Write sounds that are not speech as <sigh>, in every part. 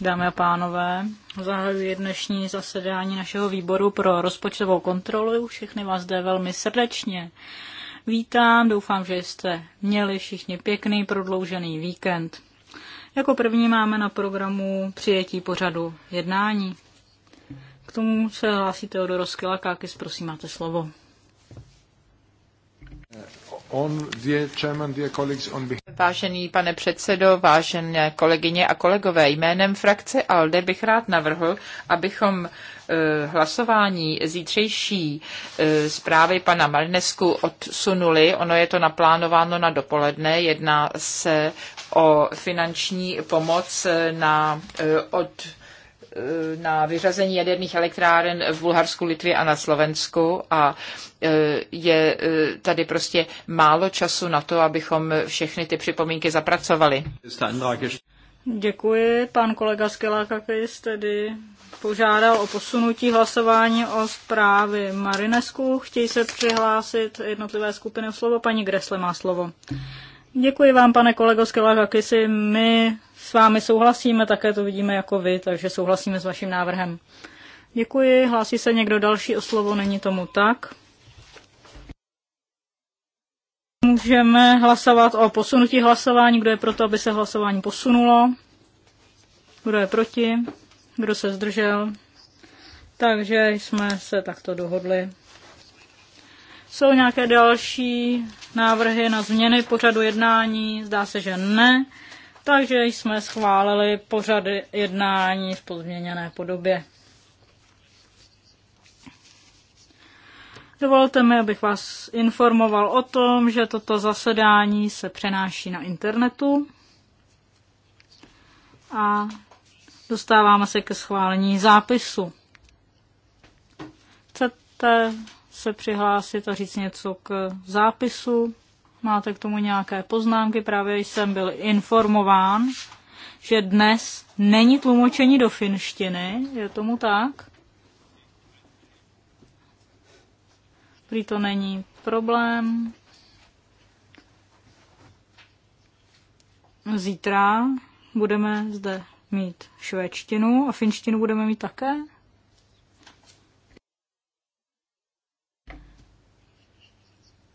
Dámy a pánové, zahajuji dnešní zasedání našeho výboru pro rozpočtovou kontrolu. Všechny vás zde velmi srdečně vítám. Doufám, že jste měli všichni pěkný prodloužený víkend. Jako první máme na programu přijetí pořadu jednání. K tomu se hlásí Teodoro Skylakákis, prosím, máte slovo. Eh, Vážený pane předsedo, vážené kolegyně a kolegové, jménem frakce ALDE bych rád navrhl, abychom eh, hlasování zítřejší eh, zprávy pana Marinesku odsunuli. Ono je to naplánováno na dopoledne. Jedná se o finanční pomoc eh, na od Eh, na vyřazení jaderných elektráren v Bulharsku, Litvě a na Slovensku a eh, je eh, tady prostě málo času na to, abychom všechny ty připomínky zapracovali. Děkuji. Pan kolega Skelakakis tedy požádal o posunutí hlasování o zprávy Marinesku. Chtějí se přihlásit jednotlivé skupiny v slovo. Paní Gresle má slovo. Děkuji vám, pane kolego Skelagakisi. My s vámi souhlasíme, také to vidíme jako vy, takže souhlasíme s vaším návrhem. Děkuji. Hlásí se někdo další o slovo? Není tomu tak. Můžeme hlasovat o posunutí hlasování. Kdo je proto, aby se hlasování posunulo? Kdo je proti? Kdo se zdržel? Takže jsme se takto dohodli. Jsou nějaké další návrhy na změny pořadu jednání? Zdá se, že ne. Takže jsme schválili pořad jednání v pozměněné podobě. Dovolte mi, abych vás informoval o tom, že toto zasedání se přenáší na internetu a dostáváme se ke schválení zápisu. Chcete se přihlásit a říct něco k zápisu. Máte k tomu nějaké poznámky? Právě jsem byl informován, že dnes není tlumočení do finštiny. Je tomu tak? Prý to není problém. Zítra budeme zde mít švédštinu a finštinu budeme mít také?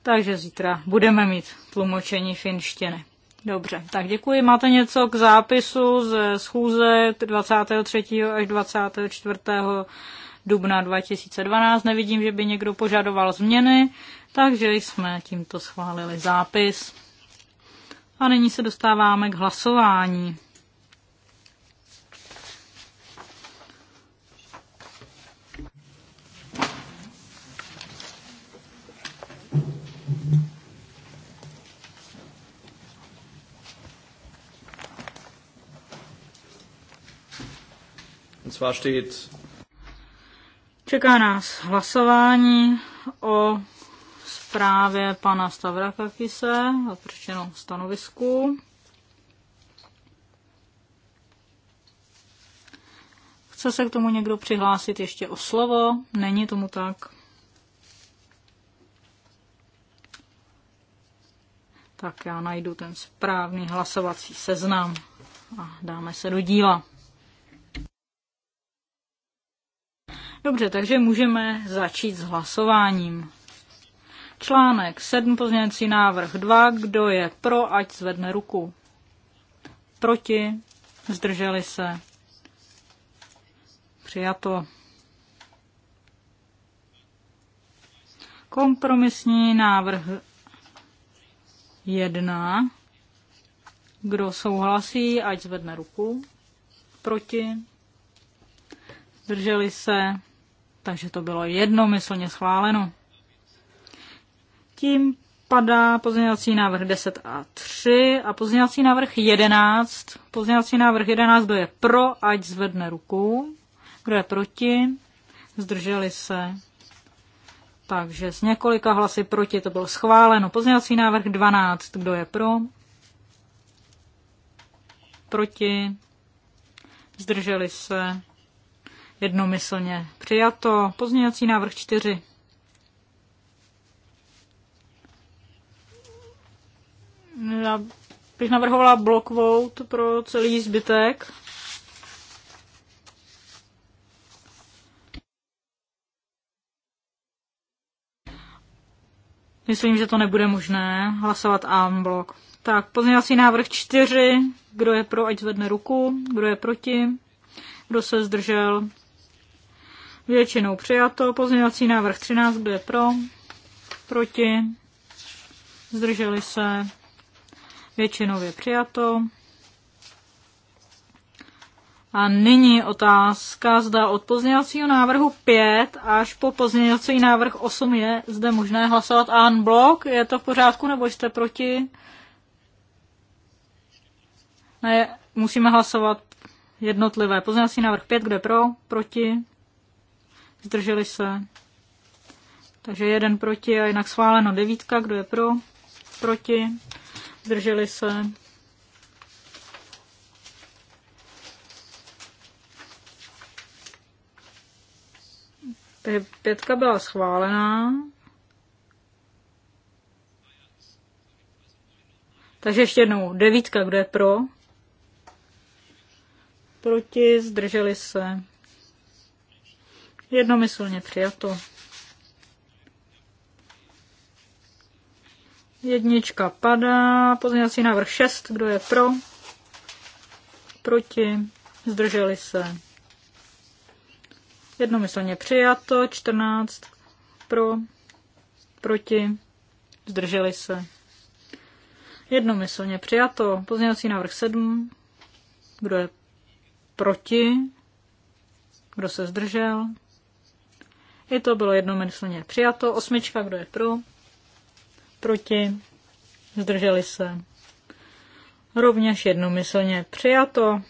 takže zítra budeme mít tlumočení finštiny. Dobře, tak děkuji. Máte něco k zápisu ze schůze 23. až 24. dubna 2012? Nevidím, že by někdo požadoval změny, takže jsme tímto schválili zápis. A nyní se dostáváme k hlasování. zwar steht Čeká nás hlasování o zprávě pana Stavrakakise o přečtenou stanovisku. Chce se k tomu někdo přihlásit ještě o slovo? Není tomu tak. Tak já najdu ten správný hlasovací seznam a dáme se do díla. Dobře, takže můžeme začít s hlasováním. Článek 7 pozměňovací návrh 2. Kdo je pro, ať zvedne ruku. Proti, zdrželi se. Přijato. Kompromisní návrh 1. Kdo souhlasí, ať zvedne ruku. Proti. Zdrželi se. Takže to bylo jednomyslně schváleno. Tím padá pozměňovací návrh 10 a 3 a pozměňovací návrh 11. Pozměňovací návrh 11, kdo je pro, ať zvedne ruku. Kdo je proti? Zdrželi se. Takže s několika hlasy proti to bylo schváleno. Pozměňovací návrh 12, kdo je pro? Proti? Zdrželi se jednomyslně přijato. Pozměňovací návrh 4. Já bych navrhovala block vote pro celý zbytek. Myslím, že to nebude možné hlasovat en blok. Tak, pozměňovací návrh 4. Kdo je pro, ať zvedne ruku. Kdo je proti? Kdo se zdržel? Většinou přijato. Pozměňovací návrh 13, kdo pro? Proti? Zdrželi se? Většinově přijato. A nyní otázka, zda od pozměňovacího návrhu 5 až po pozměňovací návrh 8 je zde možné hlasovat an blok. Je to v pořádku nebo jste proti? Ne, musíme hlasovat jednotlivé. Pozměňovací návrh 5, kde pro, proti, zdrželi se. Takže jeden proti a jinak schváleno devítka, kdo je pro, proti, zdrželi se. Pětka byla schválená. Takže ještě jednou, devítka, kdo je pro? Proti, zdrželi se jednomyslně přijato. Jednička padá, pozměňovací návrh 6, kdo je pro, proti, zdrželi se. Jednomyslně přijato, 14 pro, proti, zdrželi se. Jednomyslně přijato, pozměňovací návrh 7, kdo je proti, kdo se zdržel, i to bylo jednomyslně přijato. Osmička, kdo je pro? Proti? Zdrželi se. Rovněž jednomyslně přijato.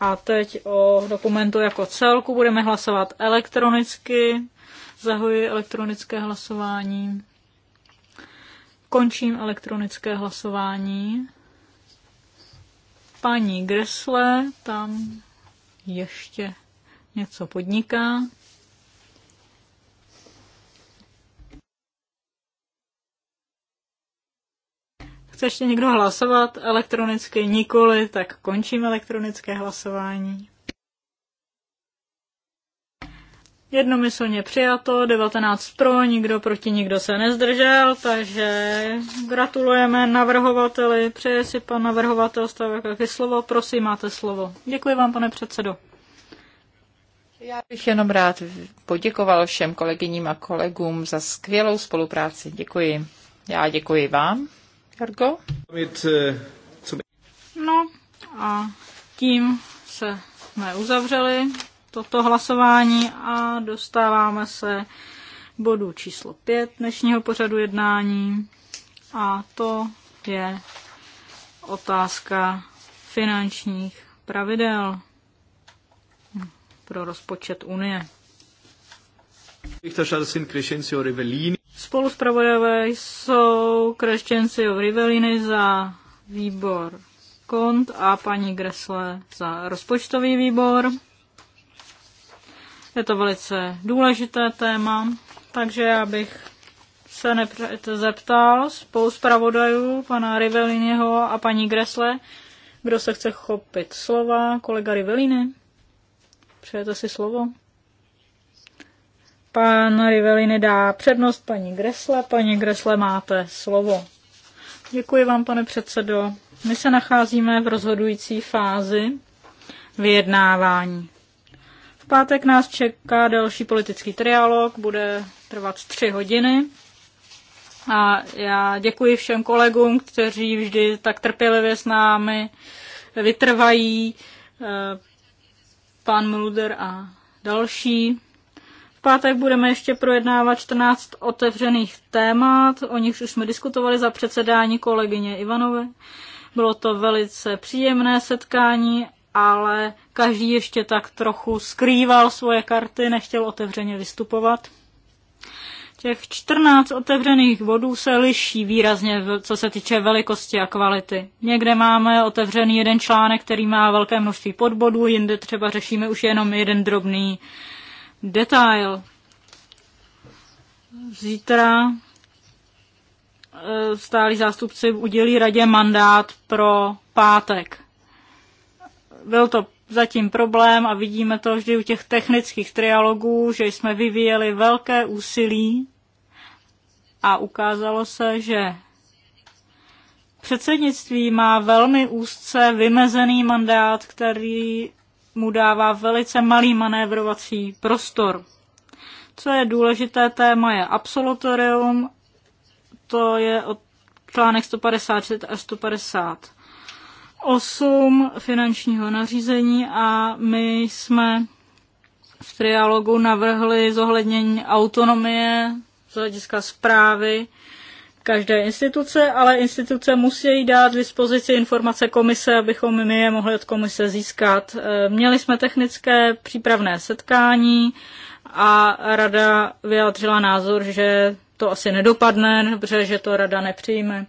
A teď o dokumentu jako celku budeme hlasovat elektronicky. Zahuji elektronické hlasování. Končím elektronické hlasování. Paní Gresle tam ještě něco podniká. Chce ještě někdo hlasovat elektronicky? Nikoli, tak končím elektronické hlasování. Jednomyslně přijato, 19 pro, nikdo proti, nikdo se nezdržel, takže gratulujeme navrhovateli. Přeje si pan navrhovatel stavěkaky slovo, prosím, máte slovo. Děkuji vám, pane předsedo. Já bych jenom rád poděkoval všem kolegyním a kolegům za skvělou spolupráci. Děkuji. Já děkuji vám. Jargo? No a tím se jsme uzavřeli toto hlasování a dostáváme se k bodu číslo 5 dnešního pořadu jednání a to je otázka finančních pravidel pro rozpočet Unie. Berichterstatter sind o Rivellini. Spoluspravodajové jsou Crescencio Rivellini za výbor kont a paní Gresle za rozpočtový výbor. Je to velice důležité téma, takže já bych se zeptal spolu pana Riveliniho a paní Gresle, kdo se chce chopit slova. Kolega Rivelini, přejete si slovo? Pan Rivelin, dá přednost paní Gresle. Paní Gresle, máte slovo. Děkuji vám, pane předsedo. My se nacházíme v rozhodující fázi vyjednávání. V pátek nás čeká další politický trialog, bude trvat tři hodiny. A já děkuji všem kolegům, kteří vždy tak trpělivě s námi vytrvají. Eh, pan Mulder a další pátek budeme ještě projednávat 14 otevřených témat, o nich už jsme diskutovali za předsedání kolegyně Ivanové. Bylo to velice příjemné setkání, ale každý ještě tak trochu skrýval svoje karty, nechtěl otevřeně vystupovat. Těch 14 otevřených bodů se liší výrazně, co se týče velikosti a kvality. Někde máme otevřený jeden článek, který má velké množství podbodů, jinde třeba řešíme už jenom jeden drobný detail. Zítra eh, stálí zástupci udělí radě mandát pro pátek. Byl to zatím problém a vidíme to vždy u těch technických trialogů, že jsme vyvíjeli velké úsilí a ukázalo se, že předsednictví má velmi úzce vymezený mandát, který mu dává velice malý manévrovací prostor. Co je důležité téma je absolutorium, to je od článek 156 až 158 finančního nařízení a my jsme v trialogu navrhli zohlednění autonomie z hlediska zprávy každé instituce, ale instituce musí dát dispozici informace komise, abychom my je mohli od komise získat. E, měli jsme technické přípravné setkání a rada vyjádřila názor, že to asi nedopadne, dobře, že to rada nepřijme.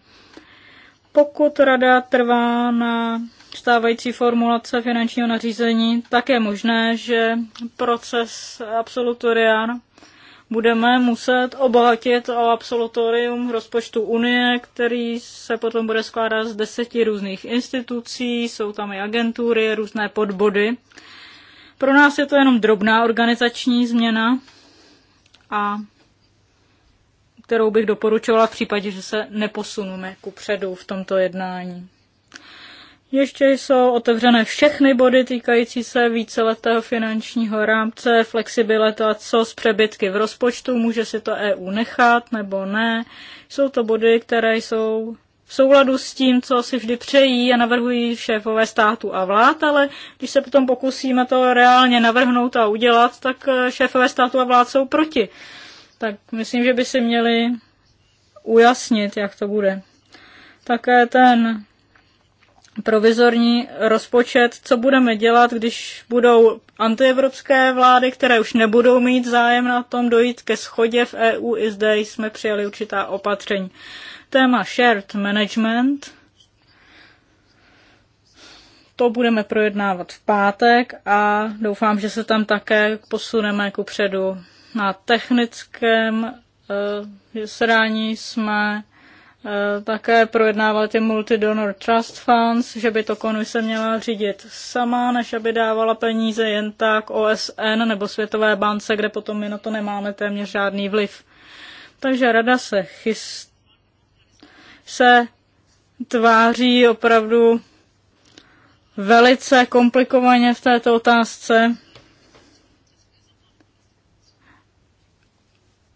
Pokud rada trvá na stávající formulace finančního nařízení, tak je možné, že proces absolutoria budeme muset obohatit o absolutorium rozpočtu Unie, který se potom bude skládat z deseti různých institucí, jsou tam i agentury, různé podbody. Pro nás je to jenom drobná organizační změna, a kterou bych doporučovala v případě, že se neposuneme ku předu v tomto jednání. Ještě jsou otevřené všechny body týkající se víceletého finančního rámce, flexibilita, co z přebytky v rozpočtu, může si to EU nechat nebo ne. Jsou to body, které jsou v souladu s tím, co si vždy přejí a navrhují šéfové státu a vlád, ale když se potom pokusíme to reálně navrhnout a udělat, tak eh, šéfové státu a vlád jsou proti. Tak myslím, že by si měli ujasnit, jak to bude. Také ten provizorní rozpočet, co budeme dělat, když budou antievropské vlády, které už nebudou mít zájem na tom dojít ke schodě v EU, i zde jsme přijali určitá opatření. Téma shared management, to budeme projednávat v pátek a doufám, že se tam také posuneme ku předu. Na technickém e, eh, jsme Eh, také projednával ty Multidonor Trust Funds, že by to komise měla řídit sama, než aby dávala peníze jen tak OSN nebo Světové bance, kde potom my na to nemáme téměř žádný vliv. Takže rada se chyst... se tváří opravdu velice komplikovaně v této otázce.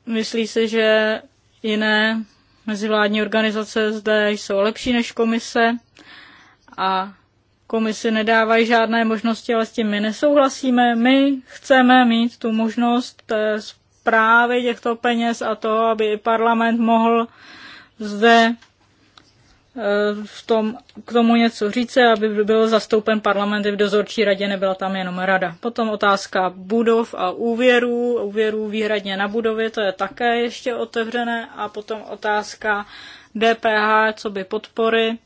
Myslí si, že jiné Mezivládní organizace zde jsou lepší než komise a komisi nedávají žádné možnosti, ale s tím my nesouhlasíme. My chceme mít tu možnost té zprávy těchto peněz a to, aby i parlament mohl zde Eh, v tom, k tomu něco říct, aby byl zastoupen parlament v dozorčí radě, nebyla tam jenom rada. Potom otázka budov a úvěrů, úvěrů výhradně na budově, to je také ještě otevřené. A potom otázka DPH, co by podpory.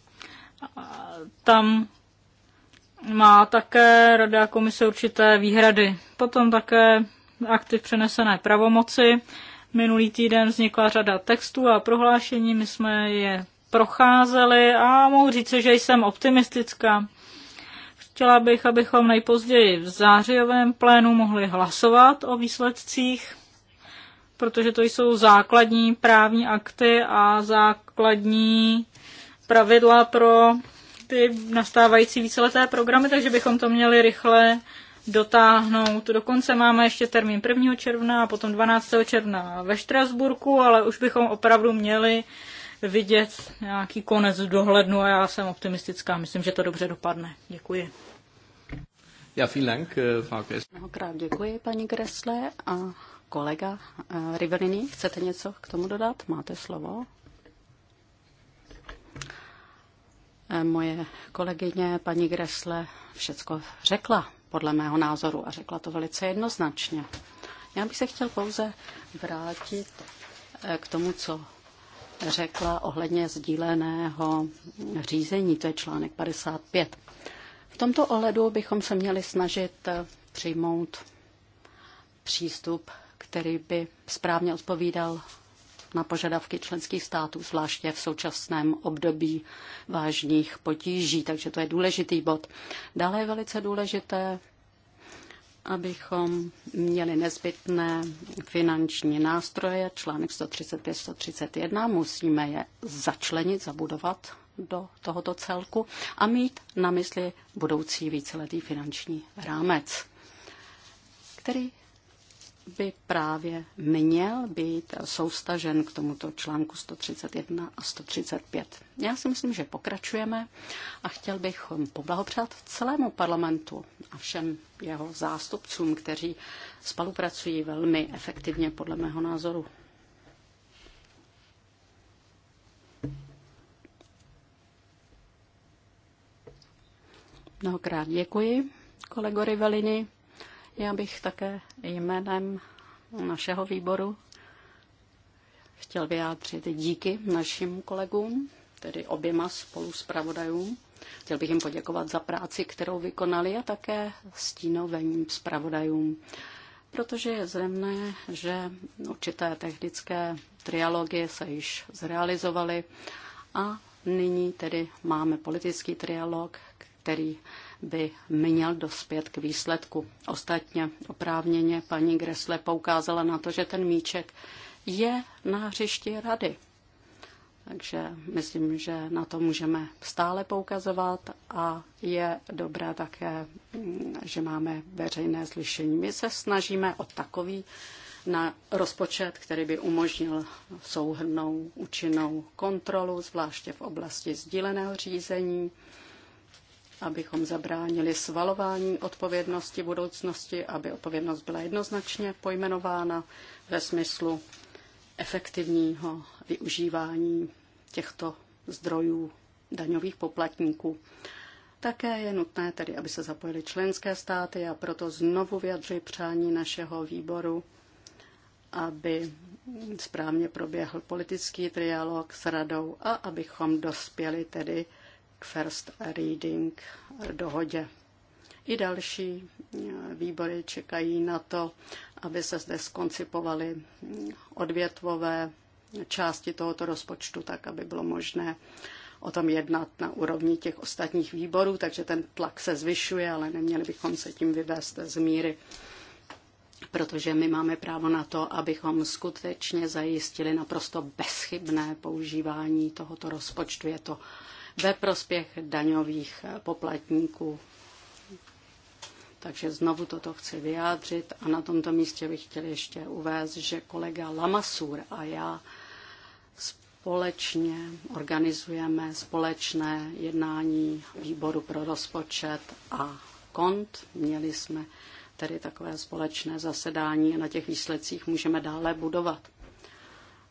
Tam má také rada komise určité výhrady. Potom také aktiv přenesené pravomoci. Minulý týden vznikla řada textů a prohlášení, my jsme je procházeli a mohu říct, že jsem optimistická. Chtěla bych, abychom nejpozději v zářijovém plénu mohli hlasovat o výsledcích, protože to jsou základní právní akty a základní pravidla pro ty nastávající víceleté programy, takže bychom to měli rychle dotáhnout. Dokonce máme ještě termín 1. června a potom 12. června ve Štrasburku, ale už bychom opravdu měli vidět nějaký konec v dohlednu a já jsem optimistická. Myslím, že to dobře dopadne. Děkuji. Ja, vielen Dank, äh, Frau Mnohokrát děkuji, paní Kressle A kolega äh, Riverini, chcete něco k tomu dodat? Máte slovo? Äh, moje kolegyně paní Gresle všecko řekla, podle mého názoru, a řekla to velice jednoznačně. Já bych se chtěl pouze vrátit k tomu, co řekla ohledně sdíleného řízení, to je článek 55. V tomto ohledu bychom se měli snažit eh, přijmout přístup, který by správně odpovídal na požadavky členských států, zvláště v současném období vážných potíží, takže to je důležitý bod. Dále je velice důležité abychom měli nezbytné finanční nástroje, článek 135, 131, musíme je začlenit, zabudovat do tohoto celku a mít na mysli budoucí víceletý finanční rámec, který by právě měl být soustažen k tomuto článku 131 a 135. Já si myslím, že pokračujeme a chtěl bych poblahopřát celému parlamentu a všem jeho zástupcům, kteří spolupracují velmi efektivně podle mého názoru. Mnohokrát děkuji kolego Rivelini. Já bych také jménem našeho výboru chtěl vyjádřit díky našim kolegům, tedy oběma spolu pravodajům. Chtěl bych jim poděkovat za práci, kterou vykonali a také stínovým zpravodajům, protože je zřejmé, že určité technické trialogy se již zrealizovaly a nyní tedy máme politický trialog, který by měl dospět k výsledku. Ostatně oprávněně paní Gresle poukázala na to, že ten míček je na hřišti rady. Takže myslím, že na to můžeme stále poukazovat a je dobré také, že máme veřejné slyšení. My se snažíme o takový na rozpočet, který by umožnil souhrnou účinnou kontrolu, zvláště v oblasti sdíleného řízení abychom zabránili svalování odpovědnosti budoucnosti, aby odpovědnost byla jednoznačně pojmenována ve smyslu efektivního využívání těchto zdrojů daňových poplatníků. Také je nutné tedy, aby se zapojily členské státy a proto znovu vyjadřuji přání našeho výboru, aby správně proběhl politický trialog s radou a abychom dospěli tedy k first reading eh, dohodě. I další eh, výbory čekají na to, aby se zde skoncipovaly mm, odvětvové části tohoto rozpočtu, tak aby bylo možné o tom jednat na úrovni těch ostatních výborů, takže ten tlak se zvyšuje, ale neměli bychom se tím vyvést z míry, protože my máme právo na to, abychom skutečně zajistili naprosto bezchybné používání tohoto rozpočtu. Je to ve prospěch daňových poplatníků. Takže znovu toto chci vyjádřit a na tomto místě bych chtěl ještě uvést, že kolega Lamasur a já společně organizujeme společné jednání výboru pro rozpočet a kont. Měli jsme tedy takové společné zasedání a na těch výsledcích můžeme dále budovat.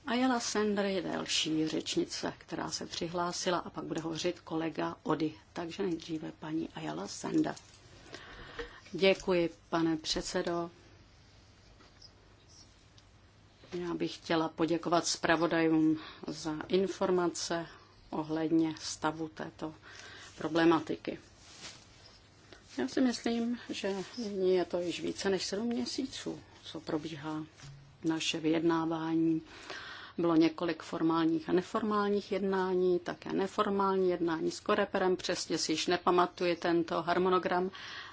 Ajela Sender je další řečnice, která se přihlásila a pak bude hovořit kolega Ody. Takže nejdříve paní Ajela Sender. Děkuji, pane předsedo. Já bych chtěla poděkovat zpravodajům za informace ohledně stavu této problematiky. Já si myslím, že nyní je to již více než sedm měsíců, co probíhá naše vyjednávání bylo několik formálních a neformálních jednání, také neformální jednání s koreperem, přesně si již nepamatuji tento harmonogram.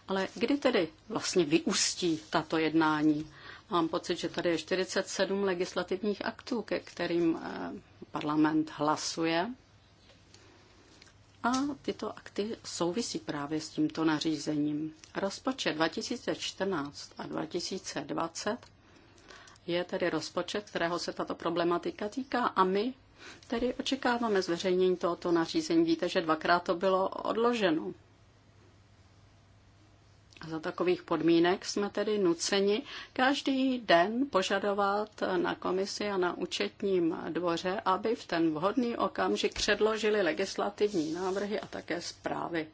Ale kdy tedy vlastně vyústí tato jednání? Mám pocit, že tady je 47 legislativních aktů, ke kterým eh, parlament hlasuje. A tyto akty souvisí právě s tímto nařízením. Rozpočet 2014 a 2020 je tedy rozpočet, kterého se tato problematika týká a my tedy očekáváme zveřejnění tohoto nařízení. Víte, že dvakrát to bylo odloženo. A za takových podmínek jsme tedy nuceni každý den požadovat na komisi a na účetním dvoře, aby v ten vhodný okamžik předložili legislativní návrhy a také zprávy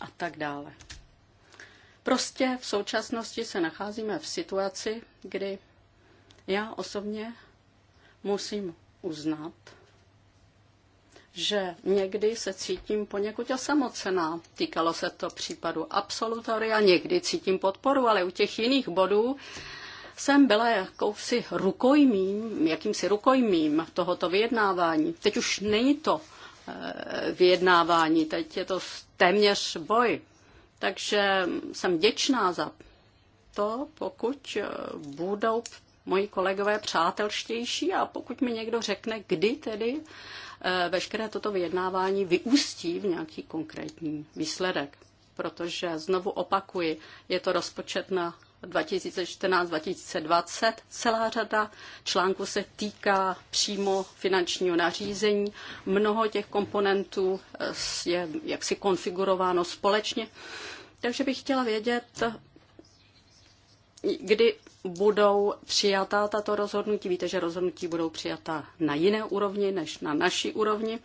a tak dále. Prostě v současnosti se nacházíme v situaci, kdy já osobně musím uznat, že někdy se cítím poněkud osamocená. Týkalo se to případu absolutoria, někdy cítím podporu, ale u těch jiných bodů jsem byla jakousi rukojmím, jakýmsi rukojmím tohoto vyjednávání. Teď už není to eh, vyjednávání, teď je to téměř boj. Takže jsem děčná za to, pokud eh, budou moji kolegové přátelštější a pokud mi někdo řekne, kdy tedy eh, veškeré toto vyjednávání vyústí v nějaký konkrétní výsledek. Protože znovu opakuji, je to rozpočet na 2014-2020. Celá řada článků se týká přímo finančního nařízení. Mnoho těch komponentů eh, je jaksi konfigurováno společně. Takže bych chtěla vědět, kdy budou přijatá tato rozhodnutí. Víte, že rozhodnutí budou přijatá na jiné úrovni než na naší úrovni.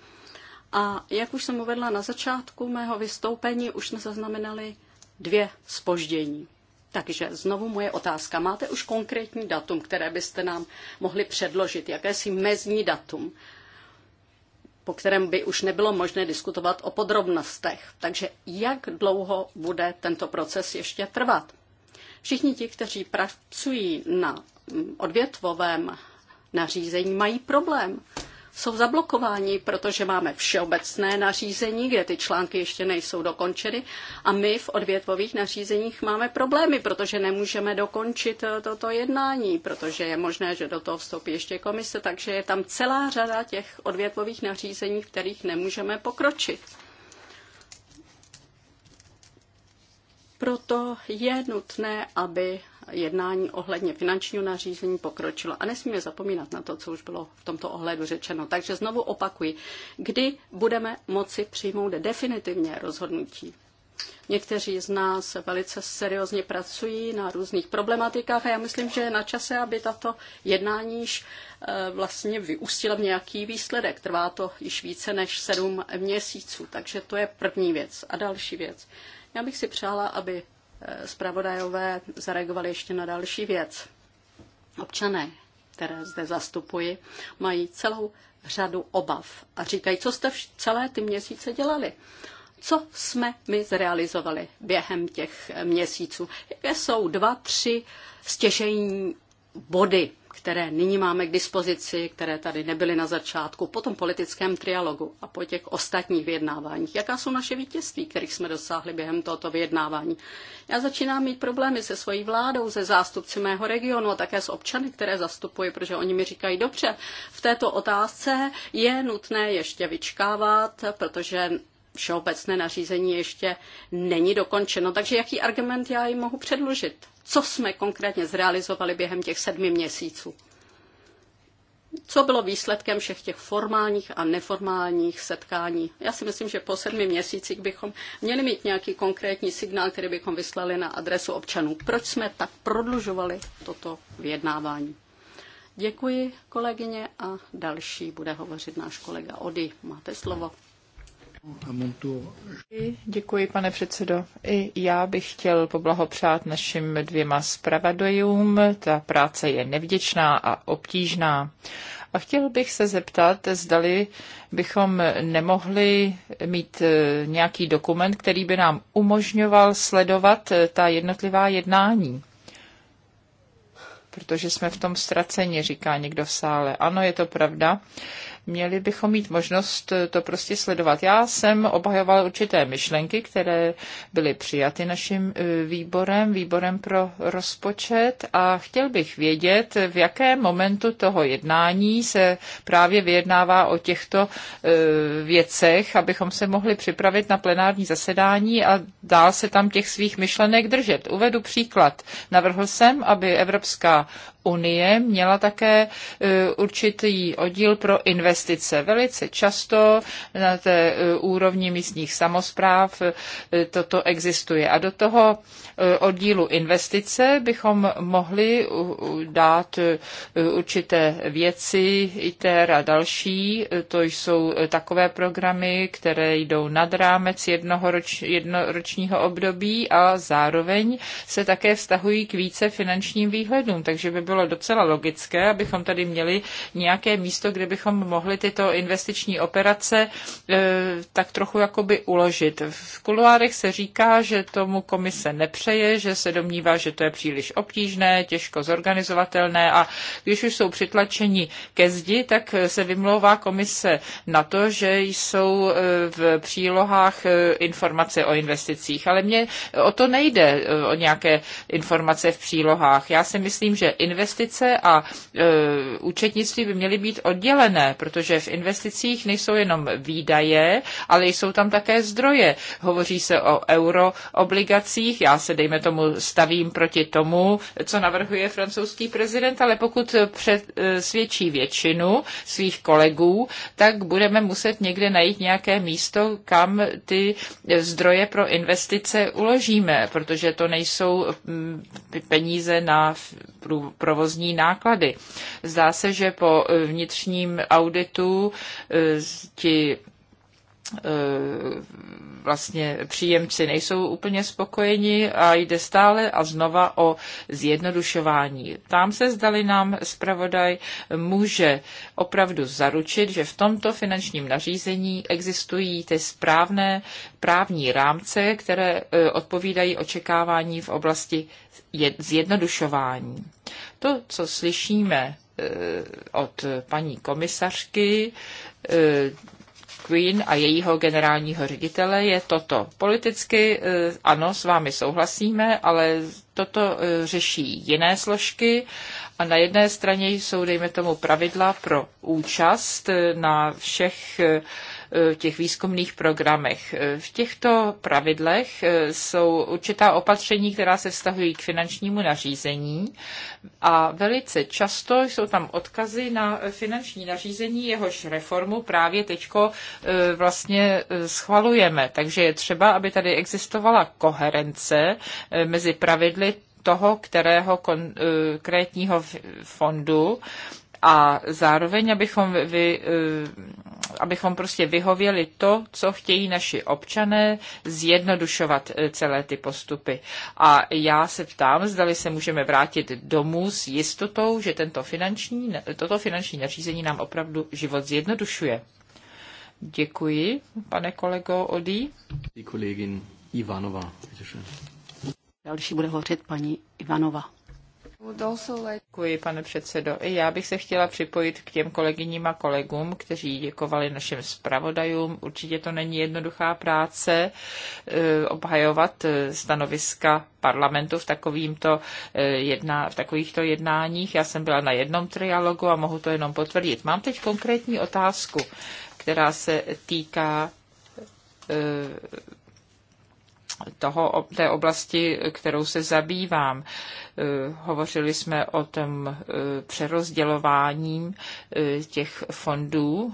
A jak už jsem uvedla na začátku mého vystoupení, už jsme zaznamenali dvě spoždění. Takže znovu moje otázka. Máte už konkrétní datum, které byste nám mohli předložit? Jakési mezní datum, po kterém by už nebylo možné diskutovat o podrobnostech? Takže jak dlouho bude tento proces ještě trvat? Všichni ti, kteří pracují na odvětvovém nařízení, mají problém. Jsou zablokováni, protože máme všeobecné nařízení, kde ty články ještě nejsou dokončeny a my v odvětvových nařízeních máme problémy, protože nemůžeme dokončit eh, toto jednání, protože je možné, že do toho vstoupí ještě komise, takže je tam celá řada těch odvětvových nařízení, v kterých nemůžeme pokročit. Proto je nutné, aby jednání ohledně finančního nařízení pokročilo. A nesmíme zapomínat na to, co už bylo v tomto ohledu řečeno. Takže znovu opakuji, kdy budeme moci přijmout definitivně rozhodnutí. Někteří z nás velice seriózně pracují na různých problematikách a já myslím, že je na čase, aby tato jednání již e, vlastně vyústila v nějaký výsledek. Trvá to již více než sedm měsíců, takže to je první věc. A další věc. Já bych si přála, aby eh, zpravodajové zareagovali ještě na další věc. Občané, které zde zastupuji, mají celou řadu obav a říkají, co jste celé ty měsíce dělali co jsme my zrealizovali během těch eh, měsíců. Jaké jsou dva, tři stěžejní body které nyní máme k dispozici, které tady nebyly na začátku, po tom politickém trialogu a po těch ostatních vyjednáváních. Jaká jsou naše vítězství, kterých jsme dosáhli během tohoto vyjednávání? Já začínám mít problémy se svojí vládou, se zástupci mého regionu a také s občany, které zastupuji, protože oni mi říkají, dobře, v této otázce je nutné ještě vyčkávat, protože všeobecné nařízení ještě není dokončeno. Takže jaký argument já jim mohu předložit? Co jsme konkrétně zrealizovali během těch sedmi měsíců? Co bylo výsledkem všech těch formálních a neformálních setkání? Já si myslím, že po sedmi měsících bychom měli mít nějaký konkrétní signál, který bychom vyslali na adresu občanů. Proč jsme tak prodlužovali toto vyjednávání? Děkuji kolegyně a další bude hovořit náš kolega Ody. Máte slovo. Děkuji, pane předsedo. I já bych chtěl poblahopřát našim dvěma zpravodajům. Ta práce je nevděčná a obtížná. A chtěl bych se zeptat, zdali bychom nemohli mít e, nějaký dokument, který by nám umožňoval sledovat e, ta jednotlivá jednání protože jsme v tom ztraceni, říká někdo v sále. Ano, je to pravda měli bychom mít možnost to prostě sledovat. Já jsem obhajoval určité myšlenky, které byly přijaty naším e, výborem, výborem pro rozpočet a chtěl bych vědět, v jakém momentu toho jednání se právě vyjednává o těchto e, věcech, abychom se mohli připravit na plenární zasedání a dál se tam těch svých myšlenek držet. Uvedu příklad. Navrhl jsem, aby Evropská unie měla také e, určitý oddíl pro investice. Velice často na té e, úrovni místních samozpráv e, toto existuje. A do toho oddílu investice bychom mohli dát určité věci, ITER a další. To jsou takové programy, které jdou nad rámec jednoho roč, jednoročního období a zároveň se také vztahují k více finančním výhledům. Takže by bylo bylo docela logické, abychom tady měli nějaké místo, kde bychom mohli tyto investiční operace e, tak trochu jakoby uložit. V kuluárech se říká, že tomu komise nepřeje, že se domnívá, že to je příliš obtížné, těžko zorganizovatelné a když už jsou přitlačeni ke zdi, tak se vymlouvá komise na to, že jsou e, v přílohách e, informace o investicích. Ale mně o to nejde, o nějaké informace v přílohách. Já si myslím, že investice investice a e, účetnictví by měly být oddělené, protože v investicích nejsou jenom výdaje, ale jsou tam také zdroje. Hovoří se o euroobligacích, já se dejme tomu stavím proti tomu, co navrhuje francouzský prezident, ale pokud přesvědčí e, většinu svých kolegů, tak budeme muset někde najít nějaké místo, kam ty zdroje pro investice uložíme, protože to nejsou peníze na provozní náklady. Zdá se, že po vnitřním auditu eh, ti eh, vlastně příjemci nejsou úplně spokojeni a jde stále a znova o zjednodušování. Tam se zdali nám zpravodaj může opravdu zaručit, že v tomto finančním nařízení existují ty správné právní rámce, které eh, odpovídají očekávání v oblasti zjednodušování. To, co slyšíme eh, od paní komisařky, eh, Queen a jejího generálního ředitele je toto. Politicky eh, ano, s vámi souhlasíme, ale toto řeší jiné složky a na jedné straně jsou, dejme tomu, pravidla pro účast na všech E, v těch výzkumných programech. E, v těchto pravidlech e, jsou určitá opatření, která se vztahují k finančnímu nařízení a velice často jsou tam odkazy na finanční nařízení, jehož reformu právě teď vlastně schvalujeme. Takže je třeba, aby tady existovala koherence mezi pravidly toho, kterého konkrétního fondu a zároveň, abychom, vy, eh, abychom prostě vyhověli to, co chtějí naši občané, zjednodušovat eh, celé ty postupy. A já se ptám, zdali se můžeme vrátit domů s jistotou, že tento finanční, toto finanční nařízení nám opravdu život zjednodušuje. Děkuji, pane kolego Odí. Kolegin Ivanova. Další bude hovořit paní Ivanova. Děkuji, pane předsedo. I já bych se chtěla připojit k těm kolegyním a kolegům, kteří děkovali našim zpravodajům. Určitě to není jednoduchá práce e, obhajovat e, stanoviska parlamentu v, takovýmto e, jedná, v takovýchto jednáních. Já jsem byla na jednom trialogu a mohu to jenom potvrdit. Mám teď konkrétní otázku, která se týká toho, té oblasti, kterou se zabývám. Eh, hovořili jsme o tom eh, přerozdělováním eh, těch fondů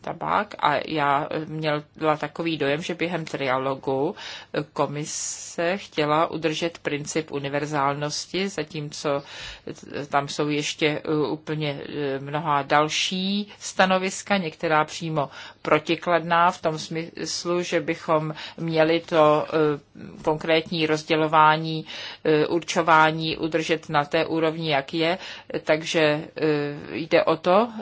tabák a já měla takový dojem, že během trialogu komise chtěla udržet princip univerzálnosti, zatímco tam jsou ještě úplně mnoha další stanoviska, některá přímo protikladná v tom smyslu, že bychom měli to e, konkrétní rozdělování, e, určování udržet na té úrovni, jak je. Takže e, jde o to,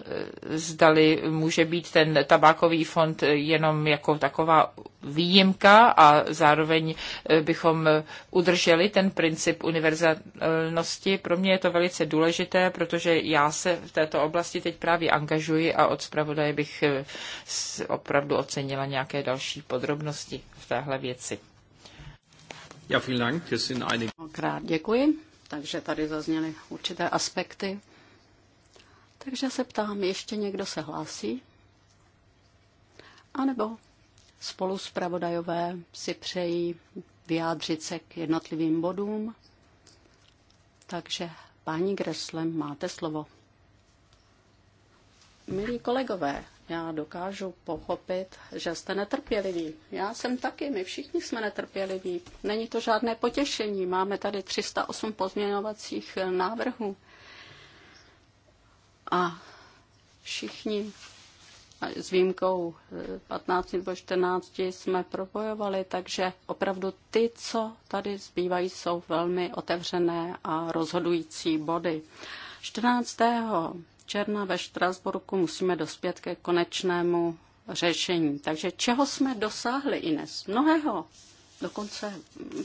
zdali může být ten tabákový fond jenom jako taková výjimka a zároveň eh, bychom eh, udrželi ten princip univerzálnosti. Pro mě je to velice důležité, protože já se v této oblasti teď právě angažuji a od zpravodaje bych eh, opravdu ocenila nějaké další podrobnosti v téhle věci. Ja, vielen Dank. Es sind einige... Krát děkuji. Takže tady zazněly určité aspekty. Takže se ptám, ještě někdo se hlásí? A nebo Spolu zpravodajové si přejí vyjádřit se k jednotlivým bodům. Takže paní Greslem, máte slovo. Milí kolegové, já dokážu pochopit, že jste netrpěliví. Já jsem taky, my všichni jsme netrpěliví. Není to žádné potěšení, máme tady 308 pozměňovacích návrhů. A všichni s výjimkou 15 eh, nebo 14 jsme propojovali, takže opravdu ty, co tady zbývají, jsou velmi otevřené a rozhodující body. 14. června ve Štrasburku musíme dospět ke konečnému řešení. Takže čeho jsme dosáhli, Ines? Mnohého, dokonce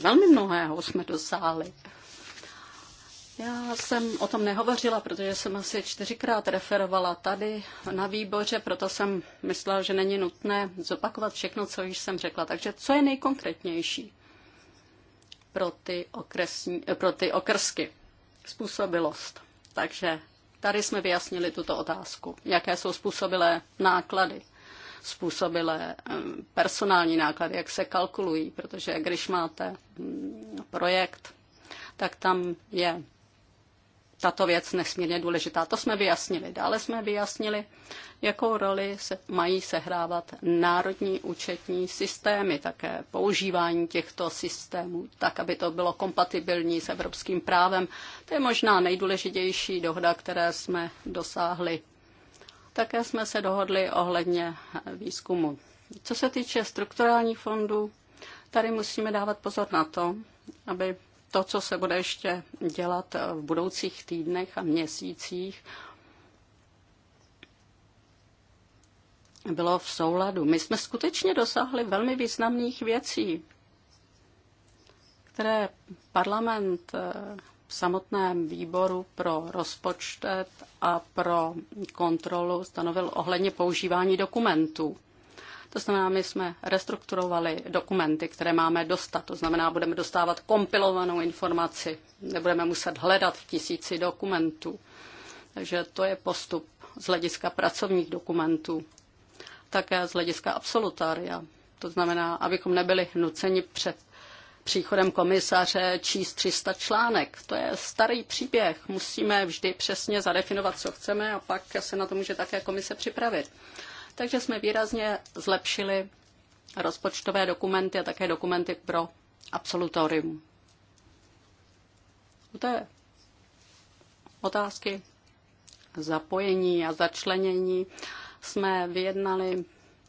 velmi mnohého jsme dosáhli. Já jsem o tom nehovořila, protože jsem asi čtyřikrát referovala tady na výboře, proto jsem myslela, že není nutné zopakovat všechno, co již jsem řekla. Takže co je nejkonkrétnější pro ty, okresní, pro ty okrsky? Způsobilost. Takže tady jsme vyjasnili tuto otázku. Jaké jsou způsobilé náklady? způsobilé personální náklady, jak se kalkulují, protože když máte mm, projekt, tak tam je tato věc nesmírně důležitá. To jsme vyjasnili. Dále jsme vyjasnili, jakou roli se mají sehrávat národní účetní systémy, také používání těchto systémů, tak, aby to bylo kompatibilní s evropským právem. To je možná nejdůležitější dohoda, které jsme dosáhli. Také jsme se dohodli ohledně výzkumu. Co se týče strukturálních fondů, tady musíme dávat pozor na to, aby to, co se bude ještě dělat eh, v budoucích týdnech a měsících, bylo v souladu. My jsme skutečně dosáhli velmi významných věcí, které parlament eh, v samotném výboru pro rozpočet a pro kontrolu stanovil ohledně používání dokumentů. To znamená, my jsme restrukturovali dokumenty, které máme dostat. To znamená, budeme dostávat kompilovanou informaci, nebudeme muset hledat v tisíci dokumentů. Takže to je postup z hlediska pracovních dokumentů, také z hlediska absolutária. To znamená, abychom nebyli nuceni před příchodem komisaře číst 300 článek. To je starý příběh. Musíme vždy přesně zadefinovat, co chceme a pak se na to může také komise připravit takže jsme výrazně zlepšili rozpočtové dokumenty a také dokumenty pro absolutorium. U té otázky zapojení a začlenění jsme vyjednali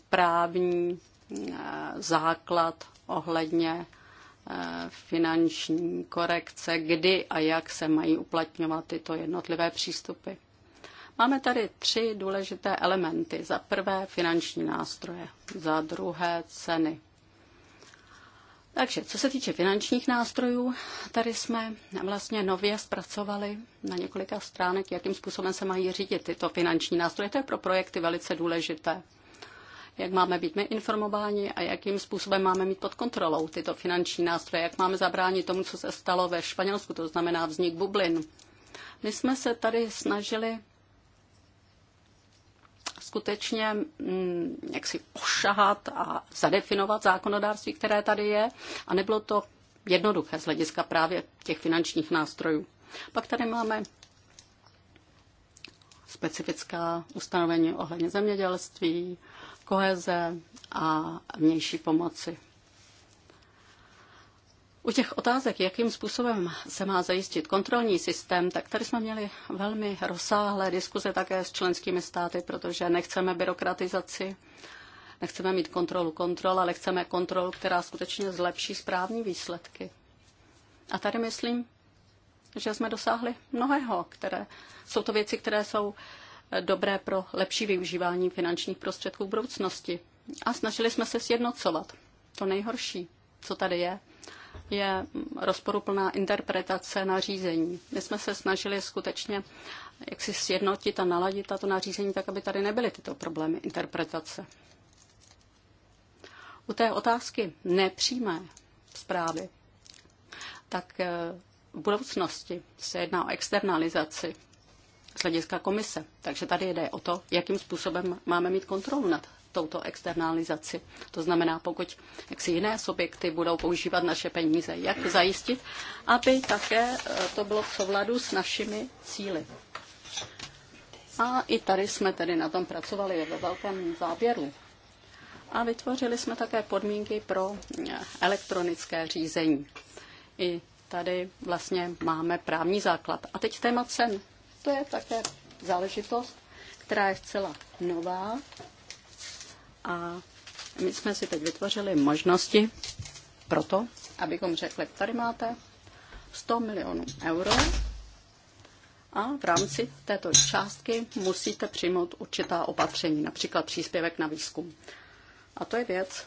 právní eh, základ ohledně eh, finanční korekce, kdy a jak se mají uplatňovat tyto jednotlivé přístupy. Máme tady tři důležité elementy. Za prvé finanční nástroje, za druhé ceny. Takže co se týče finančních nástrojů, tady jsme vlastně nově zpracovali na několika stránek, jakým způsobem se mají řídit tyto finanční nástroje. To je pro projekty velice důležité. Jak máme být my informováni a jakým způsobem máme mít pod kontrolou tyto finanční nástroje, jak máme zabránit tomu, co se stalo ve Španělsku, to znamená vznik bublin. My jsme se tady snažili skutečně mm, jaksi ošahat a zadefinovat zákonodárství, které tady je a nebylo to jednoduché z hlediska právě těch finančních nástrojů. Pak tady máme specifická ustanovení ohledně zemědělství, koheze a vnější pomoci. U těch otázek, jakým způsobem se má zajistit kontrolní systém, tak tady jsme měli velmi rozsáhlé diskuze také s členskými státy, protože nechceme byrokratizaci, nechceme mít kontrolu kontrol, ale chceme kontrolu, která skutečně zlepší správní výsledky. A tady myslím, že jsme dosáhli mnohého, které jsou to věci, které jsou eh, dobré pro lepší využívání finančních prostředků v budoucnosti. A snažili jsme se sjednocovat. To nejhorší, co tady je, je rozporuplná interpretace nařízení. My jsme se snažili skutečně jak si sjednotit a naladit tato nařízení tak, aby tady nebyly tyto problémy interpretace. U té otázky nepřímé zprávy, tak eh, v budoucnosti se jedná o externalizaci z hlediska komise. Takže tady jde o to, jakým způsobem máme mít kontrolu nad touto externalizaci. To znamená, pokud jak si jiné subjekty budou používat naše peníze, jak zajistit, aby také e, to bylo v souladu s našimi cíly. A i tady jsme tedy na tom pracovali ve velkém záběru. A vytvořili jsme také podmínky pro e, elektronické řízení. I tady vlastně máme právní základ. A teď téma cen. To je také záležitost, která je zcela nová a my jsme si teď vytvořili možnosti pro to, abychom řekli, tady máte 100 milionů euro a v rámci této částky musíte přijmout určitá opatření, například příspěvek na výzkum. A to je věc,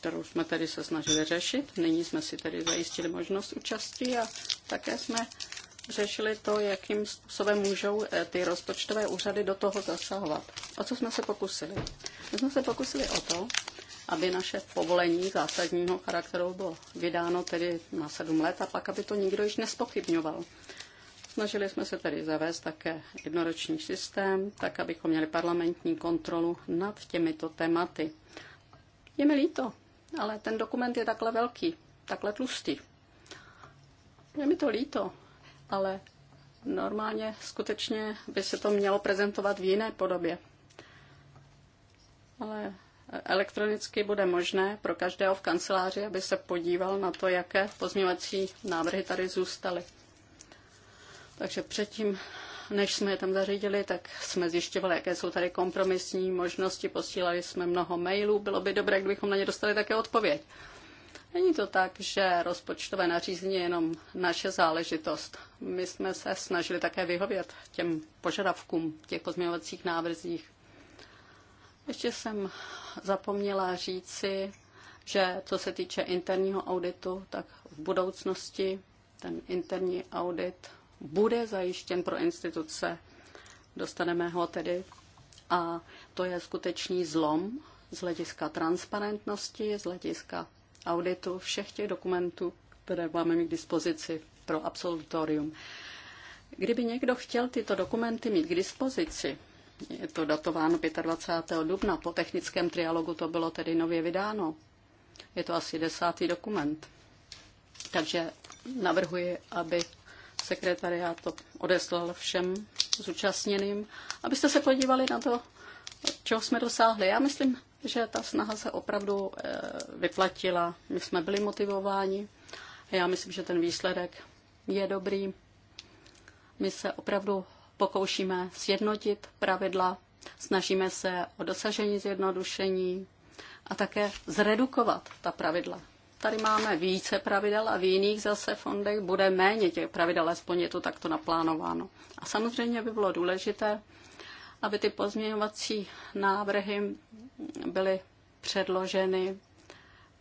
kterou jsme tedy se snažili řešit. Nyní jsme si tedy zajistili možnost účasti a také jsme řešili to, jakým způsobem můžou eh, ty rozpočtové úřady do toho zasahovat. O co jsme se pokusili? My jsme se pokusili o to, aby naše povolení zásadního charakteru bylo vydáno tedy na sedm let a pak, aby to nikdo již nespochybňoval. Snažili jsme se tedy zavést také jednoroční systém, tak abychom měli parlamentní kontrolu nad těmito tématy. Je mi líto, ale ten dokument je takhle velký, takhle tlustý. Je mi to líto, ale normálně skutečně by se to mělo prezentovat v jiné podobě. Ale elektronicky bude možné pro každého v kanceláři, aby se podíval na to, jaké pozměvací návrhy tady zůstaly. Takže předtím, než jsme je tam zařídili, tak jsme zjišťovali, jaké jsou tady kompromisní možnosti, posílali jsme mnoho mailů. Bylo by dobré, kdybychom na ně dostali také odpověď. Není to tak, že rozpočtové nařízení je jenom naše záležitost. My jsme se snažili také vyhovět těm požadavkům těch pozměňovacích návrzích. Ještě jsem zapomněla říci, že co se týče interního auditu, tak v budoucnosti ten interní audit bude zajištěn pro instituce. Dostaneme ho tedy. A to je skutečný zlom z hlediska transparentnosti, z hlediska auditu všech těch dokumentů, které máme mít k dispozici pro absolutorium. Kdyby někdo chtěl tyto dokumenty mít k dispozici, je to datováno 25. dubna, po technickém trialogu to bylo tedy nově vydáno. Je to asi desátý dokument. Takže navrhuji, aby sekretariát to odeslal všem zúčastněným, abyste se podívali na to, čeho jsme dosáhli. Já myslím, že ta snaha se opravdu eh, vyplatila. My jsme byli motivováni. Já myslím, že ten výsledek je dobrý. My se opravdu pokoušíme sjednotit pravidla, snažíme se o dosažení zjednodušení a také zredukovat ta pravidla. Tady máme více pravidel a v jiných zase fondech bude méně těch pravidel, aspoň je to takto naplánováno. A samozřejmě by bylo důležité, aby ty pozměňovací návrhy byly předloženy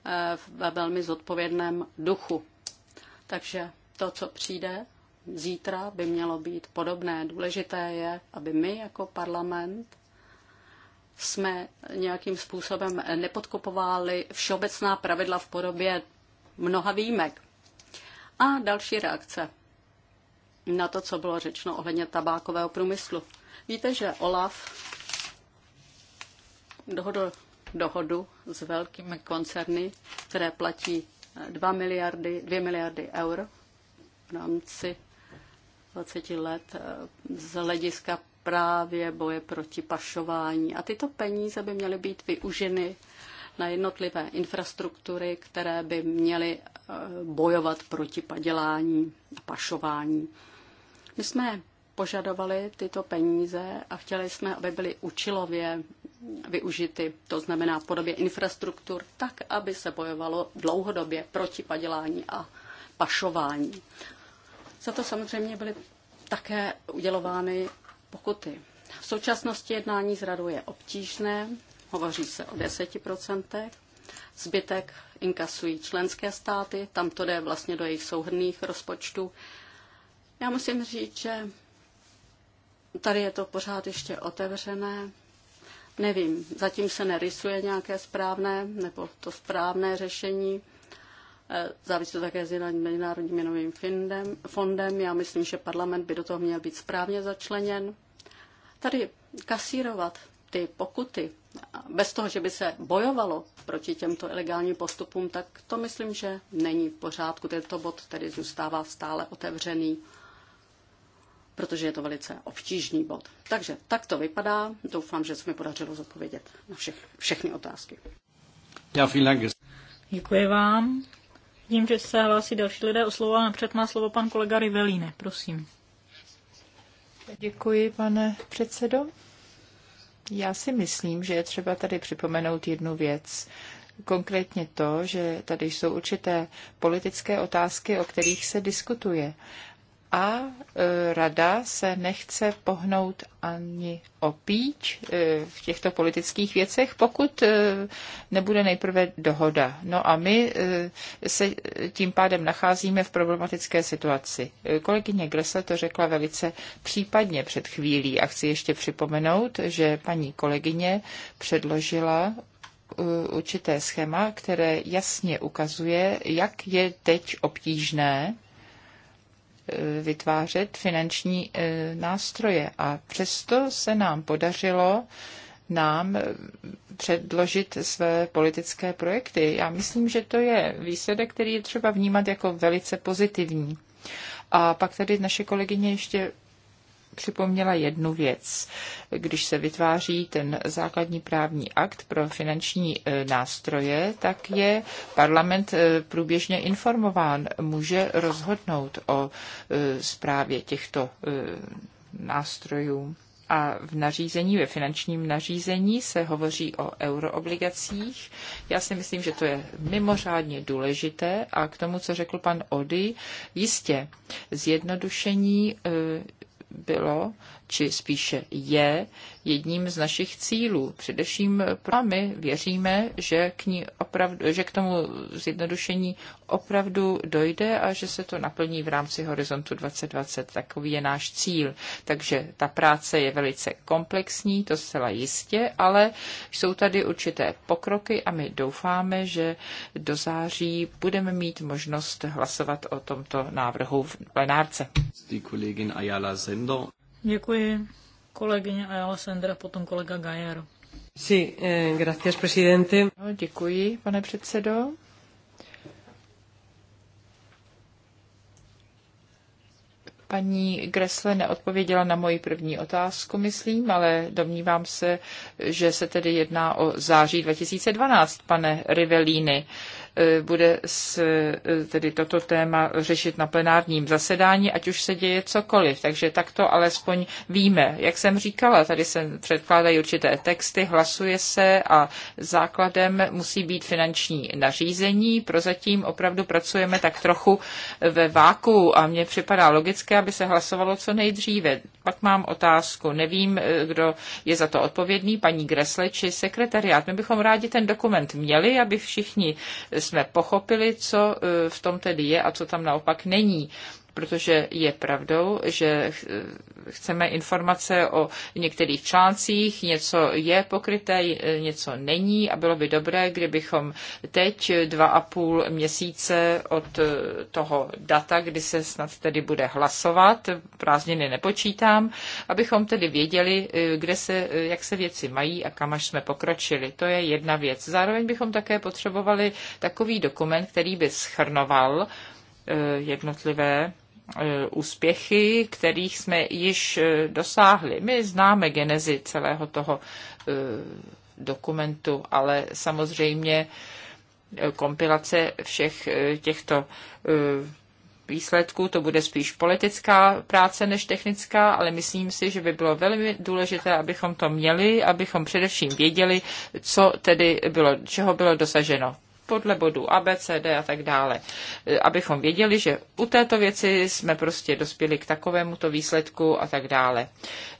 eh, ve velmi zodpovědném duchu. Takže to, co přijde zítra, by mělo být podobné. Důležité je, aby my jako parlament jsme nějakým způsobem nepodkopovali všeobecná pravidla v podobě mnoha výjimek. A další reakce na to, co bylo řečeno ohledně tabákového průmyslu. Víte, že Olaf dohodl dohodu s velkými koncerny, které platí 2 miliardy, 2 miliardy eur v rámci 20 let eh, z hlediska právě boje proti pašování. A tyto peníze by měly být využeny na jednotlivé infrastruktury, které by měly eh, bojovat proti padělání a pašování. My jsme požadovali tyto peníze a chtěli jsme, aby byly učilově využity, to znamená v podobě infrastruktur, tak, aby se bojovalo dlouhodobě proti padělání a pašování. Za to samozřejmě byly také udělovány pokuty. V současnosti jednání z radu je obtížné, hovoří se o 10%, zbytek inkasují členské státy, tam to jde vlastně do jejich souhrných rozpočtů. Já musím říct, že Tady je to pořád ještě otevřené. Nevím, zatím se nerysuje nějaké správné nebo to správné řešení. Eh, závisí to také s Mezinárodním měnovým fondem. Já myslím, že parlament by do toho měl být správně začleněn. Tady kasírovat ty pokuty bez toho, že by se bojovalo proti těmto ilegálním postupům, tak to myslím, že není v pořádku. Tento bod tedy zůstává stále otevřený protože je to velice obtížný bod. Takže tak to vypadá. Doufám, že se mi podařilo zodpovědět na všech, všechny otázky. Já Děkuji vám. Vidím, že se hlásí další lidé o slovo a napřed má slovo pan kolega Riveline, Prosím. Děkuji, pane předsedo. Já si myslím, že je třeba tady připomenout jednu věc. Konkrétně to, že tady jsou určité politické otázky, o kterých se diskutuje a e, rada se nechce pohnout ani o píč e, v těchto politických věcech, pokud e, nebude nejprve dohoda. No a my se tím pádem nacházíme v problematické situaci. Kolegyně Gresle to řekla velice případně před chvílí a chci ještě připomenout, že paní kolegyně předložila určité schéma, které jasně ukazuje, jak je teď obtížné vytvářet finanční e, nástroje. A přesto se nám podařilo nám e, předložit své politické projekty. Já myslím, že to je výsledek, který je třeba vnímat jako velice pozitivní. A pak tady naše kolegyně ještě připomněla jednu věc. Když se vytváří ten základní právní akt pro finanční e, nástroje, tak je parlament e, průběžně informován, může rozhodnout o zprávě e, těchto nástrojů. A v nařízení, ve finančním nařízení se hovoří o euroobligacích. Já si myslím, že to je mimořádně důležité a k tomu, co řekl pan Ody, jistě zjednodušení bylo, či spíše je jedním z našich cílů. Především pro my věříme, že k, ní opravdu, že k tomu zjednodušení opravdu dojde a že se to naplní v rámci horizontu 2020. Takový je náš cíl. Takže ta práce je velice komplexní, to zcela jistě, ale jsou tady určité pokroky a my doufáme, že do září budeme mít možnost hlasovat o tomto návrhu v plenárce. Ayala Sender. Děkuji kolegyně Ayala Sendra, potom kolega Gajer. Sí, eh, gracias, presidente. No, děkuji, pane předsedo. Paní Gressle neodpověděla na moji první otázku, myslím, ale domnívám se, že se tedy jedná o září 2012, pane Rivellini. Eh, E, bude s, e, tedy toto téma řešit na plenárním zasedání, ať už se děje cokoliv. Takže tak to alespoň víme. Jak jsem říkala, tady se předkládají určité texty, hlasuje se a základem musí být finanční nařízení. Prozatím opravdu pracujeme tak trochu ve váku a mně připadá logické, aby se hlasovalo co nejdříve. Pak mám otázku, nevím, eh, kdo je za to odpovědný, paní Gresle či sekretariát. My bychom rádi ten dokument měli, aby všichni jsme pochopili, co eh, v tom tedy je a co tam naopak není protože je pravdou, že chceme informace o některých článcích, něco je pokryté, něco není a bylo by dobré, kdybychom teď dva a půl měsíce od eh, toho data, kdy se snad tedy bude hlasovat, prázdniny nepočítám, abychom tedy věděli, eh, kde se, eh, jak se věci mají a kam až jsme pokročili. To je jedna věc. Zároveň bychom také potřebovali takový dokument, který by schrnoval jednotlivé Eh, úspěchy, kterých jsme již eh, dosáhli. My známe genezi celého toho eh, dokumentu, ale samozřejmě kompilace všech těchto výsledků, to bude spíš politická práce než technická, ale myslím si, že by bylo velmi důležité, abychom to měli, abychom především věděli, co tedy bylo, čeho bylo dosaženo podle bodu A, B, C, D a tak dále. E, abychom věděli, že u této věci jsme prostě dospěli k takovému to výsledku a tak dále.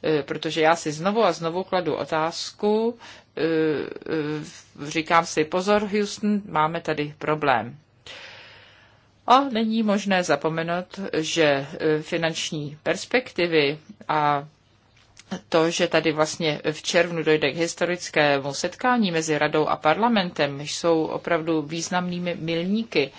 E, protože já si znovu a znovu kladu otázku, e, říkám si pozor, Houston, máme tady problém. A není možné zapomenout, že finanční perspektivy a to, že tady vlastně v červnu dojde k historickému setkání mezi radou a parlamentem, jsou opravdu významnými milníky.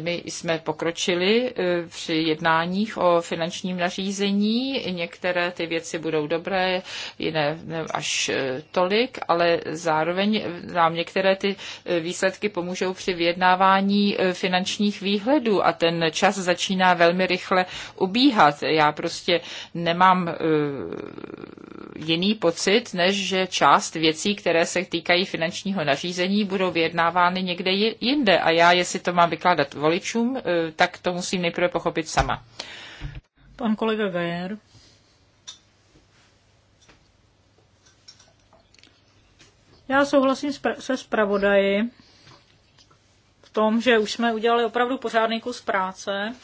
My jsme pokročili eh, při jednáních o finančním nařízení. Některé ty věci budou dobré, jiné až eh, tolik, ale zároveň eh, nám některé ty výsledky pomůžou při vyjednávání finančních výhledů a ten čas začíná velmi rychle ubíhat. Já prostě nemám jiný pocit, než že část věcí, které se týkají finančního nařízení, budou vyjednávány někde jinde. A já, jestli to mám vykládat voličům, eh, tak to musím nejprve pochopit sama. Pan kolega Gajer. Já souhlasím se zpravodaji v tom, že už jsme udělali opravdu pořádný kus práce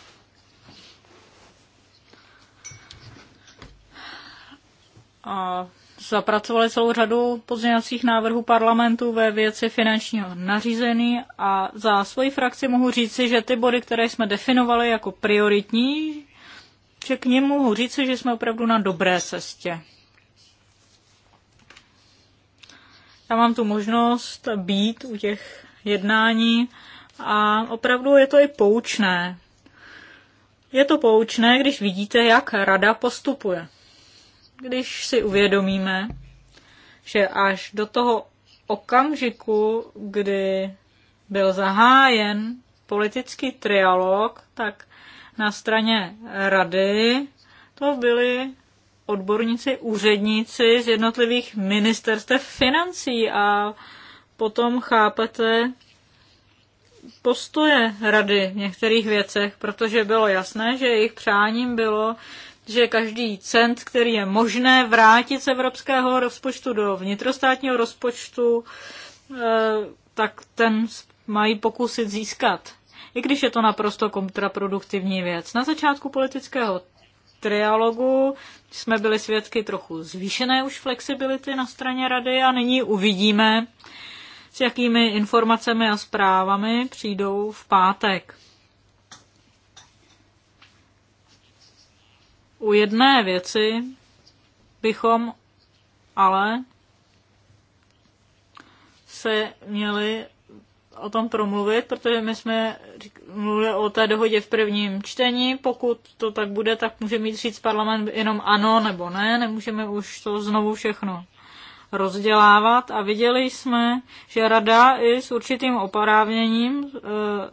a zapracovali celou řadu pozměňovacích návrhů parlamentu ve věci finančního nařízení a za svoji frakci mohu říci, že ty body, které jsme definovali jako prioritní, že k němu mohu říci, že jsme opravdu na dobré cestě. Já mám tu možnost být u těch jednání a opravdu je to i poučné. Je to poučné, když vidíte, jak rada postupuje když si uvědomíme, že až do toho okamžiku, kdy byl zahájen politický trialog, tak na straně rady to byli odborníci, úředníci z jednotlivých ministerstev financí a potom chápete postoje rady v některých věcech, protože bylo jasné, že jejich přáním bylo že každý cent, který je možné vrátit z evropského rozpočtu do vnitrostátního rozpočtu, eh, tak ten mají pokusit získat. I když je to naprosto kontraproduktivní věc. Na začátku politického trialogu jsme byli svědky trochu zvýšené už flexibility na straně rady a nyní uvidíme, s jakými informacemi a zprávami přijdou v pátek. U jedné věci bychom ale se měli o tom promluvit, protože my jsme mluvili o té dohodě v prvním čtení. Pokud to tak bude, tak může mít říct parlament jenom ano nebo ne, nemůžeme už to znovu všechno rozdělávat a viděli jsme, že rada i s určitým oprávněním e,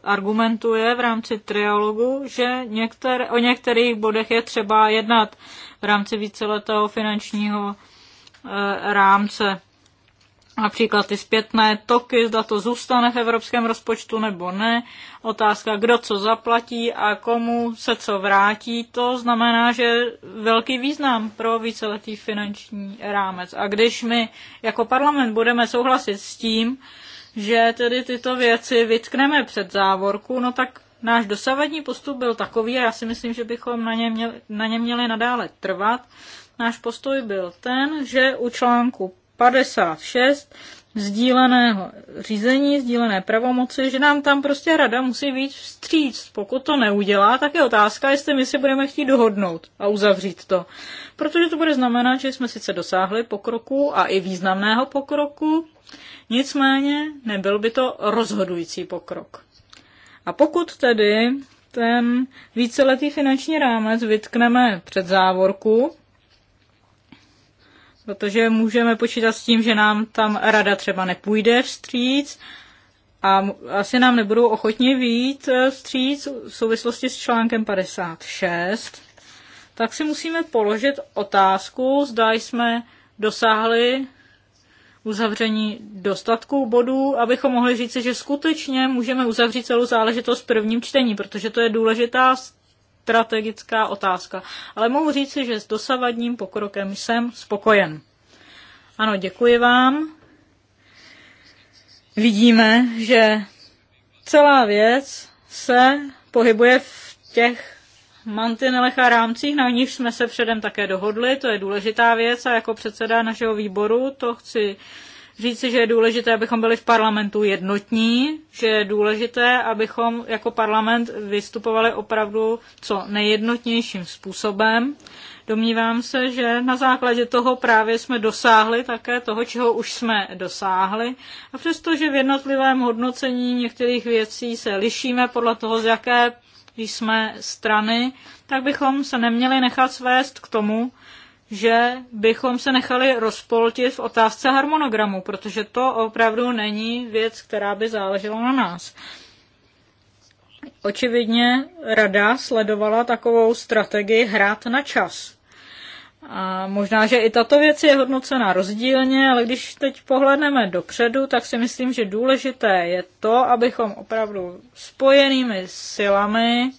argumentuje v rámci triologu, že některé, o některých bodech je třeba jednat v rámci víceletého finančního e, rámce například ty zpětné toky, zda to zůstane v evropském rozpočtu nebo ne. Otázka, kdo co zaplatí a komu se co vrátí, to znamená, že velký význam pro víceletý finanční rámec. A když my jako parlament budeme souhlasit s tím, že tedy tyto věci vytkneme před závorku, no tak náš dosavadní postup byl takový a já si myslím, že bychom na ně měli, na ně měli nadále trvat. Náš postoj byl ten, že u článku 56 sdíleného řízení, sdílené pravomoci, že nám tam prostě rada musí víc vstříc. Pokud to neudělá, tak je otázka, jestli my si budeme chtít dohodnout a uzavřít to. Protože to bude znamenat, že jsme sice dosáhli pokroku a i významného pokroku, nicméně nebyl by to rozhodující pokrok. A pokud tedy ten víceletý finanční rámec vytkneme před závorku, protože můžeme počítat s tím, že nám tam rada třeba nepůjde vstříc a asi nám nebudou ochotně výjít eh, vstříc v souvislosti s článkem 56, tak si musíme položit otázku, zda jsme dosáhli uzavření dostatku bodů, abychom mohli říci, že skutečně můžeme uzavřít celou záležitost v prvním čtení, protože to je důležitá strategická otázka. Ale mohu říci, že s dosavadním pokrokem jsem spokojen. Ano, děkuji vám. Vidíme, že celá věc se pohybuje v těch mantinelech a rámcích, na nich jsme se předem také dohodli, to je důležitá věc a jako předseda našeho výboru to chci říci, že je důležité, abychom byli v parlamentu jednotní, že je důležité, abychom jako parlament vystupovali opravdu co nejjednotnějším způsobem. Domnívám se, že na základě toho právě jsme dosáhli také toho, čeho už jsme dosáhli. A přestože v jednotlivém hodnocení některých věcí se lišíme podle toho, z jaké jsme strany, tak bychom se neměli nechat svést k tomu, že bychom se nechali rozpoltit v otázce harmonogramu, protože to opravdu není věc, která by záležela na nás. Očividně rada sledovala takovou strategii hrát na čas. A možná, že i tato věc je hodnocena rozdílně, ale když teď pohledneme dopředu, tak si myslím, že důležité je to, abychom opravdu spojenými silami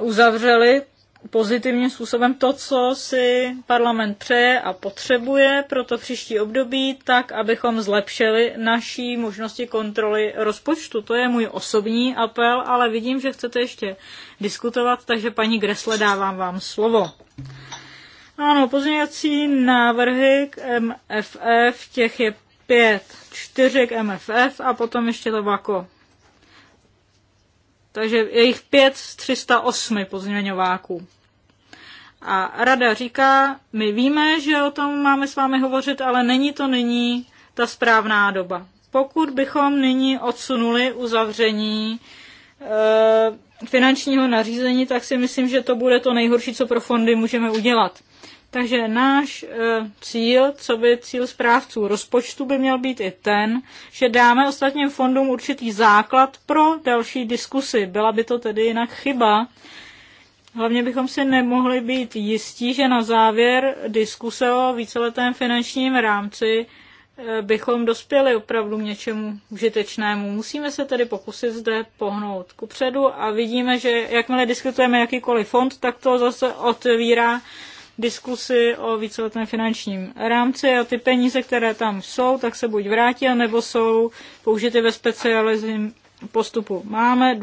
uzavřeli pozitivním způsobem to, co si parlament přeje a potřebuje pro to příští období, tak abychom zlepšili naší možnosti kontroly rozpočtu. To je můj osobní apel, ale vidím, že chcete ještě diskutovat, takže paní Gresle dávám vám slovo. Ano, pozměňovací návrhy k MFF, těch je pět, čtyři k MFF a potom ještě vako takže je jich 5 z 308 pozměňováků. A rada říká, my víme, že o tom máme s vámi hovořit, ale není to nyní ta správná doba. Pokud bychom nyní odsunuli uzavření e, finančního nařízení, tak si myslím, že to bude to nejhorší, co pro fondy můžeme udělat. Takže náš e, cíl, co by cíl zprávců rozpočtu, by měl být i ten, že dáme ostatním fondům určitý základ pro další diskusy. Byla by to tedy jinak chyba. Hlavně bychom si nemohli být jistí, že na závěr diskuse o víceletém finančním rámci e, bychom dospěli opravdu k něčemu užitečnému. Musíme se tedy pokusit zde pohnout kupředu a vidíme, že jakmile diskutujeme jakýkoliv fond, tak to zase otvírá diskusi o víceletém finančním rámci a ty peníze, které tam jsou, tak se buď vrátí, nebo jsou použity ve specializním postupu. Máme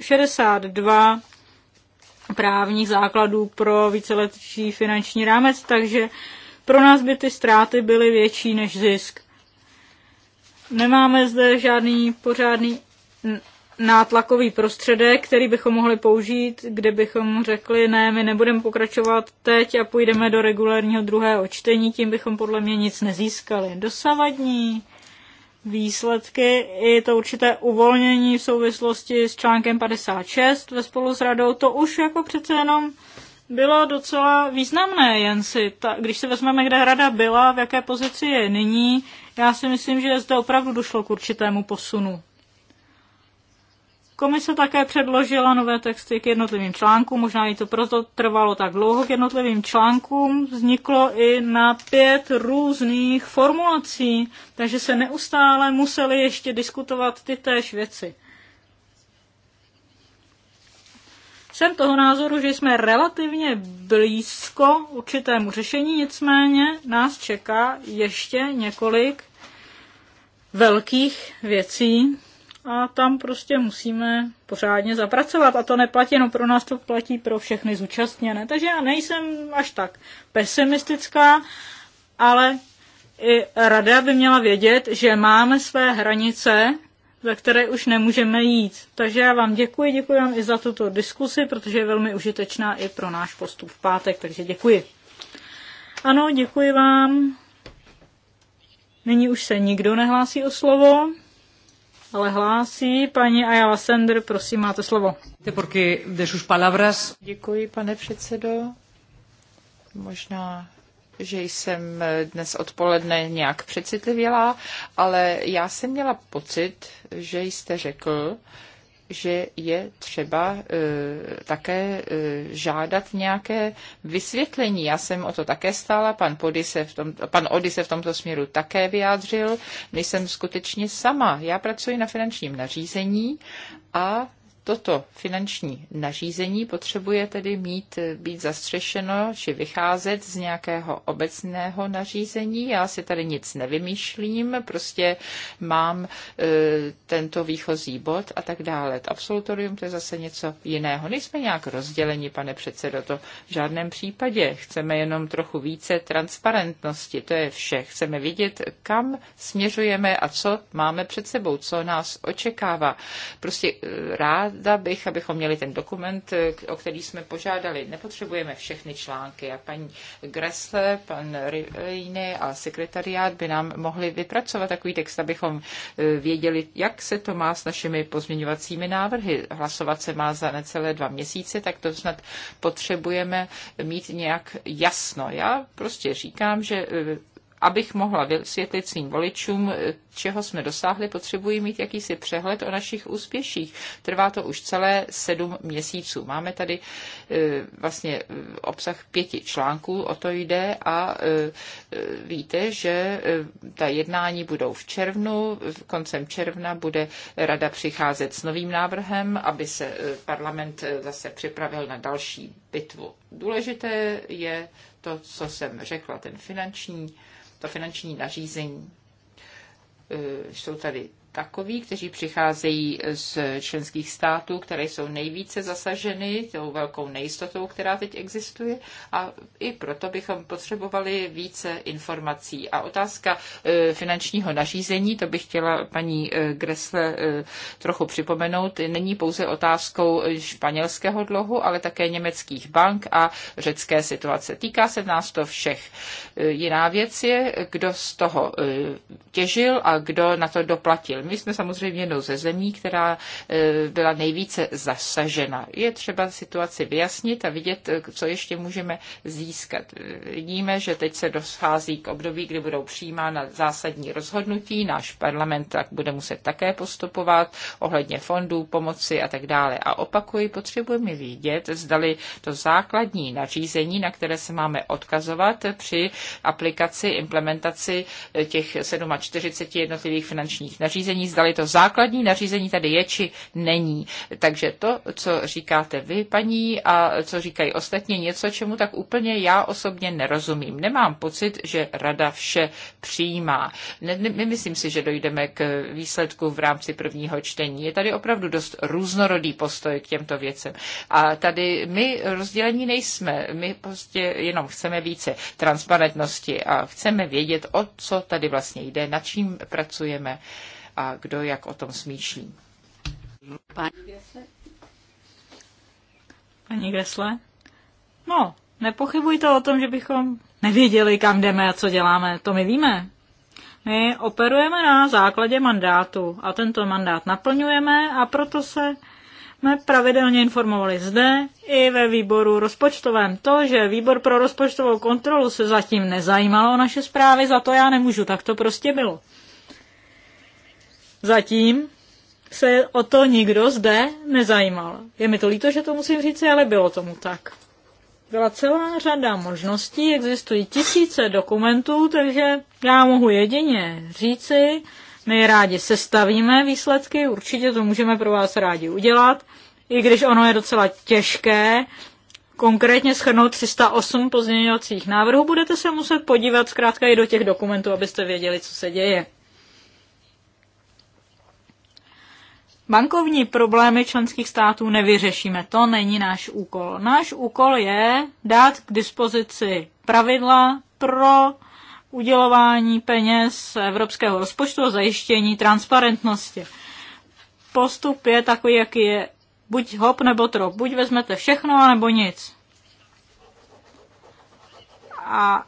62 právních základů pro víceletý finanční rámec, takže pro nás by ty ztráty byly větší než zisk. Nemáme zde žádný pořádný nátlakový prostředek, který bychom mohli použít, kde bychom řekli, ne, my nebudeme pokračovat teď a půjdeme do regulárního druhého čtení, tím bychom podle mě nic nezískali. Dosavadní výsledky i to určité uvolnění v souvislosti s článkem 56 ve spolu s radou, to už jako přece jenom bylo docela významné, jen si, ta, když se vezmeme, kde rada byla, v jaké pozici je nyní, já si myslím, že zde opravdu došlo k určitému posunu. Komise také předložila nové texty k jednotlivým článkům, možná i to proto trvalo tak dlouho k jednotlivým článkům. Vzniklo i na pět různých formulací, takže se neustále museli ještě diskutovat ty též věci. Jsem toho názoru, že jsme relativně blízko určitému řešení, nicméně nás čeká ještě několik velkých věcí, a tam prostě musíme pořádně zapracovat. A to neplatí jenom pro nás, to platí pro všechny zúčastněné. Takže já nejsem až tak pesimistická, ale i rada by měla vědět, že máme své hranice, za které už nemůžeme jít. Takže já vám děkuji, děkuji vám i za tuto diskusi, protože je velmi užitečná i pro náš postup v pátek, takže děkuji. Ano, děkuji vám. Nyní už se nikdo nehlásí o slovo ale hlásí. Paní Ayala Sender, prosím, máte slovo. Děkuji, pane předsedo. Možná že jsem dnes odpoledne nějak přecitlivěla, ale já jsem měla pocit, že jste řekl, že je třeba eh, také eh, žádat nějaké vysvětlení. Já jsem o to také stála, pan, se v tom, pan Ody se v tomto směru také vyjádřil. Nejsem skutečně sama. Já pracuji na finančním nařízení a toto finanční nařízení potřebuje tedy mít, eh, být zastřešeno či vycházet z nějakého obecného nařízení. Já si tady nic nevymýšlím, prostě mám e, tento výchozí bod a tak dále. Absolutorium to je zase něco jiného. Nejsme nějak rozděleni, pane předsedo, to v žádném případě. Chceme jenom trochu více transparentnosti, to je vše. Chceme vidět, kam směřujeme a co máme před sebou, co nás očekává. Prostě eh, rád ráda bych, abychom měli ten dokument, o který jsme požádali. Nepotřebujeme všechny články a paní Gressle, pan Rivliny a sekretariát by nám mohli vypracovat takový text, abychom eh, věděli, jak se to má s našimi pozměňovacími návrhy. Hlasovat se má za necelé dva měsíce, tak to snad potřebujeme mít nějak jasno. Já prostě říkám, že eh, abych mohla vysvětlit svým voličům, čeho jsme dosáhli, potřebuji mít jakýsi přehled o našich úspěších. Trvá to už celé sedm měsíců. Máme tady e, vlastně e, obsah pěti článků, o to jde a e, víte, že ta jednání budou v červnu, koncem června bude rada přicházet s novým návrhem, aby se parlament zase připravil na další bitvu. Důležité je to, co jsem řekla, ten finanční to finanční nařízení. E, jsou tady takoví, kteří přicházejí z členských států, které jsou nejvíce zasaženy tou velkou nejistotou, která teď existuje. A i proto bychom potřebovali více informací. A otázka e, finančního nařízení, to bych chtěla paní e, Gresle e, trochu připomenout, není pouze otázkou španělského dluhu, ale také německých bank a řecké situace. Týká se nás to všech. Jiná věc je, kdo z toho těžil a kdo na to doplatil my jsme samozřejmě jednou ze zemí, která e, byla nejvíce zasažena. Je třeba situaci vyjasnit a vidět, e, co ještě můžeme získat. Vidíme, že teď se doschází k období, kdy budou přijímána zásadní rozhodnutí. Náš parlament tak bude muset také postupovat ohledně fondů, pomoci a tak dále. A opakuji, potřebujeme vidět, zdali to základní nařízení, na které se máme odkazovat při aplikaci, implementaci těch 47 jednotlivých finančních nařízení, nařízení, zdali to základní nařízení tady je či není. Takže to, co říkáte vy, paní, a co říkají ostatně něco, čemu tak úplně já osobně nerozumím. Nemám pocit, že rada vše přijímá. Nemyslím si, že dojdeme k výsledku v rámci prvního čtení. Je tady opravdu dost různorodý postoj k těmto věcem. A tady my rozdělení nejsme. My prostě jenom chceme více transparentnosti a chceme vědět, o co tady vlastně jde, na čím pracujeme a kdo jak o tom smýšlí. Paní Gresle? Paní No, nepochybujte o tom, že bychom nevěděli, kam jdeme a co děláme. To my víme. My operujeme na základě mandátu a tento mandát naplňujeme a proto se jsme pravidelně informovali zde i ve výboru rozpočtovém. To, že výbor pro rozpočtovou kontrolu se zatím nezajímal o naše zprávy, za to já nemůžu, tak to prostě bylo. Zatím se o to nikdo zde nezajímal. Je mi to líto, že to musím říct, ale bylo tomu tak. Byla celá řada možností, existují tisíce dokumentů, takže já mohu jedině říci, my rádi sestavíme výsledky, určitě to můžeme pro vás rádi udělat, i když ono je docela těžké, konkrétně schrnout 308 pozměňovacích návrhů, budete se muset podívat zkrátka i do těch dokumentů, abyste věděli, co se děje. Bankovní problémy členských států nevyřešíme, to není náš úkol. Náš úkol je dát k dispozici pravidla pro udělování peněz evropského rozpočtu a zajištění transparentnosti. Postup je takový, jaký je buď hop nebo trop, buď vezmete všechno, nebo nic. A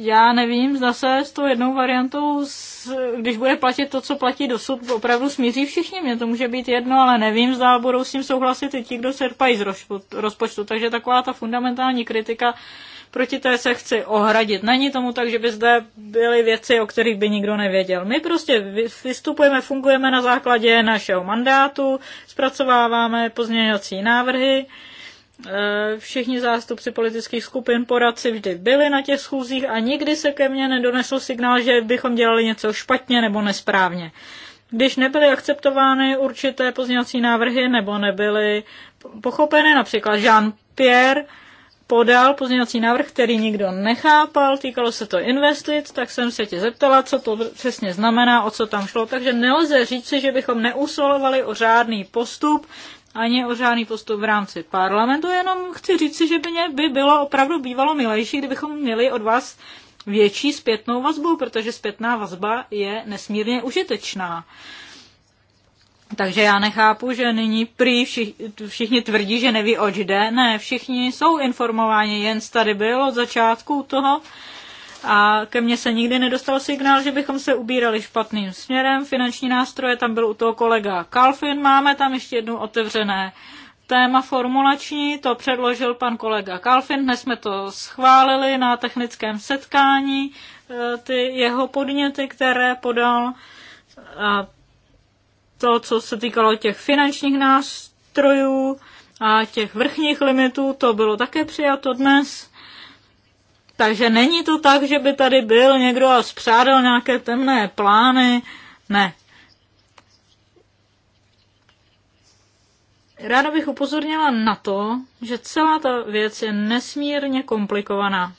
já nevím, zda se s tou jednou variantou, když bude platit to, co platí dosud, opravdu smíří všichni. Mně to může být jedno, ale nevím, zda budou s tím souhlasit i ti, kdo čerpají z rozpočtu. Takže taková ta fundamentální kritika proti té se chci ohradit. Není tomu tak, že by zde byly věci, o kterých by nikdo nevěděl. My prostě vystupujeme, fungujeme na základě našeho mandátu, zpracováváme pozměňovací návrhy, Eh, všichni zástupci politických skupin, poradci vždy byli na těch schůzích a nikdy se ke mně nedonesl signál, že bychom dělali něco špatně nebo nesprávně. Když nebyly akceptovány určité pozněvací návrhy nebo nebyly pochopeny, například Jean-Pierre podal pozměňovací návrh, který nikdo nechápal, týkalo se to investic, tak jsem se tě zeptala, co to přesně znamená, o co tam šlo. Takže nelze říci, že bychom neusolovali o řádný postup, ani o žádný postup v rámci parlamentu, jenom chci říci, že by mě by bylo opravdu bývalo milejší, kdybychom měli od vás větší zpětnou vazbu, protože zpětná vazba je nesmírně užitečná. Takže já nechápu, že nyní prý všichni, všichni tvrdí, že neví, oč jde. Ne, všichni jsou informováni, jen tady bylo od začátku toho a ke mně se nikdy nedostal signál, že bychom se ubírali špatným směrem. Finanční nástroje, tam byl u toho kolega Kalfin, máme tam ještě jednu otevřené téma formulační, to předložil pan kolega Kalfin, dnes jsme to schválili na technickém setkání, eh, ty jeho podněty, které podal a to, co se týkalo těch finančních nástrojů a těch vrchních limitů, to bylo také přijato dnes. Takže není to tak, že by tady byl někdo a spřádal nějaké temné plány. Ne. Ráda bych upozornila na to, že celá ta věc je nesmírně komplikovaná.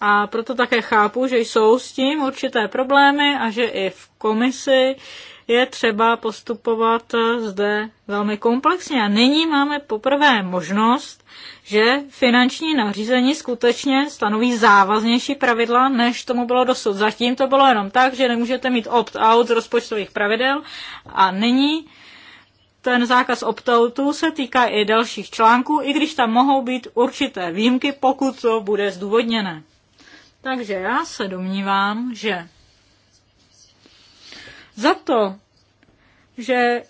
A proto také chápu, že jsou s tím určité problémy a že i v komisi je třeba postupovat zde velmi komplexně. A nyní máme poprvé možnost že finanční nařízení skutečně stanoví závaznější pravidla, než tomu bylo dosud. Zatím to bylo jenom tak, že nemůžete mít opt-out z rozpočtových pravidel a nyní ten zákaz opt-outu se týká i dalších článků, i když tam mohou být určité výjimky, pokud to bude zdůvodněné. Takže já se domnívám, že za to, že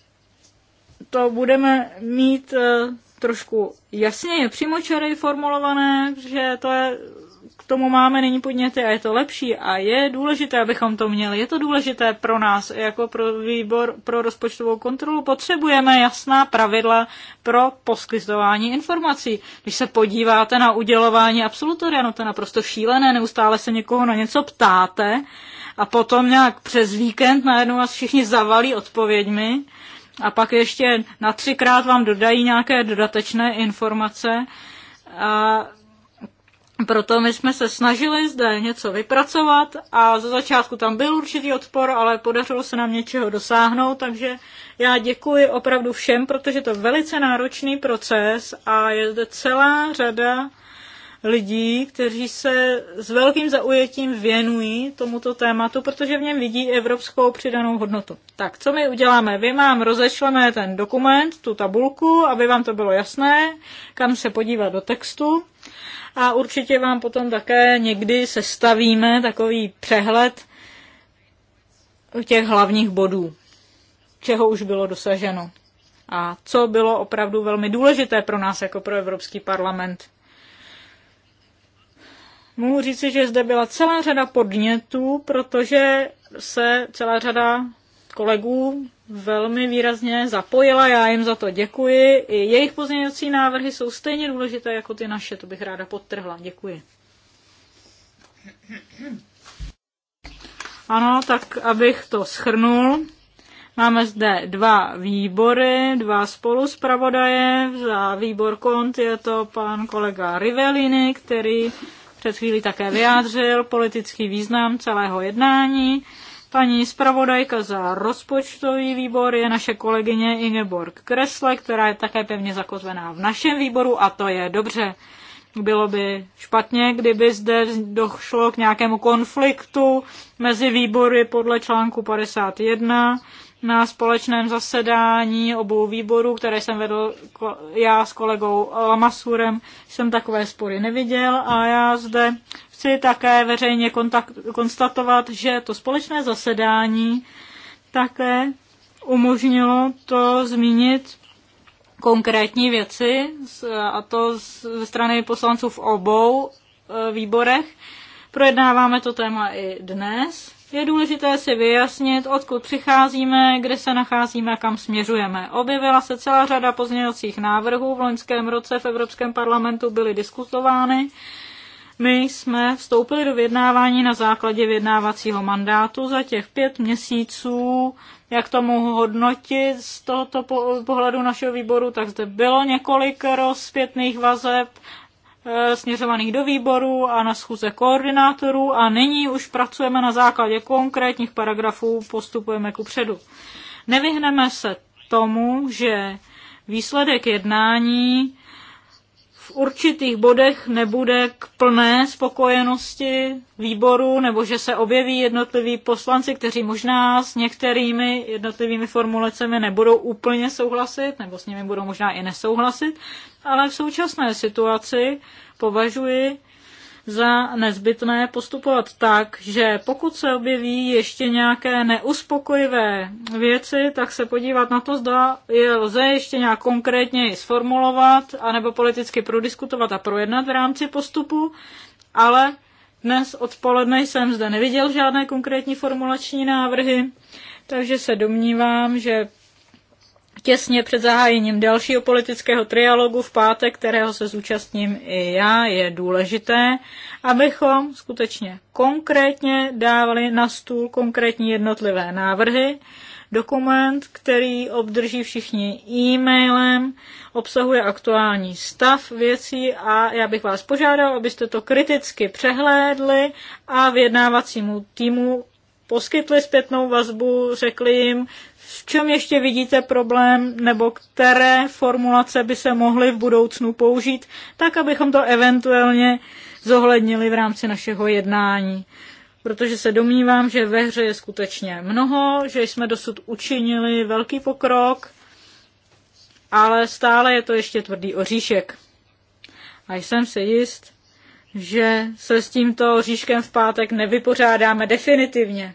to budeme mít eh, trošku jasněji, přímočarej formulované, že to je, k tomu máme není podněty a je to lepší a je důležité, abychom to měli. Je to důležité pro nás, jako pro výbor pro rozpočtovou kontrolu. Potřebujeme jasná pravidla pro poskytování informací. Když se podíváte na udělování absolutoria, no to je naprosto šílené, neustále se někoho na něco ptáte a potom nějak přes víkend najednou vás všichni zavalí odpověďmi a pak ještě na třikrát vám dodají nějaké dodatečné informace. A proto my jsme se snažili zde něco vypracovat a ze začátku tam byl určitý odpor, ale podařilo se nám něčeho dosáhnout, takže já děkuji opravdu všem, protože to je velice náročný proces a je zde celá řada lidí, kteří se s velkým zaujetím věnují tomuto tématu, protože v něm vidí evropskou přidanou hodnotu. Tak, co my uděláme? Vy mám rozešleme ten dokument, tu tabulku, aby vám to bylo jasné, kam se podívat do textu. A určitě vám potom také někdy sestavíme takový přehled těch hlavních bodů, čeho už bylo dosaženo a co bylo opravdu velmi důležité pro nás jako pro Evropský parlament mohu říci, že zde byla celá řada podnětů, protože se celá řada kolegů velmi výrazně zapojila, já jim za to děkuji. I jejich pozměňovací návrhy jsou stejně důležité jako ty naše, to bych ráda podtrhla. Děkuji. Ano, tak abych to schrnul. Máme zde dva výbory, dva spoluspravodaje. Za výbor kont je to pan kolega Rivelini, který před chvílí také vyjádřil politický význam celého jednání. Paní zpravodajka za rozpočtový výbor je naše kolegyně Ingeborg Kresle, která je také pevně zakotvená v našem výboru a to je dobře. Bylo by špatně, kdyby zde došlo k nějakému konfliktu mezi výbory podle článku 51 na společném zasedání obou výborů, které jsem vedl já s kolegou Lamasurem, jsem takové spory neviděl a já zde chci také veřejně kontakt, konstatovat, že to společné zasedání také umožnilo to zmínit konkrétní věci, a to ze strany poslanců v obou e, výborech. Projednáváme to téma i dnes je důležité si vyjasnit, odkud přicházíme, kde se nacházíme a kam směřujeme. Objevila se celá řada pozměňovacích návrhů. V loňském roce v Evropském parlamentu byly diskutovány. My jsme vstoupili do vyjednávání na základě vyjednávacího mandátu za těch pět měsíců. Jak to mohu hodnotit z tohoto pohledu našeho výboru, tak zde bylo několik rozpětných vazeb Eh, směřovaných do výboru a na schůze koordinátorů a nyní už pracujeme na základě konkrétních paragrafů, postupujeme ku předu. Nevyhneme se tomu, že výsledek jednání v určitých bodech nebude k plné spokojenosti výboru, nebo že se objeví jednotliví poslanci, kteří možná s některými jednotlivými formulacemi nebudou úplně souhlasit, nebo s nimi budou možná i nesouhlasit, ale v současné situaci považuji za nezbytné postupovat tak, že pokud se objeví ještě nějaké neuspokojivé věci, tak se podívat na to, zda je lze ještě nějak konkrétně sformulovat anebo politicky prodiskutovat a projednat v rámci postupu, ale dnes odpoledne jsem zde neviděl žádné konkrétní formulační návrhy, takže se domnívám, že těsně před zahájením dalšího politického trialogu v pátek, kterého se zúčastním i já, je důležité, abychom skutečně konkrétně dávali na stůl konkrétní jednotlivé návrhy. Dokument, který obdrží všichni e-mailem, obsahuje aktuální stav věcí a já bych vás požádal, abyste to kriticky přehlédli a vyjednávacímu týmu poskytli zpětnou vazbu, řekli jim, v čem ještě vidíte problém, nebo které formulace by se mohly v budoucnu použít, tak abychom to eventuálně zohlednili v rámci našeho jednání. Protože se domnívám, že ve hře je skutečně mnoho, že jsme dosud učinili velký pokrok, ale stále je to ještě tvrdý oříšek. A jsem si jist, že se s tímto říškem v pátek nevypořádáme definitivně.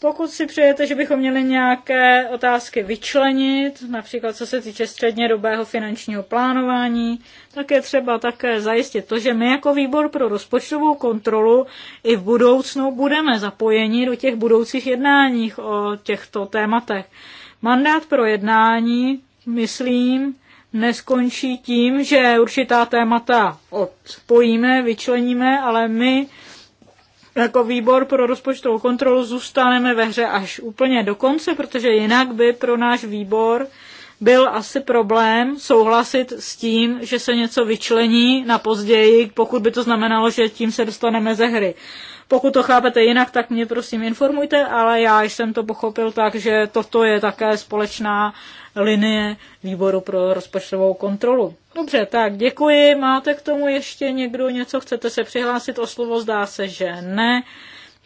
Pokud si přejete, že bychom měli nějaké otázky vyčlenit, například co se týče střednědobého finančního plánování, tak je třeba také zajistit to, že my jako výbor pro rozpočtovou kontrolu i v budoucnu budeme zapojeni do těch budoucích jednáních o těchto tématech. Mandát pro jednání, myslím, neskončí tím, že určitá témata odpojíme, vyčleníme, ale my jako výbor pro rozpočtovou kontrolu zůstaneme ve hře až úplně do konce, protože jinak by pro náš výbor byl asi problém souhlasit s tím, že se něco vyčlení na později, pokud by to znamenalo, že tím se dostaneme ze hry. Pokud to chápete jinak, tak mě prosím informujte, ale já jsem to pochopil tak, že toto je také společná linie výboru pro rozpočtovou kontrolu. Dobře, tak děkuji. Máte k tomu ještě někdo něco? Chcete se přihlásit o slovo? Zdá se, že ne.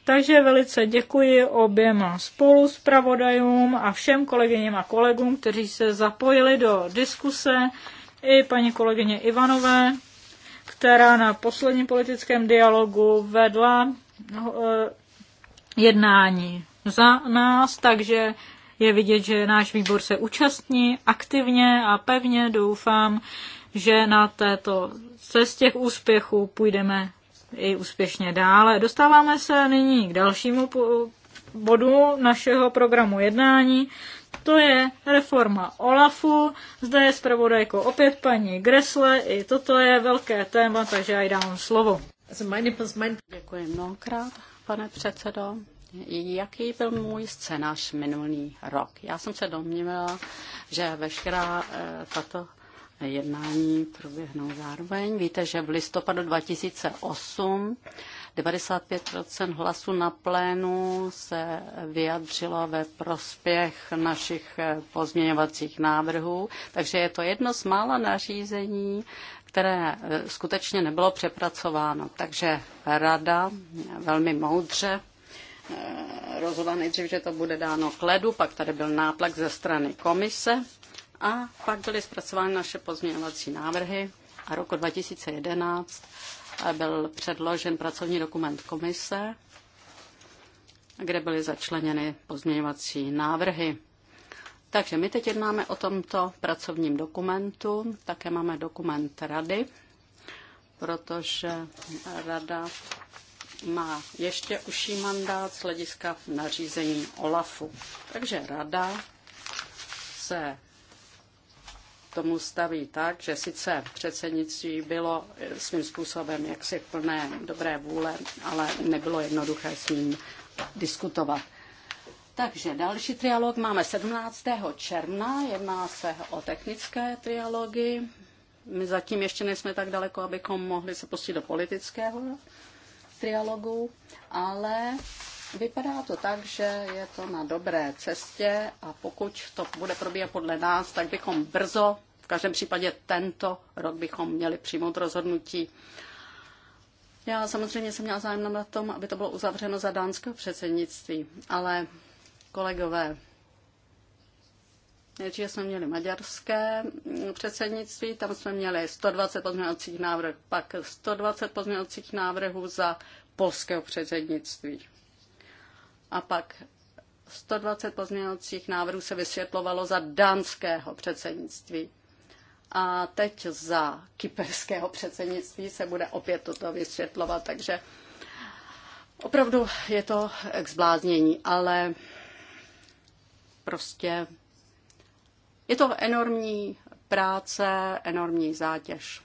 Takže velice děkuji oběma spolu zpravodajům a všem kolegyním a kolegům, kteří se zapojili do diskuse, i paní kolegyně Ivanové, která na posledním politickém dialogu vedla eh, jednání za nás, takže je vidět, že náš výbor se účastní aktivně a pevně doufám, že na této cestě k úspěchu půjdeme i úspěšně dále. Dostáváme se nyní k dalšímu bodu našeho programu jednání. To je reforma OLAFu. Zde je zpravodajko opět paní Gresle. I toto je velké téma, takže já jí dám slovo. Děkuji mnohokrát, pane předsedo jaký byl můj scénář minulý rok. Já jsem se domnívala, že veškerá eh, tato jednání proběhnou zároveň. Víte, že v listopadu 2008 95 hlasů na plénu se vyjadřilo ve prospěch našich eh, pozměňovacích návrhů, takže je to jedno z mála nařízení, které eh, skutečně nebylo přepracováno. Takže rada velmi moudře Eh, rozhodla nejdřív, že to bude dáno k ledu, pak tady byl nátlak ze strany komise a pak byly zpracovány naše pozměňovací návrhy a roku 2011 eh, byl předložen pracovní dokument komise, kde byly začleněny pozměňovací návrhy. Takže my teď jednáme o tomto pracovním dokumentu, také máme dokument rady, protože rada má ještě užší mandát z hlediska nařízení OLAFu. Takže rada se tomu staví tak, že sice předsednictví bylo svým způsobem jaksi plné dobré vůle, ale nebylo jednoduché s ním diskutovat. Takže další trialog máme 17. června, jedná se o technické trialogy. My zatím ještě nejsme tak daleko, abychom mohli se pustit do politického trialogu, ale vypadá to tak, že je to na dobré cestě a pokud to bude probíhat podle nás, tak bychom brzo, v každém případě tento rok bychom měli přijmout rozhodnutí. Já samozřejmě jsem měla zájem na tom, aby to bylo uzavřeno za dánského předsednictví, ale kolegové, Nejdříve jsme měli maďarské mm, předsednictví, tam jsme měli 120 pozměňovacích návrhů, pak 120 pozměňovacích návrhů za polského předsednictví. A pak 120 pozměňovacích návrhů se vysvětlovalo za dánského předsednictví. A teď za kyperského předsednictví se bude opět toto vysvětlovat, takže opravdu je to k zbláznění, ale prostě je to enormní práce, enormní zátěž.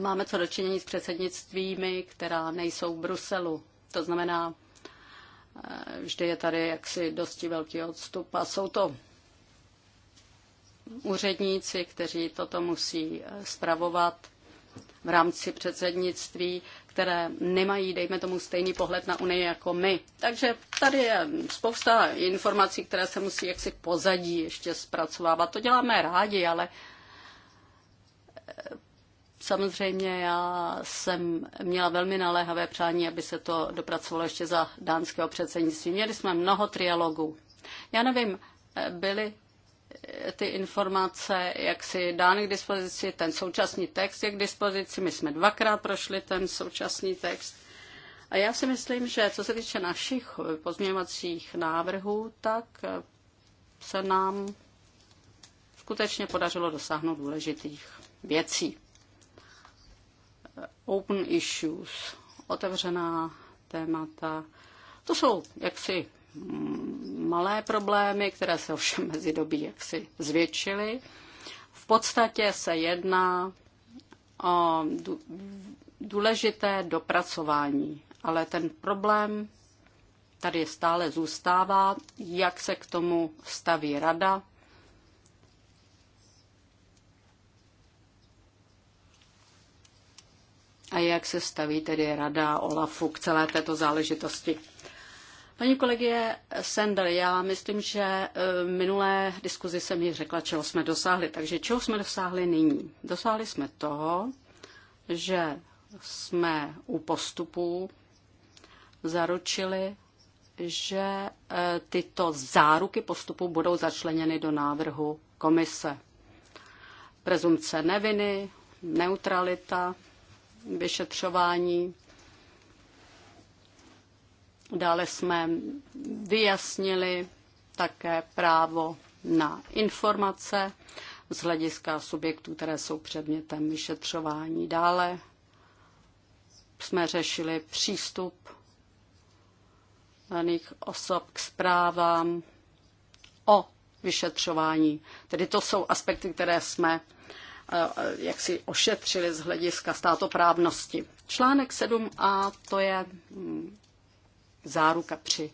Máme co dočinění s předsednictvími, která nejsou v Bruselu. To znamená, eh, vždy je tady jaksi dosti velký odstup a jsou to úředníci, kteří toto musí eh, spravovat v rámci předsednictví, které nemají, dejme tomu, stejný pohled na Unii jako my. Takže tady je spousta informací, které se musí jaksi pozadí ještě zpracovávat. To děláme rádi, ale eh, Samozřejmě já jsem měla velmi naléhavé přání, aby se to dopracovalo ještě za dánského předsednictví. Měli jsme mnoho trialogů. Já nevím, eh, byly ty informace, jak si dány k dispozici, ten současný text je k dispozici, my jsme dvakrát prošli ten současný text. A já si myslím, že co se týče našich pozměňovacích návrhů, tak se nám skutečně podařilo dosáhnout důležitých věcí. Open issues, otevřená témata, to jsou jaksi malé problémy, které se ovšem <laughs> mezi dobí jaksi zvětšily. V podstatě se jedná o důležité dopracování, ale ten problém tady stále zůstává, jak se k tomu staví rada. A jak se staví tedy rada Olafu k celé této záležitosti. Paní kolegie Sender, já myslím, že v eh, minulé diskuzi jsem ji řekla, čeho jsme dosáhli. Takže čeho jsme dosáhli nyní? Dosáhli jsme toho, že jsme u postupů zaručili, že eh, tyto záruky postupu budou začleněny do návrhu komise. Prezumce neviny, neutralita, vyšetřování Dále jsme vyjasnili také právo na informace z hlediska subjektů, které jsou předmětem vyšetřování. Dále jsme řešili přístup daných osob k zprávám o vyšetřování. Tedy to jsou aspekty, které jsme eh, jak si ošetřili z hlediska státoprávnosti. Článek 7a to je mm, záruka při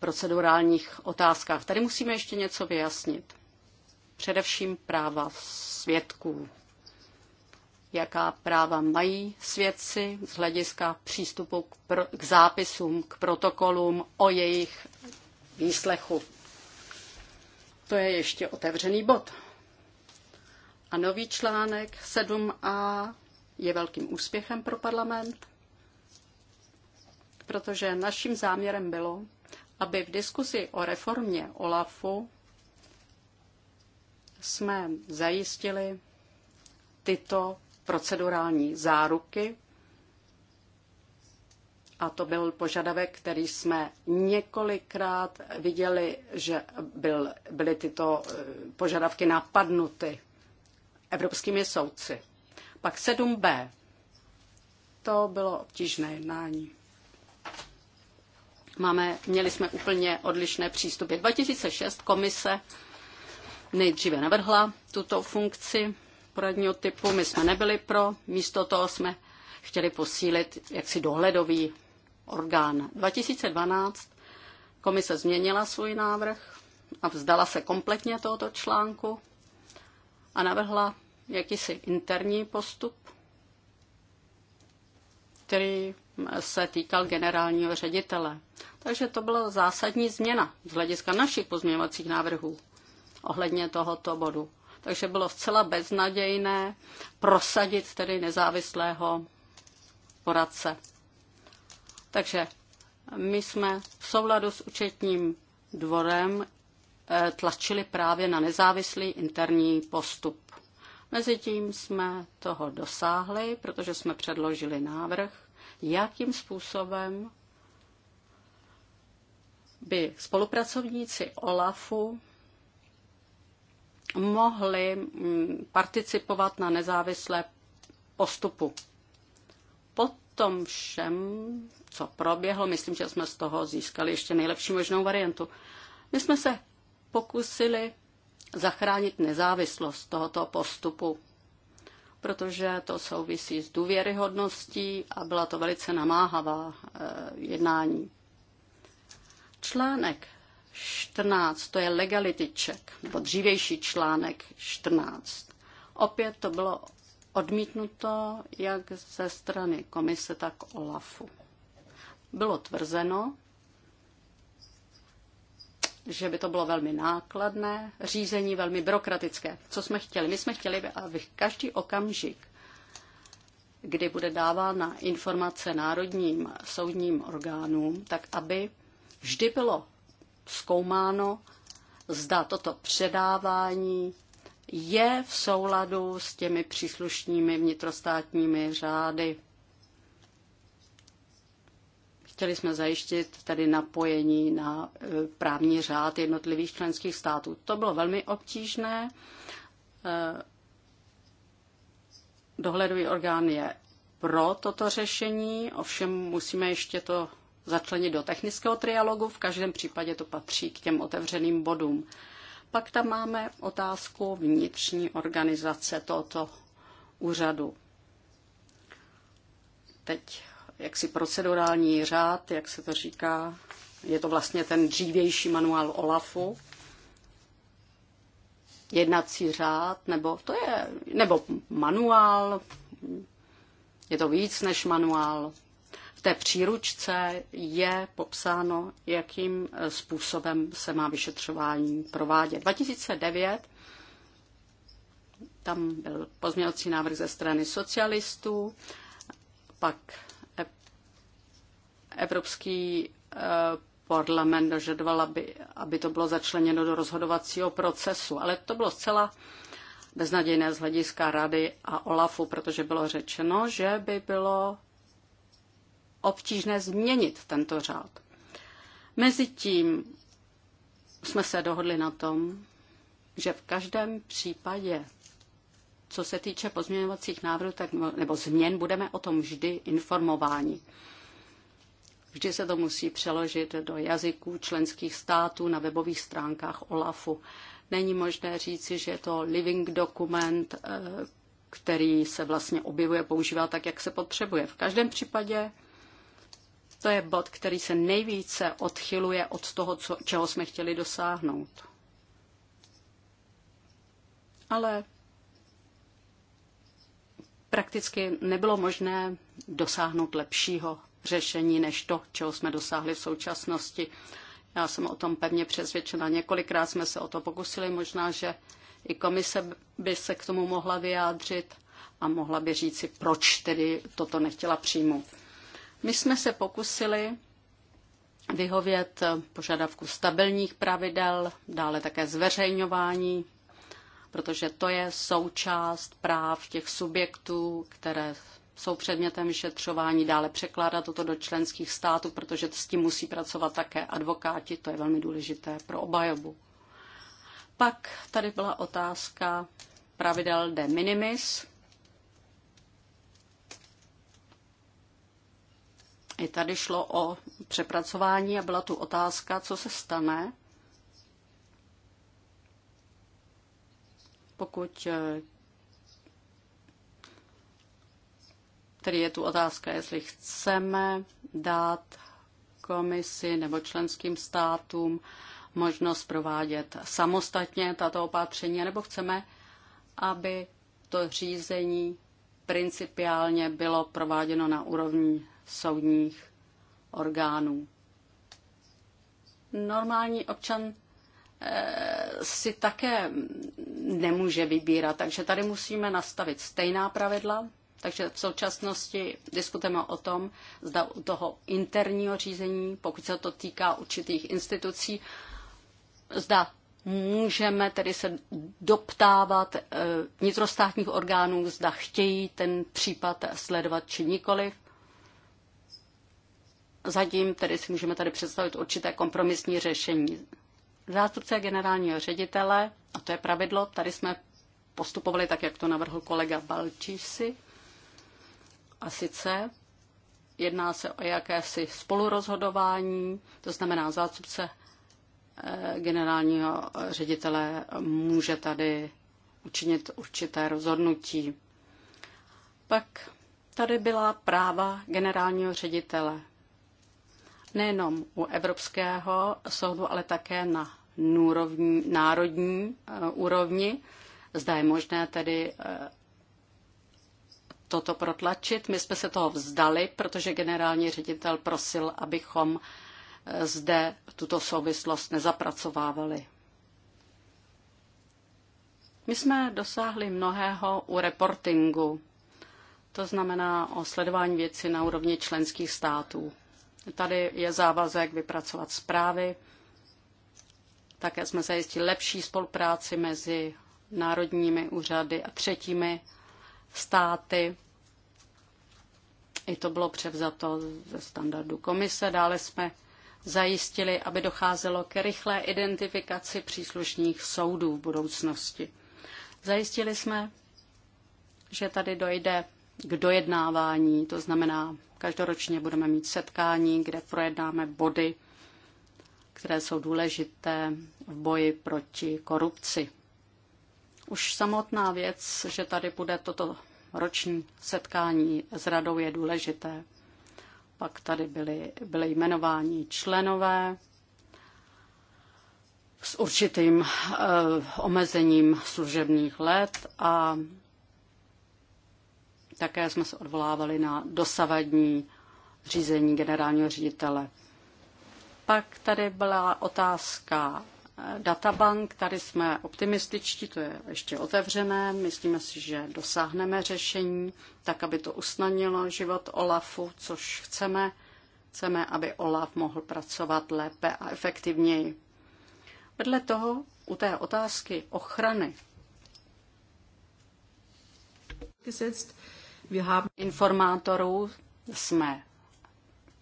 procedurálních otázkách. Tady musíme ještě něco vyjasnit. Především práva svědků. Jaká práva mají svědci z hlediska přístupu k, pro, k zápisům, k protokolům o jejich výslechu. To je ještě otevřený bod. A nový článek 7a je velkým úspěchem pro parlament protože naším záměrem bylo, aby v diskusi o reformě OLAFu jsme zajistili tyto procedurální záruky. A to byl požadavek, který jsme několikrát viděli, že byl, byly tyto eh, požadavky napadnuty evropskými soudci. Pak 7b. To bylo obtížné jednání máme, měli jsme úplně odlišné přístupy. 2006 komise nejdříve navrhla tuto funkci poradního typu, my jsme nebyli pro, místo toho jsme chtěli posílit jaksi dohledový orgán. 2012 komise změnila svůj návrh a vzdala se kompletně tohoto článku a navrhla jakýsi interní postup, který se týkal generálního ředitele. Takže to byla zásadní změna z hlediska našich pozměňovacích návrhů ohledně tohoto bodu. Takže bylo zcela beznadějné prosadit tedy nezávislého poradce. Takže my jsme v souladu s účetním dvorem eh, tlačili právě na nezávislý interní postup. Mezitím jsme toho dosáhli, protože jsme předložili návrh jakým způsobem by spolupracovníci OLAFu mohli mm, participovat na nezávislé postupu. Po tom všem, co proběhlo, myslím, že jsme z toho získali ještě nejlepší možnou variantu. My jsme se pokusili zachránit nezávislost tohoto postupu protože to souvisí s důvěryhodností a byla to velice namáhavá eh, jednání. Článek 14, to je legality check, nebo dřívější článek 14. Opět to bylo odmítnuto jak ze strany komise, tak OLAFu. Bylo tvrzeno, že by to bylo velmi nákladné, řízení velmi byrokratické. Co jsme chtěli? My jsme chtěli, aby každý okamžik, kdy bude dávána informace národním soudním orgánům, tak aby vždy bylo zkoumáno, zda toto předávání je v souladu s těmi příslušnými vnitrostátními řády. Chtěli jsme zajistit tedy napojení na e, právní řád jednotlivých členských států. To bylo velmi obtížné. E, dohledový orgán je pro toto řešení, ovšem musíme ještě to začlenit do technického trialogu, v každém případě to patří k těm otevřeným bodům. Pak tam máme otázku vnitřní organizace tohoto úřadu. Teď jaksi procedurální řád, jak se to říká. Je to vlastně ten dřívější manuál OLAFu. Jednací řád, nebo to je, nebo manuál, je to víc než manuál. V té příručce je popsáno, jakým eh, způsobem se má vyšetřování provádět. 2009 tam byl pozměňovací návrh ze strany socialistů, pak Evropský eh, parlament dožadoval, aby, aby to bylo začleněno do rozhodovacího procesu, ale to bylo zcela beznadějné z hlediska rady a OLAFu, protože bylo řečeno, že by bylo obtížné změnit tento řád. Mezitím jsme se dohodli na tom, že v každém případě, co se týče pozměňovacích návrhů tak, nebo změn, budeme o tom vždy informováni. Vždy se to musí přeložit do jazyků členských států na webových stránkách OLAFu. Není možné říci, že je to living dokument, eh, který se vlastně objevuje, používá tak, jak se potřebuje. V každém případě to je bod, který se nejvíce odchyluje od toho, co, čeho jsme chtěli dosáhnout. Ale prakticky nebylo možné dosáhnout lepšího řešení než to, čeho jsme dosáhli v současnosti. Já jsem o tom pevně přesvědčena. Několikrát jsme se o to pokusili, možná, že i komise by se k tomu mohla vyjádřit a mohla by říci, proč tedy toto nechtěla přijmout. My jsme se pokusili vyhovět požadavku stabilních pravidel, dále také zveřejňování, protože to je součást práv těch subjektů, které jsou předmětem vyšetřování, dále překládat toto do členských států, protože s tím musí pracovat také advokáti, to je velmi důležité pro obajobu. Pak tady byla otázka pravidel de minimis. I tady šlo o přepracování a byla tu otázka, co se stane, pokud eh, Tedy je tu otázka, jestli chceme dát komisi nebo členským státům možnost provádět samostatně tato opatření, nebo chceme, aby to řízení principiálně bylo prováděno na úrovni soudních orgánů. Normální občan eh, si také nemůže vybírat, takže tady musíme nastavit stejná pravidla takže v současnosti diskutujeme o tom, zda u toho interního řízení, pokud se to týká určitých institucí, zda můžeme tedy se doptávat eh, vnitrostátních orgánů, zda chtějí ten případ sledovat či nikoliv. Zatím tedy si můžeme tady představit určité kompromisní řešení. Zástupce generálního ředitele, a to je pravidlo, tady jsme postupovali tak, jak to navrhl kolega Balčísi, a sice jedná se o jakési spolurozhodování, to znamená zástupce eh, generálního ředitele může tady učinit určité rozhodnutí. Pak tady byla práva generálního ředitele. Nejenom u Evropského soudu, ale také na nůrovní, národní eh, úrovni. Zda je možné tedy eh, toto protlačit. My jsme se toho vzdali, protože generální ředitel prosil, abychom eh, zde tuto souvislost nezapracovávali. My jsme dosáhli mnohého u reportingu, to znamená o sledování věci na úrovni členských států. Tady je závazek vypracovat zprávy. Také jsme zajistili lepší spolupráci mezi národními úřady a třetími státy. I to bylo převzato ze standardu komise. Dále jsme zajistili, aby docházelo k rychlé identifikaci příslušných soudů v budoucnosti. Zajistili jsme, že tady dojde k dojednávání, to znamená, každoročně budeme mít setkání, kde projednáme body, které jsou důležité v boji proti korupci. Už samotná věc, že tady bude toto roční setkání s radou je důležité. Pak tady byly, byly jmenování členové s určitým e, omezením služebních let a také jsme se odvolávali na dosavadní řízení generálního ředitele. Pak tady byla otázka databank, tady jsme optimističtí, to je ještě otevřené, myslíme si, že dosáhneme řešení, tak aby to usnadnilo život OLAFu, což chceme. Chceme, aby OLAF mohl pracovat lépe a efektivněji. Vedle toho u té otázky ochrany informátorů jsme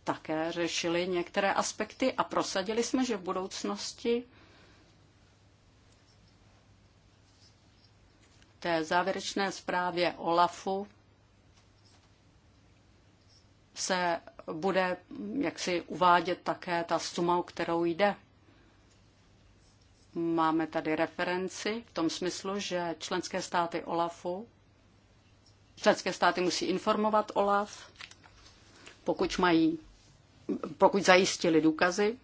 také řešili některé aspekty a prosadili jsme, že v budoucnosti té závěrečné zprávě OLAFu se bude jaksi uvádět také ta suma, o kterou jde. Máme tady referenci v tom smyslu, že členské státy OLAFu, členské státy musí informovat OLAF, pokud mají, pokud zajistili důkazy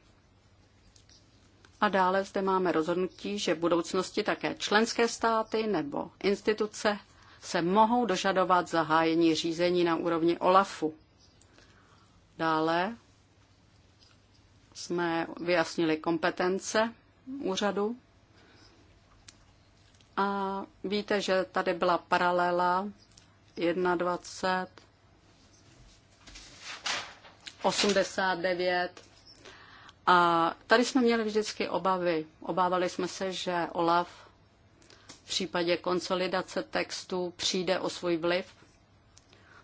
a dále zde máme rozhodnutí, že v budoucnosti také členské státy nebo instituce se mohou dožadovat zahájení řízení na úrovni OLAFu. Dále jsme vyjasnili kompetence úřadu a víte, že tady byla paralela 21, 89 a tady jsme měli vždycky obavy. Obávali jsme se, že OLAF v případě konsolidace textu přijde o svůj vliv,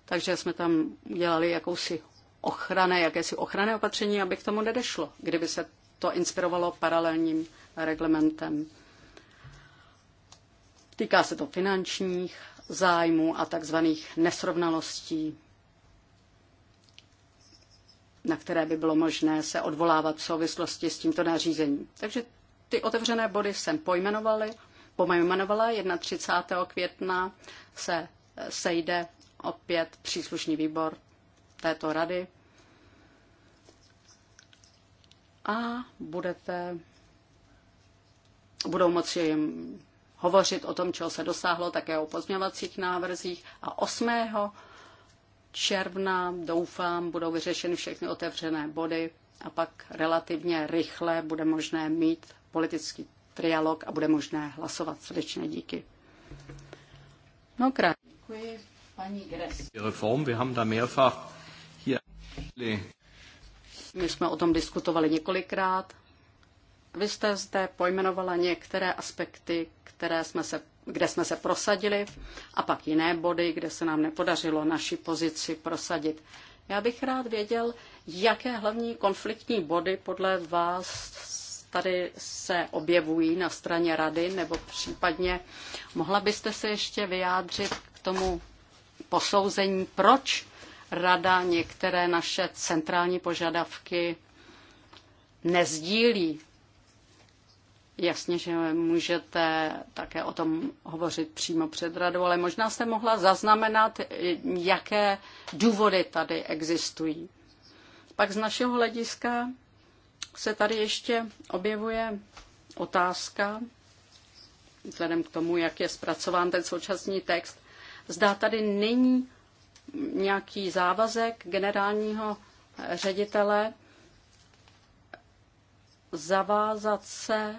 takže jsme tam dělali jakousi ochrané, jakési ochranné opatření, aby k tomu nedešlo, kdyby se to inspirovalo paralelním reglementem. Týká se to finančních zájmů a takzvaných nesrovnalostí na které by bylo možné se odvolávat v souvislosti s tímto nařízením. Takže ty otevřené body jsem pojmenovala. pojmenovala. 31. května se sejde opět příslušný výbor této rady a budete, budou moci jim hovořit o tom, čeho se dosáhlo, také o pozměňovacích návrzích a 8 června, doufám, budou vyřešeny všechny otevřené body a pak relativně rychle bude možné mít politický trialog a bude možné hlasovat. Srdečné díky. No krát. Děkuji, paní Gres. Reform, wir haben da mehrfach hier... My jsme o tom diskutovali několikrát. Vy jste zde pojmenovala některé aspekty, které jsme se kde jsme se prosadili, a pak jiné body, kde se nám nepodařilo naši pozici prosadit. Já bych rád věděl, jaké hlavní konfliktní body podle vás tady se objevují na straně rady, nebo případně mohla byste se ještě vyjádřit k tomu posouzení, proč rada některé naše centrální požadavky nezdílí Jasně, že můžete také o tom hovořit přímo před radou, ale možná jste mohla zaznamenat, jaké důvody tady existují. Pak z našeho hlediska se tady ještě objevuje otázka, vzhledem k tomu, jak je zpracován ten současný text, zdá tady není nějaký závazek generálního ředitele zavázat se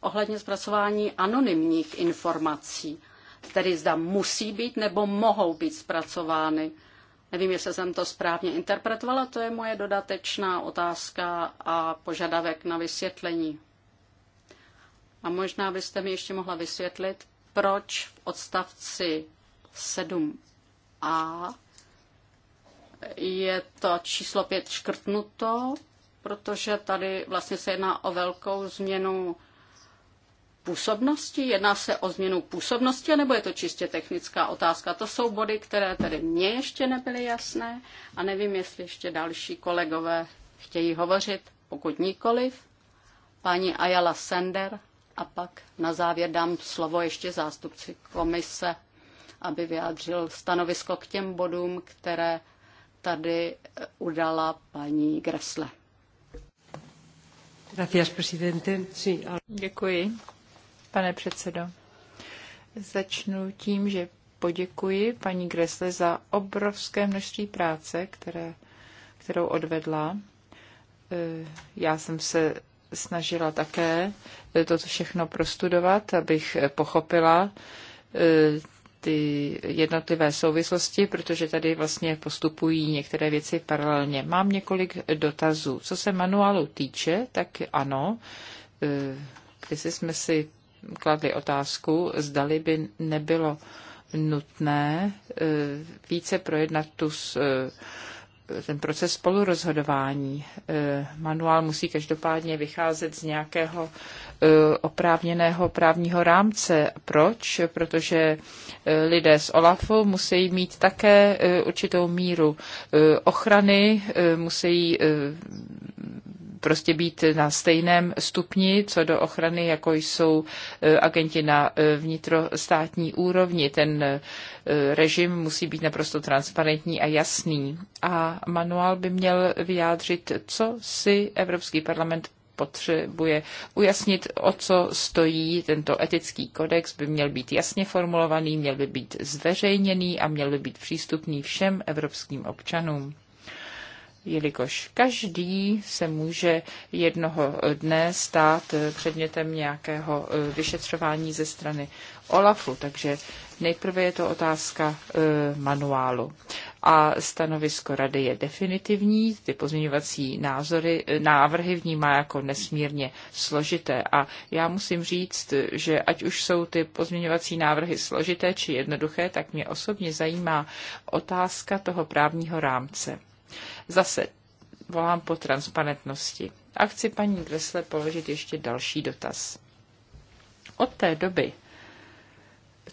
ohledně zpracování anonymních informací, tedy zda musí být nebo mohou být zpracovány. Nevím, jestli jsem to správně interpretovala, to je moje dodatečná otázka a požadavek na vysvětlení. A možná byste mi ještě mohla vysvětlit, proč v odstavci 7a je to číslo 5 škrtnuto, protože tady vlastně se jedná o velkou změnu působnosti? Jedná se o změnu působnosti, nebo je to čistě technická otázka? To jsou body, které tedy mně ještě nebyly jasné a nevím, jestli ještě další kolegové chtějí hovořit. Pokud nikoliv, paní Ayala Sender a pak na závěr dám slovo ještě zástupci komise, aby vyjádřil stanovisko k těm bodům, které tady eh, udala paní Gresle. Děkuji pane předsedo. Začnu tím, že poděkuji paní Gresle za obrovské množství práce, které, kterou odvedla. Eh, já jsem se snažila také eh, toto všechno prostudovat, abych pochopila eh, ty jednotlivé souvislosti, protože tady vlastně postupují některé věci paralelně. Mám několik dotazů. Co se manuálu týče, tak ano, když jsme si kladli otázku, zdali by nebylo nutné e, více projednat tu e, ten proces spolurozhodování. E, manuál musí každopádně vycházet z nějakého oprávněného právního rámce. Proč? Protože lidé z OLAFu musí mít také určitou míru ochrany, musí prostě být na stejném stupni co do ochrany, jako jsou e, agenti na e, vnitrostátní úrovni. Ten e, režim musí být naprosto transparentní a jasný. A manuál by měl vyjádřit, co si Evropský parlament potřebuje ujasnit, o co stojí. Tento etický kodex by měl být jasně formulovaný, měl by být zveřejněný a měl by být přístupný všem evropským občanům jelikož každý se může jednoho dne stát eh, předmětem nějakého eh, vyšetřování ze strany OLAFu. Takže nejprve je to otázka eh, manuálu. A stanovisko rady je definitivní, ty pozměňovací názory, návrhy vnímá jako nesmírně složité. A já musím říct, že ať už jsou ty pozměňovací návrhy složité či jednoduché, tak mě osobně zajímá otázka toho právního rámce Zase volám po transparentnosti. A chci paní Gresle položit ještě další dotaz. Od té doby,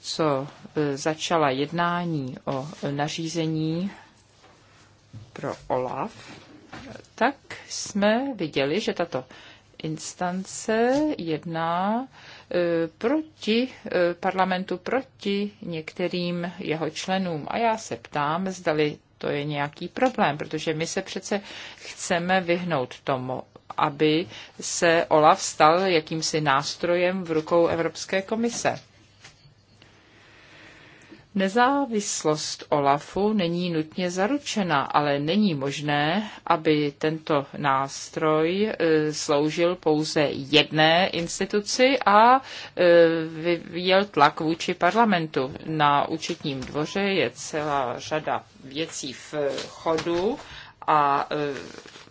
co e, začala jednání o nařízení pro OLAF, tak jsme viděli, že tato instance jedná e, proti e, parlamentu, proti některým jeho členům. A já se ptám, zdali to je nějaký problém, protože my se přece chceme vyhnout tomu, aby se OLAF stal jakýmsi nástrojem v rukou Evropské komise. Nezávislost OLAFu není nutně zaručena, ale není možné, aby tento nástroj e, sloužil pouze jedné instituci a e, vyvíjel tlak vůči parlamentu. Na účetním dvoře je celá řada věcí v chodu a e,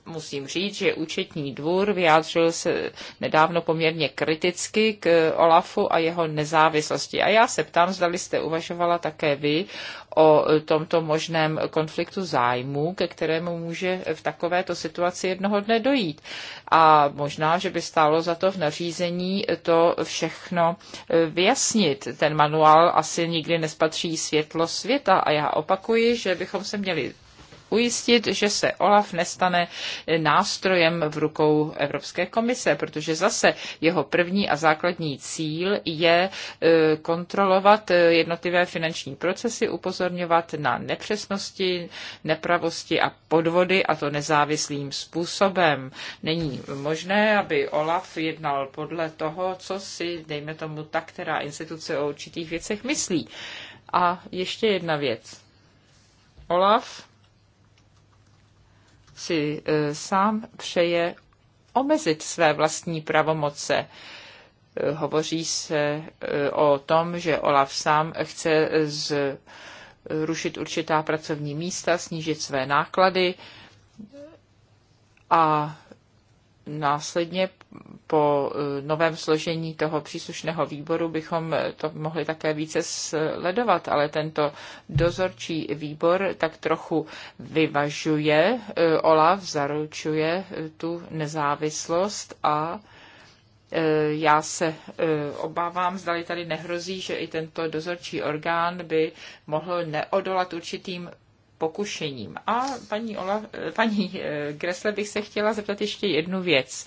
musím říct, že účetní dvůr vyjádřil se nedávno poměrně kriticky k Olafu a jeho nezávislosti. A já se ptám, zda jste uvažovala také vy o tomto možném konfliktu zájmů, ke kterému může v takovéto situaci jednoho dne dojít. A možná, že by stálo za to v nařízení to všechno e, vyjasnit. Ten manuál asi nikdy nespatří světlo světa a já opakuji, že bychom se měli ujistit, že se OLAF nestane nástrojem v rukou Evropské komise, protože zase jeho první a základní cíl je e, kontrolovat e, jednotlivé finanční procesy, upozorňovat na nepřesnosti, nepravosti a podvody a to nezávislým způsobem. Není možné, aby OLAF jednal podle toho, co si, dejme tomu, ta, která instituce o určitých věcech myslí. A ještě jedna věc. Olaf si eh, sám přeje omezit své vlastní pravomoce. Eh, hovoří se eh, o tom, že Olaf sám chce zrušit určitá pracovní místa, snížit své náklady a následně po eh, novém složení toho příslušného výboru bychom to mohli také více sledovat, ale tento dozorčí výbor tak trochu vyvažuje, eh, OLAF zaručuje eh, tu nezávislost a já se obávám, zdali tady nehrozí, že i tento dozorčí orgán by mohl neodolat určitým pokušením. A paní, Ola, paní Gresle bych se chtěla zeptat ještě jednu věc.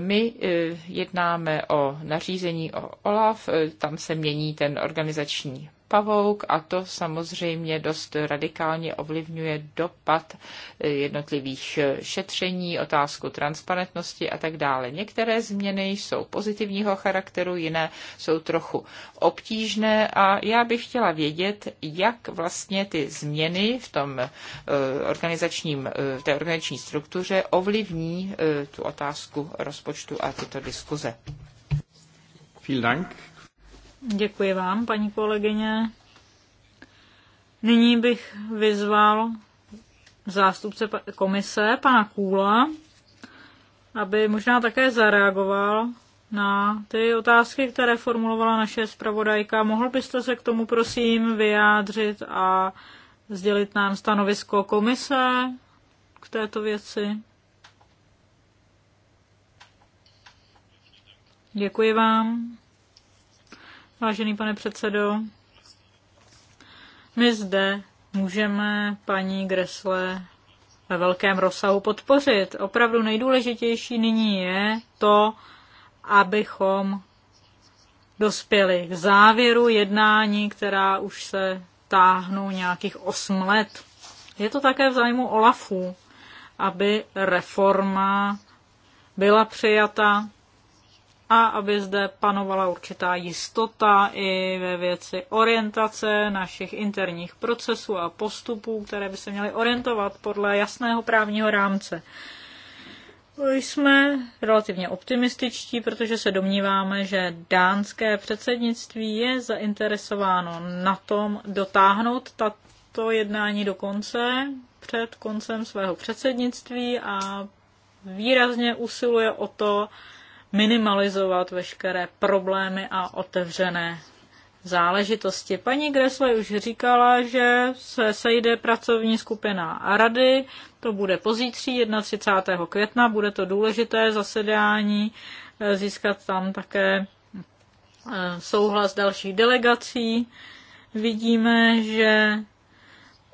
My eh, jednáme o nařízení o OLAF, eh, tam se mění ten organizační pavouk a to samozřejmě dost radikálně ovlivňuje dopad eh, jednotlivých eh, šetření, otázku transparentnosti a tak dále. Některé změny jsou pozitivního charakteru, jiné jsou trochu obtížné a já bych chtěla vědět, jak vlastně ty změny v tom eh, organizačním, v té organizační struktuře ovlivní tu otázku rozpočtu a tyto diskuze. Vielen Dank. Děkuji vám, paní kolegyně. Nyní bych vyzval zástupce komise, pana Kůla, aby možná také zareagoval na ty otázky, které formulovala naše zpravodajka. Mohl byste se k tomu, prosím, vyjádřit a sdělit nám stanovisko komise k této věci? Děkuji vám. Vážený pane předsedo, my zde můžeme paní Gresle ve velkém rozsahu podpořit. Opravdu nejdůležitější nyní je to, abychom dospěli k závěru jednání, která už se táhnou nějakých osm let. Je to také v zájmu Olafu, aby reforma byla přijata a aby zde panovala určitá jistota i ve věci orientace našich interních procesů a postupů, které by se měly orientovat podle jasného právního rámce. Jsme relativně optimističtí, protože se domníváme, že dánské předsednictví je zainteresováno na tom dotáhnout tato jednání do konce, před koncem svého předsednictví a výrazně usiluje o to, minimalizovat veškeré problémy a otevřené záležitosti. Paní Gresle už říkala, že se sejde pracovní skupina a rady, to bude pozítří 31. května, bude to důležité zasedání, eh, získat tam také eh, souhlas dalších delegací. Vidíme, že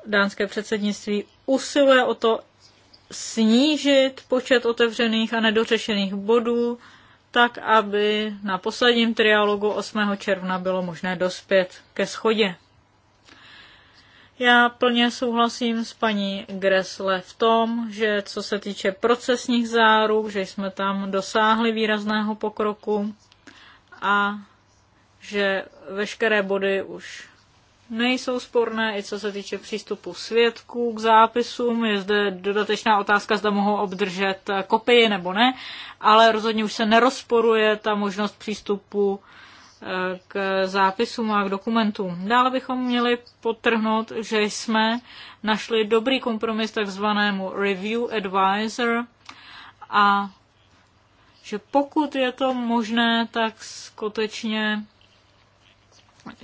dánské předsednictví usiluje o to snížit počet otevřených a nedořešených bodů, tak aby na posledním trialogu 8. června bylo možné dospět ke schodě. Já plně souhlasím s paní Gresle v tom, že co se týče procesních záruk, že jsme tam dosáhli výrazného pokroku a že veškeré body už nejsou sporné, i co se týče přístupu svědků k zápisům. Je zde dodatečná otázka, zda mohou obdržet eh, kopii nebo ne, ale rozhodně už se nerozporuje ta možnost přístupu eh, k zápisům a k dokumentům. Dále bychom měli potrhnout, že jsme našli dobrý kompromis takzvanému review advisor a že pokud je to možné, tak skutečně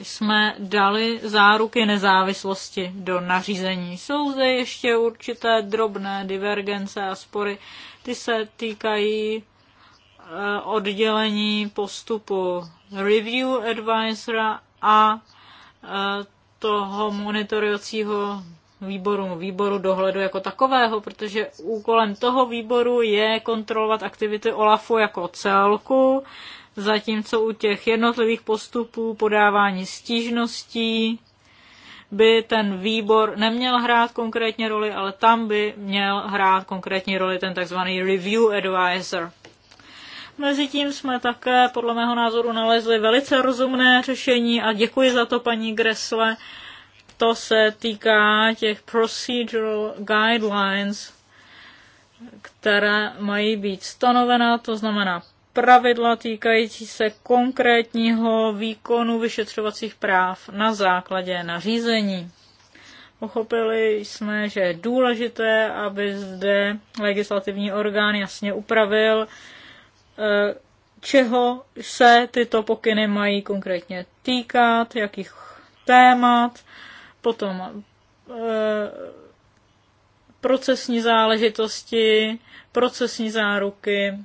jsme dali záruky nezávislosti do nařízení. Jsou zde ještě určité drobné divergence a spory. Ty se týkají eh, oddělení postupu review advisora a eh, toho monitorujícího výboru, výboru dohledu jako takového, protože úkolem toho výboru je kontrolovat aktivity OLAFu jako celku, zatímco u těch jednotlivých postupů podávání stížností by ten výbor neměl hrát konkrétně roli, ale tam by měl hrát konkrétní roli ten takzvaný review advisor. Mezitím jsme také podle mého názoru nalezli velice rozumné řešení a děkuji za to paní Gresle. To se týká těch procedural guidelines, které mají být stanovena, to znamená pravidla týkající se konkrétního výkonu vyšetřovacích práv na základě nařízení. Pochopili jsme, že je důležité, aby zde legislativní orgán jasně upravil, eh, čeho se tyto pokyny mají konkrétně týkat, jakých témat, potom eh, procesní záležitosti, procesní záruky,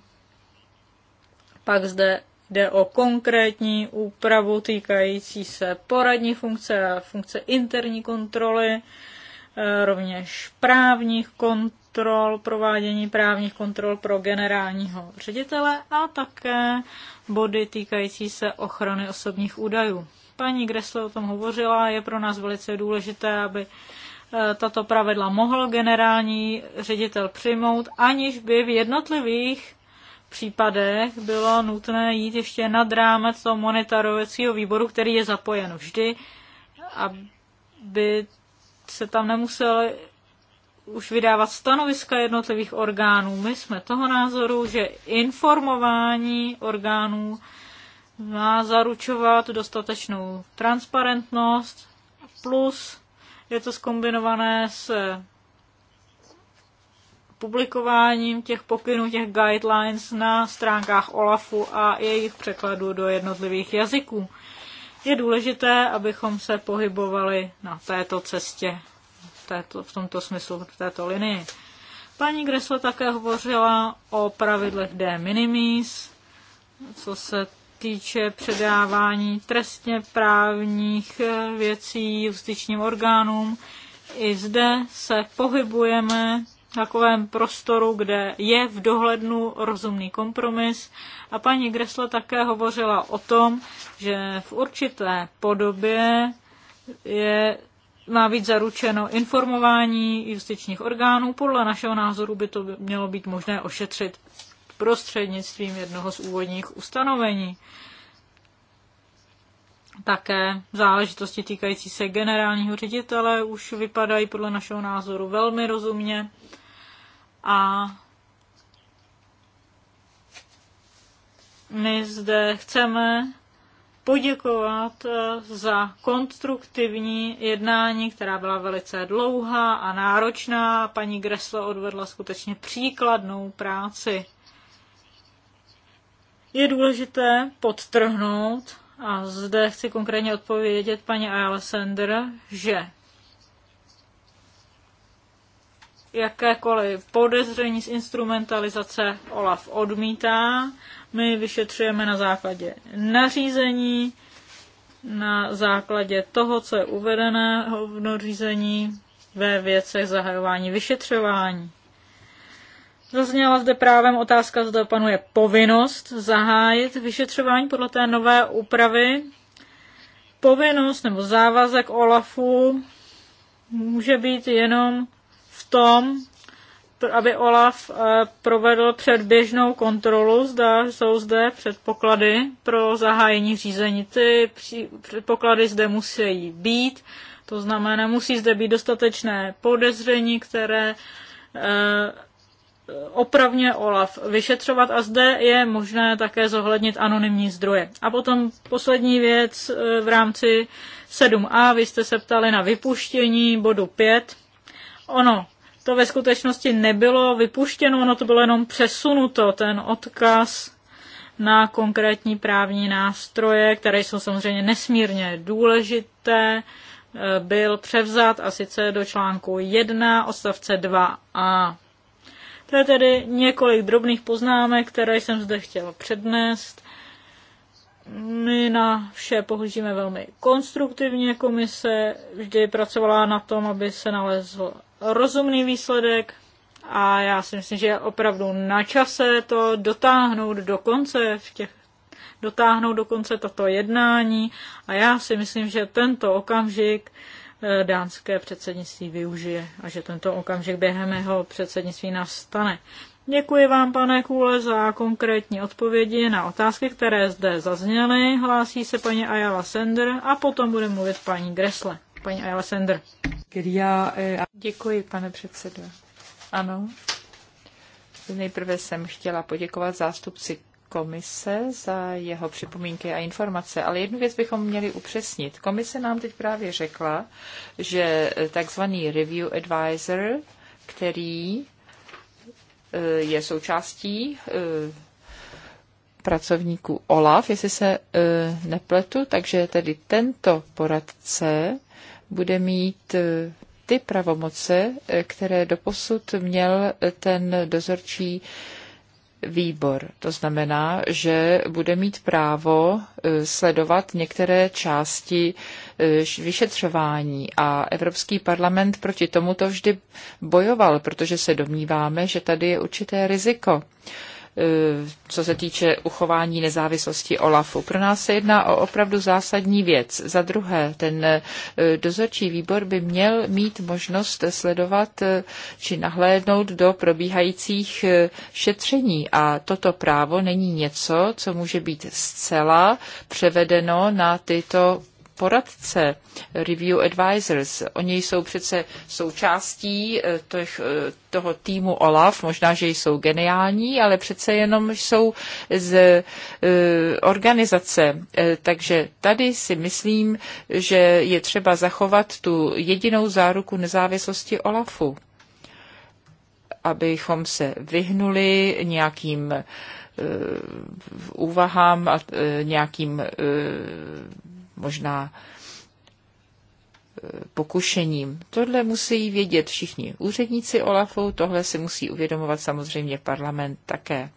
pak zde jde o konkrétní úpravu týkající se poradní funkce a funkce interní kontroly, e, rovněž právních kontrol, provádění právních kontrol pro generálního ředitele a také body týkající se ochrany osobních údajů. Paní Gressle o tom hovořila, je pro nás velice důležité, aby e, tato pravidla mohl generální ředitel přijmout, aniž by v jednotlivých případech bylo nutné jít ještě nad rámec toho monitorovacího výboru, který je zapojen vždy, aby se tam nemuseli už vydávat stanoviska jednotlivých orgánů. My jsme toho názoru, že informování orgánů má zaručovat dostatečnou transparentnost, plus je to skombinované s publikováním těch pokynů, těch guidelines na stránkách OLAFu a jejich překladu do jednotlivých jazyků. Je důležité, abychom se pohybovali na této cestě, této, v tomto smyslu, v této linii. Paní Greslo také hovořila o pravidlech de minimis, co se týče předávání trestně právních eh, věcí justičním orgánům. I zde se pohybujeme takovém prostoru, kde je v dohlednu rozumný kompromis. A paní Gresla také hovořila o tom, že v určité podobě je, má být zaručeno informování justičních orgánů. Podle našeho názoru by to mělo být možné ošetřit prostřednictvím jednoho z úvodních ustanovení také záležitosti týkající se generálního ředitele už vypadají podle našeho názoru velmi rozumně a my zde chceme poděkovat eh, za konstruktivní jednání, která byla velice dlouhá a náročná. Paní Greslo odvedla skutečně příkladnou práci. Je důležité podtrhnout, a zde chci konkrétně odpovědět paní Alessandr, že jakékoliv podezření z instrumentalizace OLAF odmítá. My vyšetřujeme na základě nařízení, na základě toho, co je uvedené v nařízení ve věcech zahajování vyšetřování. Zazněla zde právem otázka, zda panuje povinnost zahájit vyšetřování podle té nové úpravy. Povinnost nebo závazek OLAFu může být jenom v tom, aby OLAF eh, provedl předběžnou kontrolu, zda jsou zde předpoklady pro zahájení řízení. Ty předpoklady zde musí být, to znamená, musí zde být dostatečné podezření, které eh, opravně OLAF vyšetřovat a zde je možné také zohlednit anonymní zdroje. A potom poslední věc e, v rámci 7a, vy jste se ptali na vypuštění bodu 5. Ono to ve skutečnosti nebylo vypuštěno, ono to bylo jenom přesunuto, ten odkaz na konkrétní právní nástroje, které jsou samozřejmě nesmírně důležité, e, byl převzat a sice do článku 1 odstavce 2a. To je tedy několik drobných poznámek, které jsem zde chtěla přednést. My na vše pohlížíme velmi konstruktivně. Komise vždy pracovala na tom, aby se nalezl rozumný výsledek a já si myslím, že je opravdu na čase to dotáhnout do konce v těch dotáhnout do konce toto jednání a já si myslím, že tento okamžik E, dánské předsednictví využije a že tento okamžik během jeho předsednictví nastane. Děkuji vám, pane Kůle, za konkrétní odpovědi na otázky, které zde zazněly. Hlásí se paní Ayala Sender a potom bude mluvit paní Gresle. Paní Ayala Sender. Děkuji, pane předsedo. Ano. Nejprve jsem chtěla poděkovat zástupci komise za jeho připomínky a informace, ale jednu věc bychom měli upřesnit. Komise nám teď právě řekla, že takzvaný review advisor, který eh, je součástí eh, pracovníků OLAF, jestli se eh, nepletu, takže tedy tento poradce bude mít ty pravomoce, které doposud měl ten dozorčí výbor. To znamená, že bude mít právo e, sledovat některé části e, vyšetřování a Evropský parlament proti tomu to vždy bojoval, protože se domníváme, že tady je určité riziko Eh, co se týče uchování nezávislosti OLAFu. Pro nás se jedná o opravdu zásadní věc. Za druhé, ten eh, dozorčí výbor by měl mít možnost sledovat eh, či nahlédnout do probíhajících šetření a toto právo není něco, co může být zcela převedeno na tyto poradce, review advisors, oni jsou přece součástí eh, těch, eh, toho týmu OLAF, možná, že jsou geniální, ale přece jenom jsou z eh, organizace. Takže tady si myslím, že je třeba zachovat tu jedinou záruku nezávislosti OLAFu, abychom se vyhnuli nějakým úvahám a nějakým možná e, pokušením. Tohle musí vědět všichni úředníci OLAFu, tohle si musí uvědomovat samozřejmě parlament také.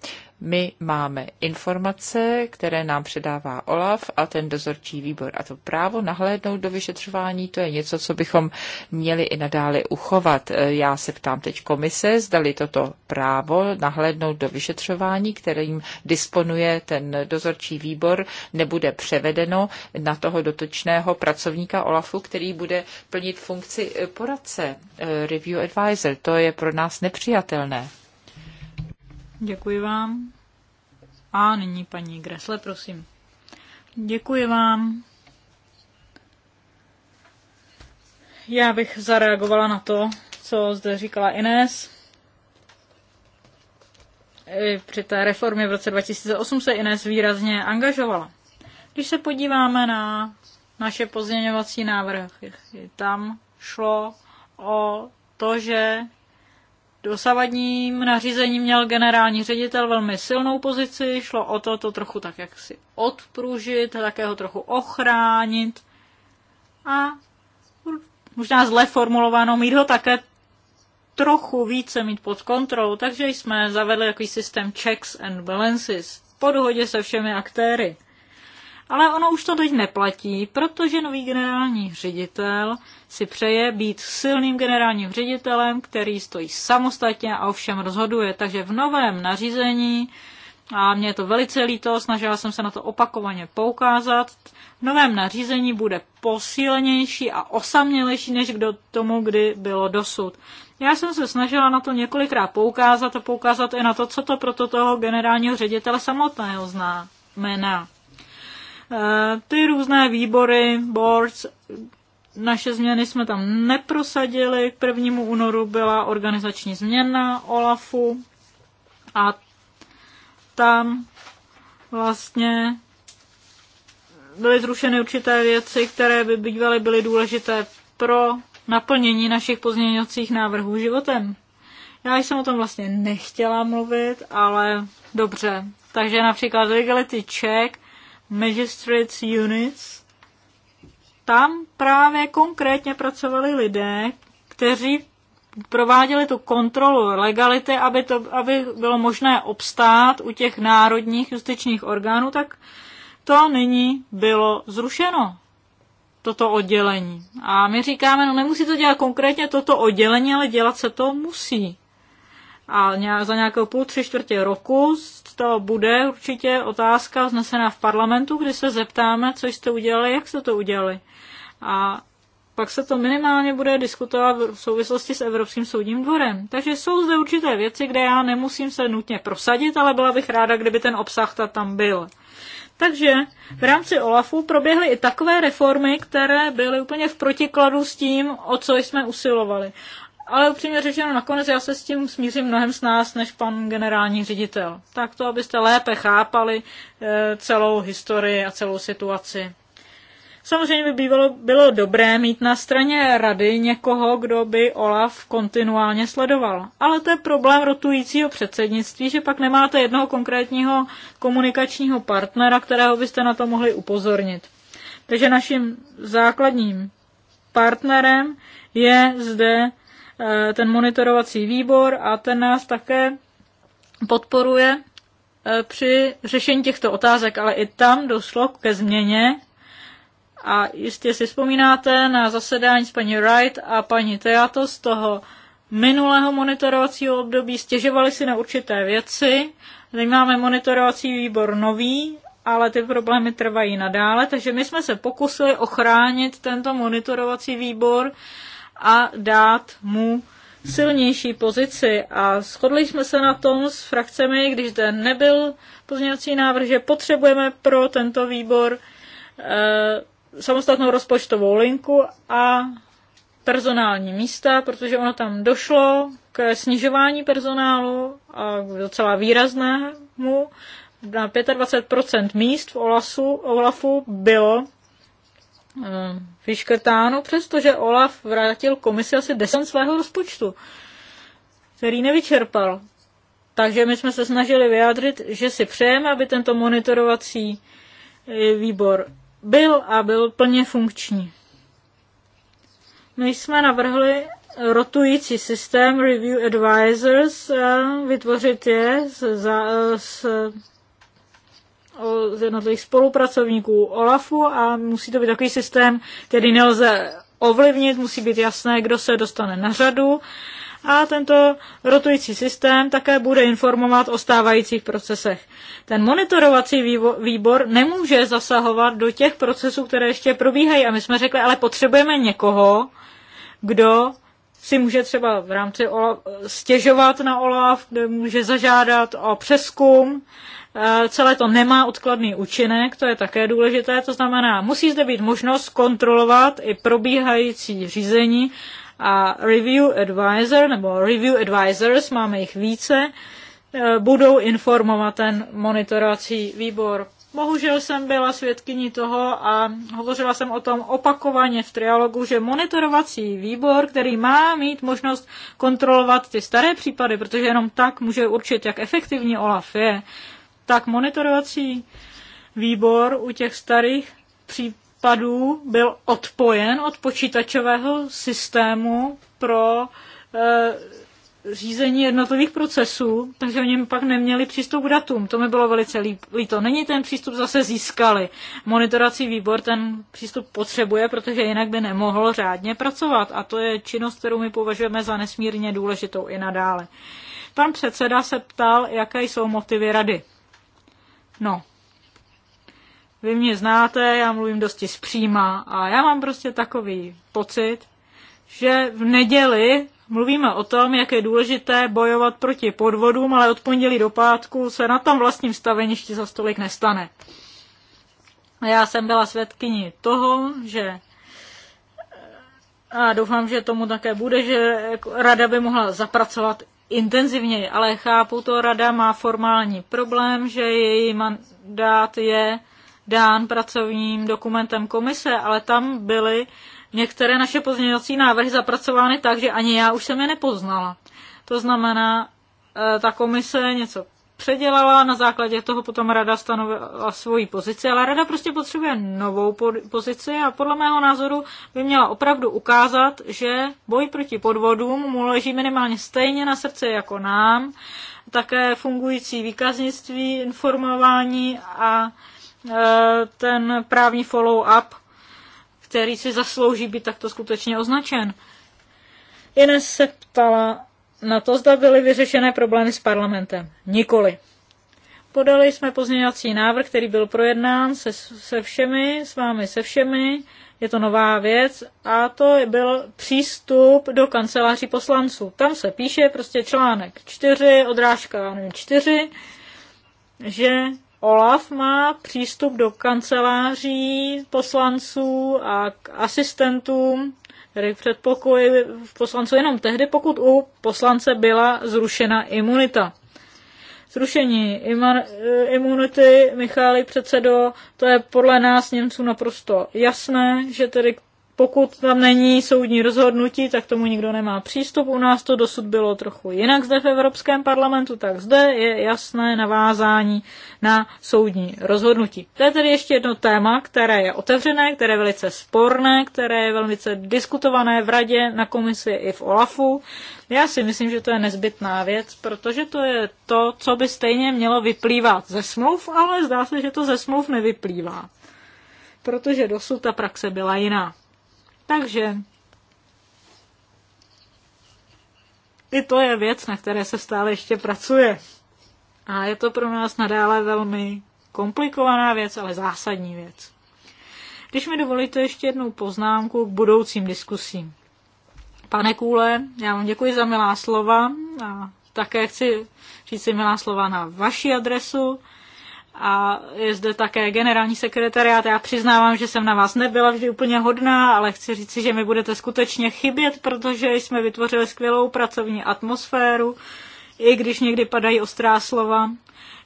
My máme informace, které nám předává OLAF a ten dozorčí výbor. A to právo nahlédnout do vyšetřování, to je něco, co bychom měli i nadále uchovat. E, já se ptám teď komise, zdali toto právo nahlédnout do vyšetřování, kterým disponuje ten dozorčí výbor, nebude převedeno na toho dotočného pracovníka OLAFu, který bude plnit funkci poradce, e, review advisor. To je pro nás nepřijatelné. Děkuji vám. A nyní paní Gresle, prosím. Děkuji vám. Já bych zareagovala na to, co zde říkala Ines. I při té reformě v roce 2008 se Ines výrazně angažovala. Když se podíváme na naše pozměňovací návrhy, tam šlo o to, že dosavadním nařízení měl generální ředitel velmi silnou pozici, šlo o to, to trochu tak jak si odpružit, také ho trochu ochránit a možná zle formulováno mít ho také trochu více mít pod kontrolou, takže jsme zavedli takový systém checks and balances po dohodě se všemi aktéry. Ale ono už to teď neplatí, protože nový generální ředitel si přeje být silným generálním ředitelem, který stojí samostatně a ovšem rozhoduje. Takže v novém nařízení, a mě je to velice líto, snažila jsem se na to opakovaně poukázat, v novém nařízení bude posílenější a osamělejší, než k tomu, kdy bylo dosud. Já jsem se snažila na to několikrát poukázat a poukázat i na to, co to proto toho generálního ředitele samotného znamená. Eh, ty různé výbory, boards, naše změny jsme tam neprosadili. K prvnímu únoru byla organizační změna OLAFu a tam vlastně byly zrušeny určité věci, které by bývaly byly důležité pro naplnění našich pozměňovacích návrhů životem. Já jsem o tom vlastně nechtěla mluvit, ale dobře. Takže například legality check magistrates units, tam právě konkrétně pracovali lidé, kteří prováděli tu kontrolu legality, aby, to, aby bylo možné obstát u těch národních justičních orgánů, tak to nyní bylo zrušeno, toto oddělení. A my říkáme, no nemusí to dělat konkrétně toto oddělení, ale dělat se to musí a za nějakého půl, tři čtvrtě roku to bude určitě otázka vznesená v parlamentu, kdy se zeptáme, co jste udělali, jak jste to udělali. A pak se to minimálně bude diskutovat v souvislosti s Evropským soudním dvorem. Takže jsou zde určité věci, kde já nemusím se nutně prosadit, ale byla bych ráda, kdyby ten obsah ta tam byl. Takže v rámci OLAFu proběhly i takové reformy, které byly úplně v protikladu s tím, o co jsme usilovali ale upřímně řečeno, nakonec já se s tím smířím mnohem s nás než pan generální ředitel. Tak to, abyste lépe chápali eh, celou historii a celou situaci. Samozřejmě by bývalo, bylo dobré mít na straně rady někoho, kdo by Olaf kontinuálně sledoval. Ale to je problém rotujícího předsednictví, že pak nemáte jednoho konkrétního komunikačního partnera, kterého byste na to mohli upozornit. Takže naším základním partnerem je zde Eh, ten monitorovací výbor a ten nás také podporuje eh, při řešení těchto otázek, ale i tam došlo ke změně. A jistě si vzpomínáte na zasedání s paní Wright a paní Teato z toho minulého monitorovacího období, stěžovali si na určité věci. Teď máme monitorovací výbor nový, ale ty problémy trvají nadále, takže my jsme se pokusili ochránit tento monitorovací výbor a dát mu silnější pozici. A shodli jsme se na tom s frakcemi, když zde nebyl pozměňovací návrh, že potřebujeme pro tento výbor e, samostatnou rozpočtovou linku a personální místa, protože ono tam došlo k snižování personálu a docela výraznému. Na 25% míst v OLASu, OLAFu bylo Eh, vyškrtáno, přestože Olaf vrátil komisi asi 10 svého rozpočtu, který nevyčerpal. Takže my jsme se snažili vyjádřit, že si přejeme, aby tento monitorovací eh, výbor byl a byl plně funkční. My jsme navrhli rotující systém Review Advisors, eh, vytvořit je z, z, z z jednotlivých spolupracovníků OLAFu a musí to být takový systém, který nelze ovlivnit, musí být jasné, kdo se dostane na řadu a tento rotující systém také bude informovat o stávajících procesech. Ten monitorovací výbor nemůže zasahovat do těch procesů, které ještě probíhají a my jsme řekli, ale potřebujeme někoho, kdo si může třeba v rámci OLAF stěžovat na OLAF, může zažádat o přeskum. E, celé to nemá odkladný účinek, to je také důležité, to znamená, musí zde být možnost kontrolovat i probíhající řízení a review advisor nebo review advisors, máme jich více, e, budou informovat ten monitorací výbor. Bohužel jsem byla svědkyní toho a hovořila jsem o tom opakovaně v trialogu, že monitorovací výbor, který má mít možnost kontrolovat ty staré případy, protože jenom tak může určit, jak efektivní OLAF je, tak monitorovací výbor u těch starých případů byl odpojen od počítačového systému pro eh, řízení jednotlivých procesů, takže oni pak neměli přístup k datům. To mi bylo velice líto. Není ten přístup zase získali. Monitorací výbor ten přístup potřebuje, protože jinak by nemohl řádně pracovat. A to je činnost, kterou my považujeme za nesmírně důležitou i nadále. Pan předseda se ptal, jaké jsou motivy rady. No, vy mě znáte, já mluvím dosti zpříma a já mám prostě takový pocit, že v neděli mluvíme o tom, jak je důležité bojovat proti podvodům, ale od pondělí do pátku se na tom vlastním staveništi za stolik nestane. Já jsem byla svědkyní toho, že a doufám, že tomu také bude, že rada by mohla zapracovat intenzivněji, ale chápu to, rada má formální problém, že její mandát je dán pracovním dokumentem komise, ale tam byly uh, některé naše pozměňovací návrhy zapracovány tak, že ani já už jsem je nepoznala. To znamená, eh, ta komise něco předělala, na základě toho potom rada stanovila svoji pozici, ale rada prostě potřebuje novou pozici a podle mého názoru by měla opravdu ukázat, že boj proti podvodům mu leží minimálně stejně na srdce jako nám, také fungující výkaznictví, informování a eh, ten právní follow-up který si zaslouží být takto skutečně označen. Ines se ptala na to, zda byly vyřešené problémy s parlamentem. Nikoli. Podali jsme pozměňovací návrh, který byl projednán se, se všemi, s vámi se všemi. Je to nová věc a to byl přístup do kanceláří poslanců. Tam se píše prostě článek 4, odrážka 4, že Olaf má přístup do kanceláří poslanců a k asistentům, předpokoj před poslanců jenom tehdy, pokud u poslance byla zrušena imunita. Zrušení eh, imunity, Michály předsedo, to je podle nás Němců naprosto jasné, že tedy pokud tam není soudní rozhodnutí, tak tomu nikdo nemá přístup. U nás to dosud bylo trochu jinak zde v Evropském parlamentu, tak zde je jasné navázání na soudní rozhodnutí. To je tedy ještě jedno téma, které je otevřené, které je velice sporné, které je velice diskutované v radě, na komisi i v OLAFu. Já si myslím, že to je nezbytná věc, protože to je to, co by stejně mělo vyplývat ze smluv, ale zdá se, že to ze smluv nevyplývá. Protože dosud ta praxe byla jiná. Takže i to je věc, na které se stále ještě pracuje. A je to pro nás nadále velmi komplikovaná věc, ale zásadní věc. Když mi dovolíte ještě jednu poznámku k budoucím diskusím. Pane Kůle, já vám děkuji za milá slova a také chci říct si milá slova na vaši adresu a je zde také generální sekretariát. Já přiznávám, že jsem na vás nebyla vždy úplně hodná, ale chci říci, že mi budete skutečně chybět, protože jsme vytvořili skvělou pracovní atmosféru i když někdy padají ostrá slova.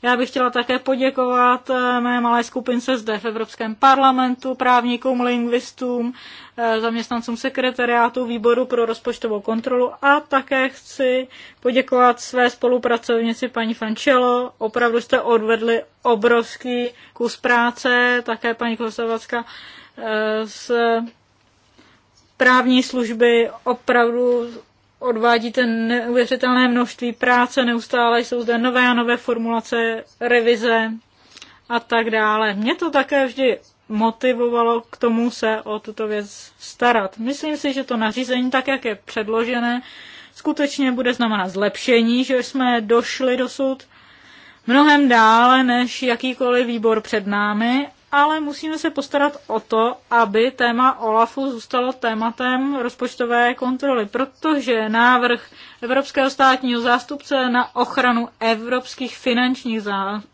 Já bych chtěla také poděkovat eh, mé malé skupince zde v Evropském parlamentu, právníkům, lingvistům, eh, zaměstnancům sekretariátu výboru pro rozpočtovou kontrolu a také chci poděkovat své spolupracovnici paní Fančelo. Opravdu jste odvedli obrovský kus práce, také paní Klosovacka eh, z právní služby opravdu odvádíte neuvěřitelné množství práce, neustále jsou zde nové a nové formulace, revize a tak dále. Mě to také vždy motivovalo k tomu se o tuto věc starat. Myslím si, že to nařízení, tak jak je předložené, skutečně bude znamenat zlepšení, že jsme došli dosud mnohem dále než jakýkoliv výbor před námi ale musíme se postarat o to, aby téma OLAFu zůstalo tématem rozpočtové kontroly, protože návrh Evropského státního zástupce na ochranu evropských finančních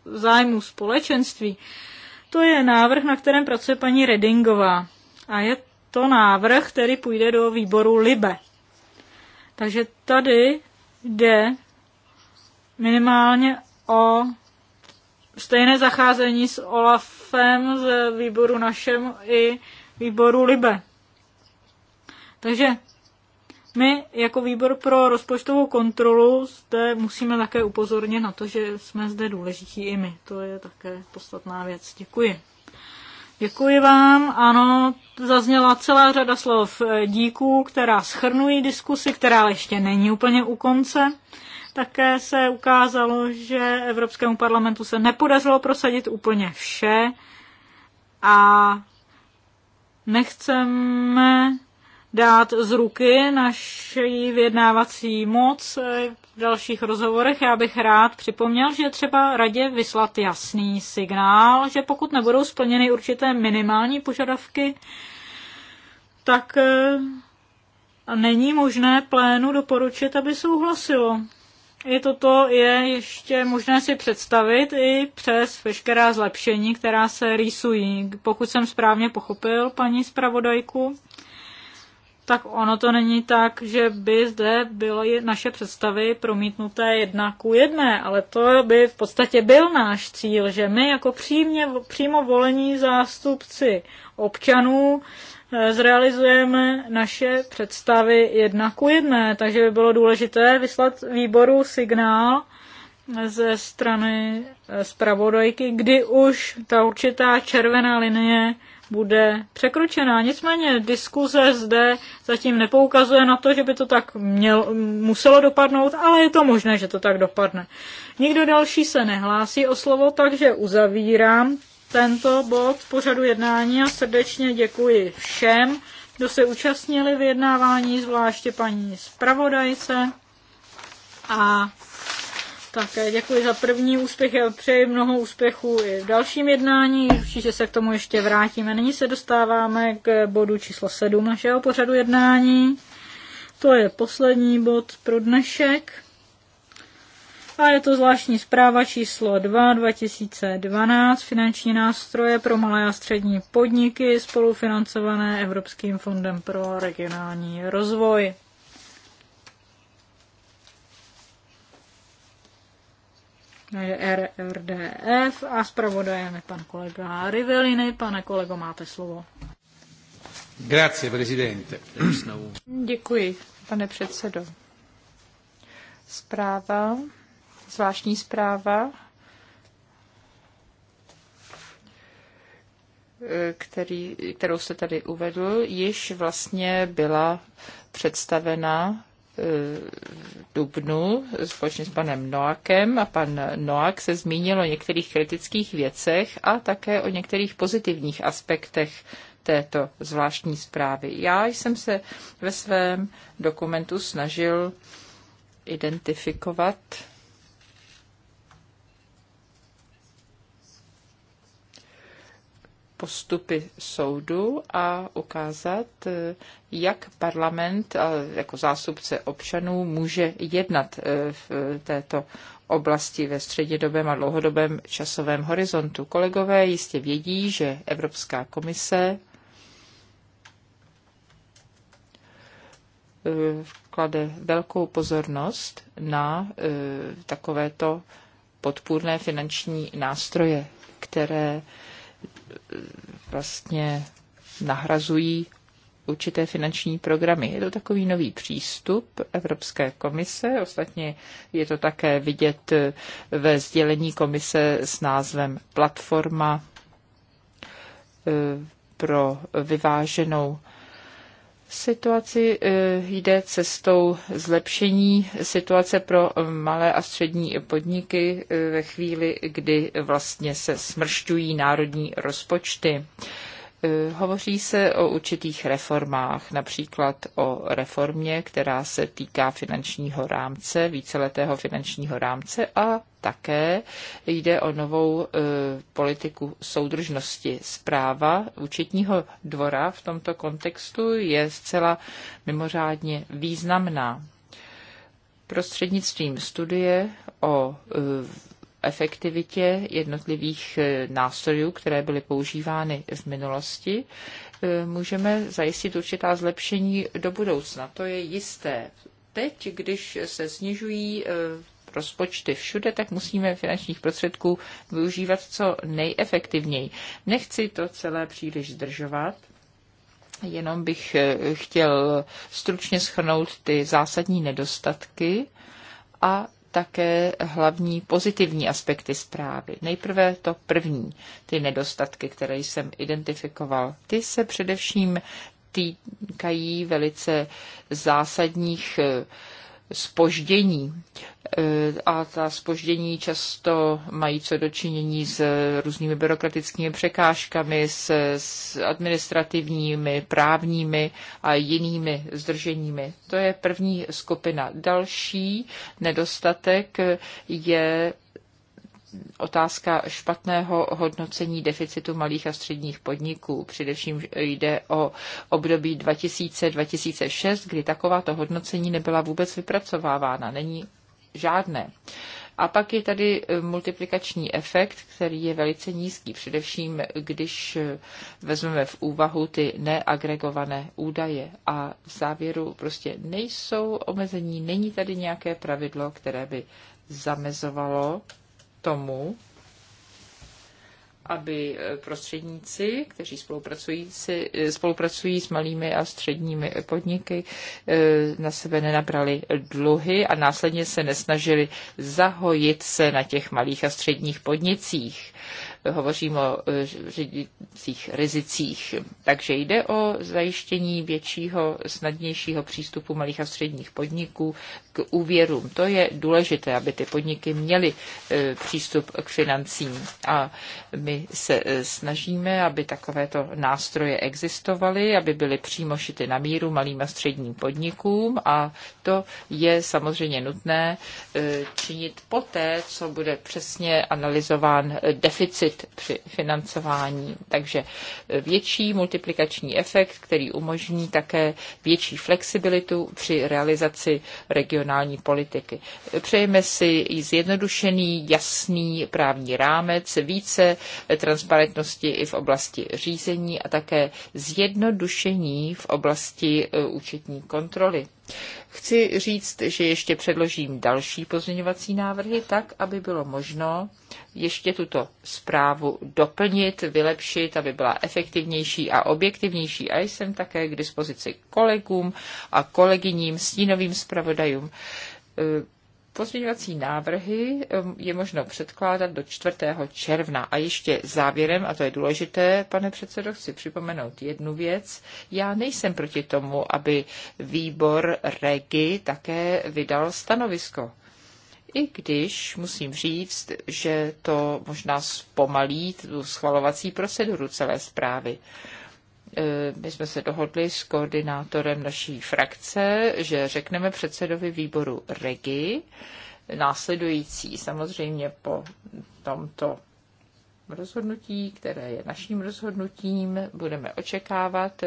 zájmů společenství, to je návrh, na kterém pracuje paní Redingová. A je to návrh, který půjde do výboru LIBE. Takže tady jde minimálně o stejné zacházení s Olafem z výboru našem i výboru Libe. Takže my jako výbor pro rozpočtovou kontrolu zde musíme také upozornit na to, že jsme zde důležití i my. To je také podstatná věc. Děkuji. Děkuji vám. Ano, zazněla celá řada slov eh, díků, která schrnují diskusi, která ještě není úplně u konce. Také se ukázalo, že Evropskému parlamentu se nepodařilo prosadit úplně vše a nechceme dát z ruky naší vyjednávací moc v dalších rozhovorech. Já bych rád připomněl, že třeba radě vyslat jasný signál, že pokud nebudou splněny určité minimální požadavky, tak eh, není možné plénu doporučit, aby souhlasilo i toto je ještě možné si představit i přes veškerá zlepšení, která se rýsují. Pokud jsem správně pochopil paní zpravodajku, tak ono to není tak, že by zde byly naše představy promítnuté jedna ku jedné, ale to by v podstatě byl náš cíl, že my jako přímě, přímo volení zástupci občanů zrealizujeme naše představy jedna ku jedné, takže by bylo důležité vyslat výboru signál ze strany eh, zpravodajky, kdy už ta určitá červená linie bude překročená. Nicméně diskuze zde zatím nepoukazuje na to, že by to tak měl, muselo dopadnout, ale je to možné, že to tak dopadne. Nikdo další se nehlásí o slovo, takže uzavírám tento bod v pořadu jednání a srdečně děkuji všem, kdo se účastnili jednávání, zvláště paní zpravodajce. A také děkuji za první úspěch a přeji mnoho úspěchů i v dalším jednání. Určitě se k tomu ještě vrátíme. Nyní se dostáváme k bodu číslo 7 našeho pořadu jednání. To je poslední bod pro dnešek a je to zvláštní zpráva číslo 2 2012 finanční nástroje pro malé a střední podniky spolufinancované Evropským fondem pro regionální rozvoj. RRDF a zpravodajeme je pan kolega Riveliny. Pane kolego, máte slovo. Grazie, prezidente. Děkuji, pane předsedo. Zpráva zvláštní zpráva, který, kterou jste tady uvedl, již vlastně byla představena eh, dubnu společně s panem Noakem a pan Noak se zmínil o některých kritických věcech a také o některých pozitivních aspektech této zvláštní zprávy. Já jsem se ve svém dokumentu snažil identifikovat postupy soudu a ukázat, eh, jak parlament eh, jako zástupce občanů může jednat eh, v této oblasti ve střednědobém a dlouhodobém časovém horizontu. Kolegové jistě vědí, že Evropská komise klade velkou pozornost na takovéto podpůrné finanční nástroje, které vlastně nahrazují určité finanční programy. Je to takový nový přístup Evropské komise, ostatně je to také vidět ve sdělení komise s názvem Platforma eh, pro vyváženou situaci e, jde cestou zlepšení situace pro malé a střední podniky e, ve chvíli, kdy vlastně se smršťují národní rozpočty. Eh, hovoří se o určitých reformách, například o reformě, která se týká finančního rámce, víceletého finančního rámce a také jde o novou e, politiku soudržnosti. Zpráva účetního dvora v tomto kontextu je zcela mimořádně významná. Prostřednictvím studie o e, efektivitě jednotlivých eh, nástrojů, které byly používány v minulosti, eh, můžeme zajistit určitá zlepšení do budoucna. To je jisté. Teď, když se snižují eh, rozpočty všude, tak musíme finančních prostředků využívat co nejefektivněji. Nechci to celé příliš zdržovat, jenom bych chtěl stručně schrnout ty zásadní nedostatky a také hlavní pozitivní aspekty zprávy. Nejprve to první, ty nedostatky, které jsem identifikoval. Ty se především týkají velice zásadních eh, spoždění. E, a ta spoždění často mají co dočinění s různými byrokratickými překážkami, s, s administrativními, právními a jinými zdrženími. To je první skupina. Další nedostatek je otázka špatného hodnocení deficitu malých a středních podniků. Především jde o období 2000-2006, kdy takováto hodnocení nebyla vůbec vypracovávána. Není žádné. A pak je tady eh, multiplikační efekt, který je velice nízký, především když eh, vezmeme v úvahu ty neagregované údaje. A v závěru prostě nejsou omezení, není tady nějaké pravidlo, které by zamezovalo tomu, aby e, prostředníci, kteří spolupracují, si, e, spolupracují s malými a středními podniky, e, na sebe nenabrali dluhy a následně se nesnažili zahojit se na těch malých a středních podnicích. Hovořím o e, řídících rizicích. Takže jde o zajištění většího, snadnějšího přístupu malých a středních podniků k úvěrům. To je důležité, aby ty podniky měly e, přístup k financím. A my se e, snažíme, aby takovéto nástroje existovaly, aby byly přímo šity na míru malým a středním podnikům a to je samozřejmě nutné činit poté, co bude přesně analyzován deficit zapojit při financování. Takže větší multiplikační efekt, který umožní také větší flexibilitu při realizaci regionální politiky. Přejeme si i zjednodušený, jasný právní rámec, více transparentnosti i v oblasti řízení a také zjednodušení v oblasti e, účetní kontroly. Chci říct, že ještě předložím další pozměňovací návrhy tak, aby bylo možno ještě tuto zprávu doplnit, vylepšit, aby byla efektivnější a objektivnější. A jsem také k dispozici kolegům a kolegyním, stínovým zpravodajům Pozměňovací návrhy um, je možno předkládat do 4. června. A ještě závěrem, a to je důležité, pane předsedo, chci připomenout jednu věc. Já nejsem proti tomu, aby výbor REGI také vydal stanovisko. I když musím říct, že to možná zpomalí tu schvalovací proceduru celé zprávy. Eh, my jsme se dohodli s koordinátorem naší frakce, že řekneme předsedovi výboru REGI následující. Samozřejmě po tomto rozhodnutí, které je naším rozhodnutím, budeme očekávat,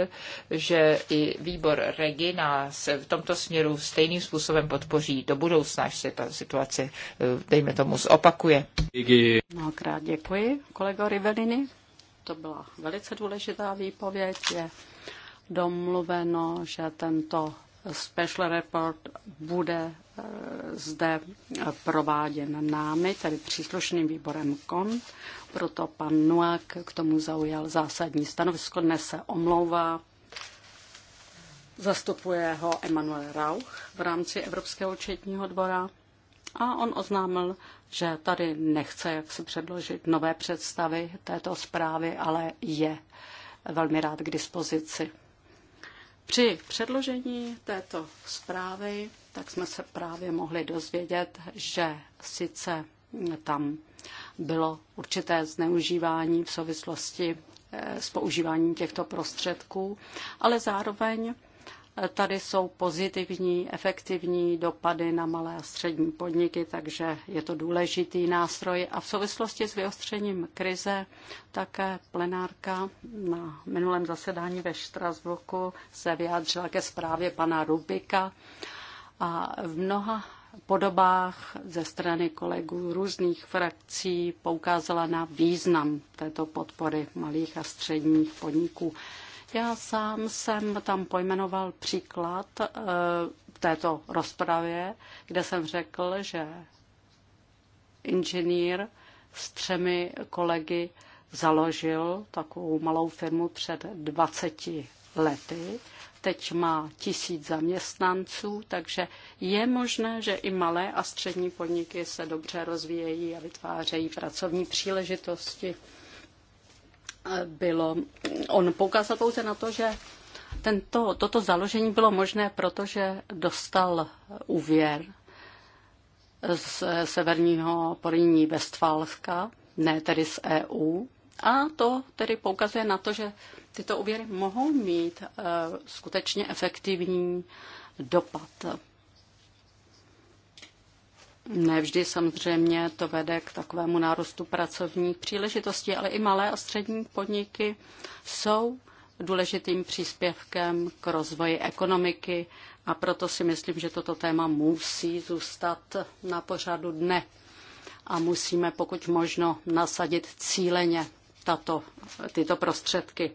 že i výbor Regi nás v tomto směru stejným způsobem podpoří do budoucna, až se ta situace, eh, dejme tomu, zopakuje. Mnohokrát děkuji, kolego Rivelini to byla velice důležitá výpověď. Je domluveno, že tento special report bude eh, zde eh, prováděn námi, tedy příslušným výborem KON. Proto pan Nuak k tomu zaujal zásadní stanovisko. Dnes se omlouvá. Zastupuje ho Emanuel Rauch v rámci Evropského účetního dvora a on oznámil, že tady nechce jak si předložit nové představy této zprávy, ale je velmi rád k dispozici. Při předložení této zprávy tak jsme se právě mohli dozvědět, že sice tam bylo určité zneužívání v souvislosti eh, s používáním těchto prostředků, ale zároveň Tady jsou pozitivní, efektivní dopady na malé a střední podniky, takže je to důležitý nástroj. A v souvislosti s vyostřením krize také plenárka na minulém zasedání ve Štrasburku se vyjádřila ke zprávě pana Rubika a v mnoha podobách ze strany kolegů různých frakcí poukázala na význam této podpory malých a středních podniků. Já sám jsem tam pojmenoval příklad eh, v této rozpravě, kde jsem řekl, že inženýr s třemi kolegy založil takovou malou firmu před 20 lety. Teď má tisíc zaměstnanců, takže je možné, že i malé a střední podniky se dobře rozvíjejí a vytvářejí pracovní příležitosti bylo, on poukázal pouze na to, že tento, toto založení bylo možné, protože dostal úvěr z severního porní Westfalska, ne tedy z EU. A to tedy poukazuje na to, že tyto úvěry mohou mít eh, skutečně efektivní dopad. Nevždy samozřejmě to vede k takovému nárostu pracovních příležitostí, ale i malé a střední podniky jsou důležitým příspěvkem k rozvoji ekonomiky a proto si myslím, že toto téma musí zůstat na pořadu dne a musíme pokud možno nasadit cíleně tato, tyto prostředky.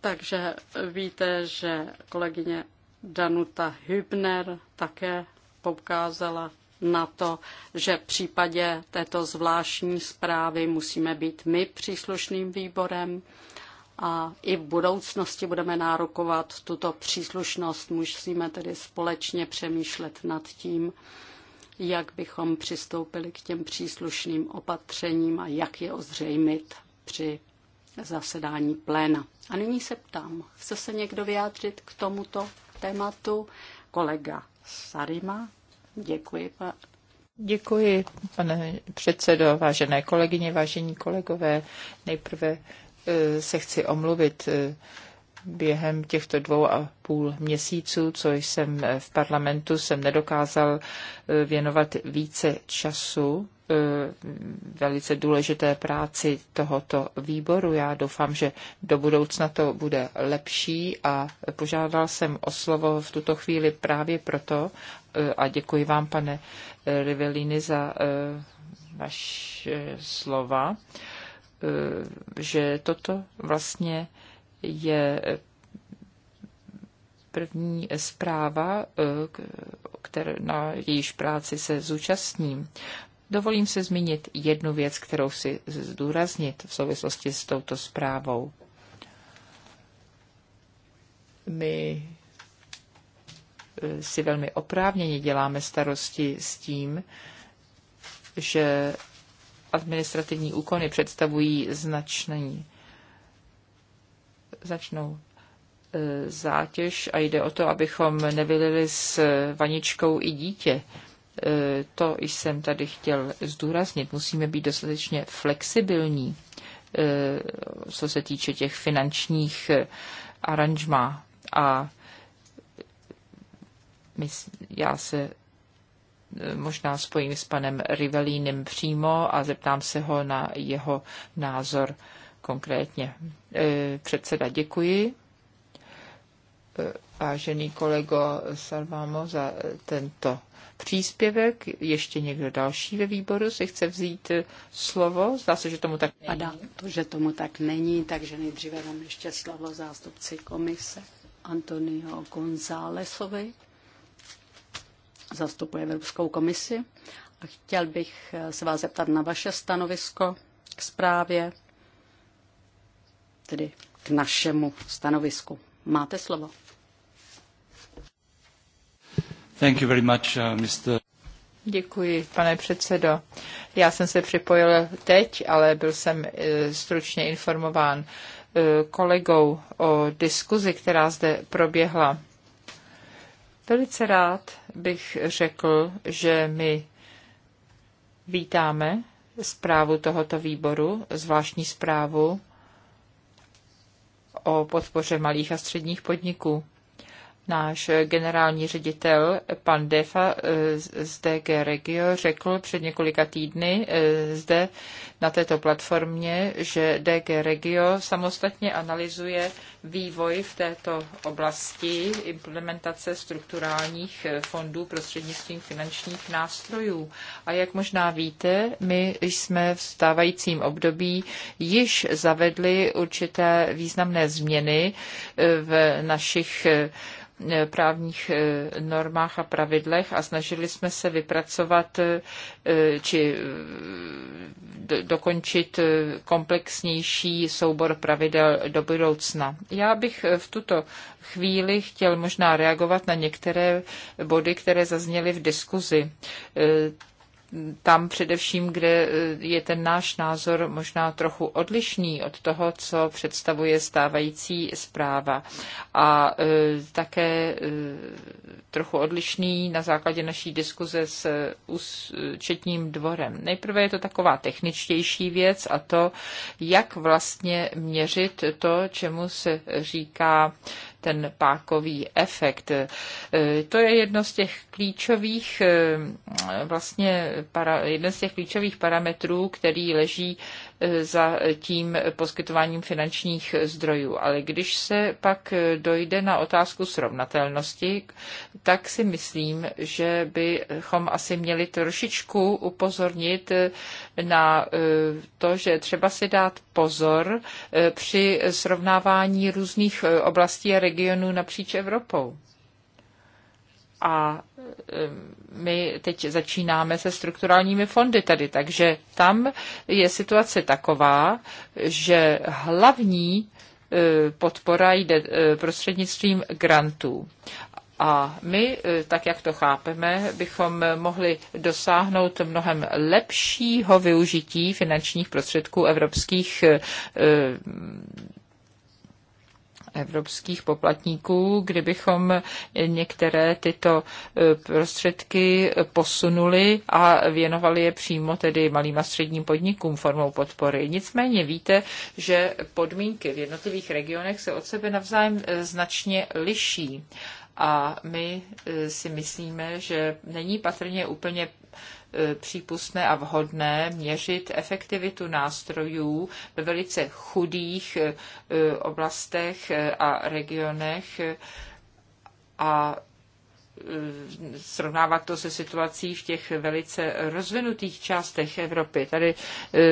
Takže víte, že kolegyně Danuta Hübner také poukázala na to, že v případě této zvláštní zprávy musíme být my příslušným výborem a i v budoucnosti budeme nárokovat tuto příslušnost. Musíme tedy společně přemýšlet nad tím, jak bychom přistoupili k těm příslušným opatřením a jak je ozřejmit při zasedání pléna. A nyní se ptám, chce se někdo vyjádřit k tomuto tématu? Kolega Sarima. Děkuji, pa... Děkuji, pane předsedo, vážené kolegyně, vážení kolegové. Nejprve eh, se chci omluvit eh, během těchto dvou a půl měsíců, co jsem v parlamentu, jsem nedokázal eh, věnovat více času eh, velice důležité práci tohoto výboru. Já doufám, že do budoucna to bude lepší a požádal jsem o slovo v tuto chvíli právě proto eh, a děkuji vám, pane Rivelini, za vaše slova, že toto vlastně je eh, první zpráva, eh, které, na jejíž práci se zúčastním. Dovolím se zmínit jednu věc, kterou si zdůraznit v souvislosti s touto zprávou. My eh, si velmi oprávněně děláme starosti s tím, že administrativní úkony představují značný začnou e, zátěž a jde o to, abychom nevylili s vaničkou i dítě. E, to jsem tady chtěl zdůraznit. Musíme být dostatečně flexibilní, e, co se týče těch finančních aranžmá. A já se možná spojím s panem Rivelínem přímo a zeptám se ho na jeho názor konkrétně. E, předseda, děkuji. E, vážený kolego Salvamo za tento příspěvek. Ještě někdo další ve výboru si chce vzít slovo? Zdá se, že tomu tak není. Padá to, že tomu tak není, takže nejdříve dám ještě slovo zástupci komise Antonio Gonzálesovi. Zastupuje Evropskou komisi. A chtěl bych se vás zeptat na vaše stanovisko k zprávě tedy k našemu stanovisku. Máte slovo. Thank you very much, uh, Mr. Děkuji, pane předsedo. Já jsem se připojil teď, ale byl jsem eh, stručně informován eh, kolegou o diskuzi, která zde proběhla. Velice rád bych řekl, že my vítáme zprávu tohoto výboru, zvláštní zprávu o podpoře malých a středních podniků. Náš generální ředitel, pan Defa eh, z DG Regio, řekl před několika týdny eh, zde na této platformě, že DG Regio samostatně analyzuje vývoj v této oblasti implementace strukturálních eh, fondů prostřednictvím finančních nástrojů. A jak možná víte, my jsme v stávajícím období již zavedli určité významné změny eh, v našich eh, právních normách a pravidlech a snažili jsme se vypracovat či dokončit komplexnější soubor pravidel do budoucna. Já bych eh, v tuto chvíli chtěl možná reagovat na některé body, které zazněly v diskuzi. Eh, tam především, kde e, je ten náš názor možná trochu odlišný od toho, co představuje stávající zpráva. A e, také e, trochu odlišný na základě naší diskuze s Četním dvorem. Nejprve je to taková techničtější věc a to, jak vlastně měřit to, čemu se říká ten pákový efekt. E, to je jedno z těch klíčových, e, vlastně para, jeden z těch klíčových parametrů, který leží za tím poskytováním finančních zdrojů. Ale když se pak dojde na otázku srovnatelnosti, tak si myslím, že bychom asi měli trošičku upozornit na eh, to, že třeba si dát pozor eh, při srovnávání různých eh, oblastí a regionů napříč Evropou. A my teď začínáme se strukturálními fondy tady, takže tam je situace taková, že hlavní e, podpora jde e, prostřednictvím grantů. A my, e, tak jak to chápeme, bychom mohli dosáhnout mnohem lepšího využití finančních prostředků evropských evropských poplatníků, kdybychom některé tyto e, prostředky posunuli a věnovali je přímo tedy malým a středním podnikům formou podpory. Nicméně víte, že podmínky v jednotlivých regionech se od sebe navzájem e, značně liší. A my e, si myslíme, že není patrně úplně E, přípustné a vhodné měřit efektivitu nástrojů ve velice chudých e, oblastech e, a regionech a srovnávat to se situací v těch velice rozvinutých částech Evropy. Tady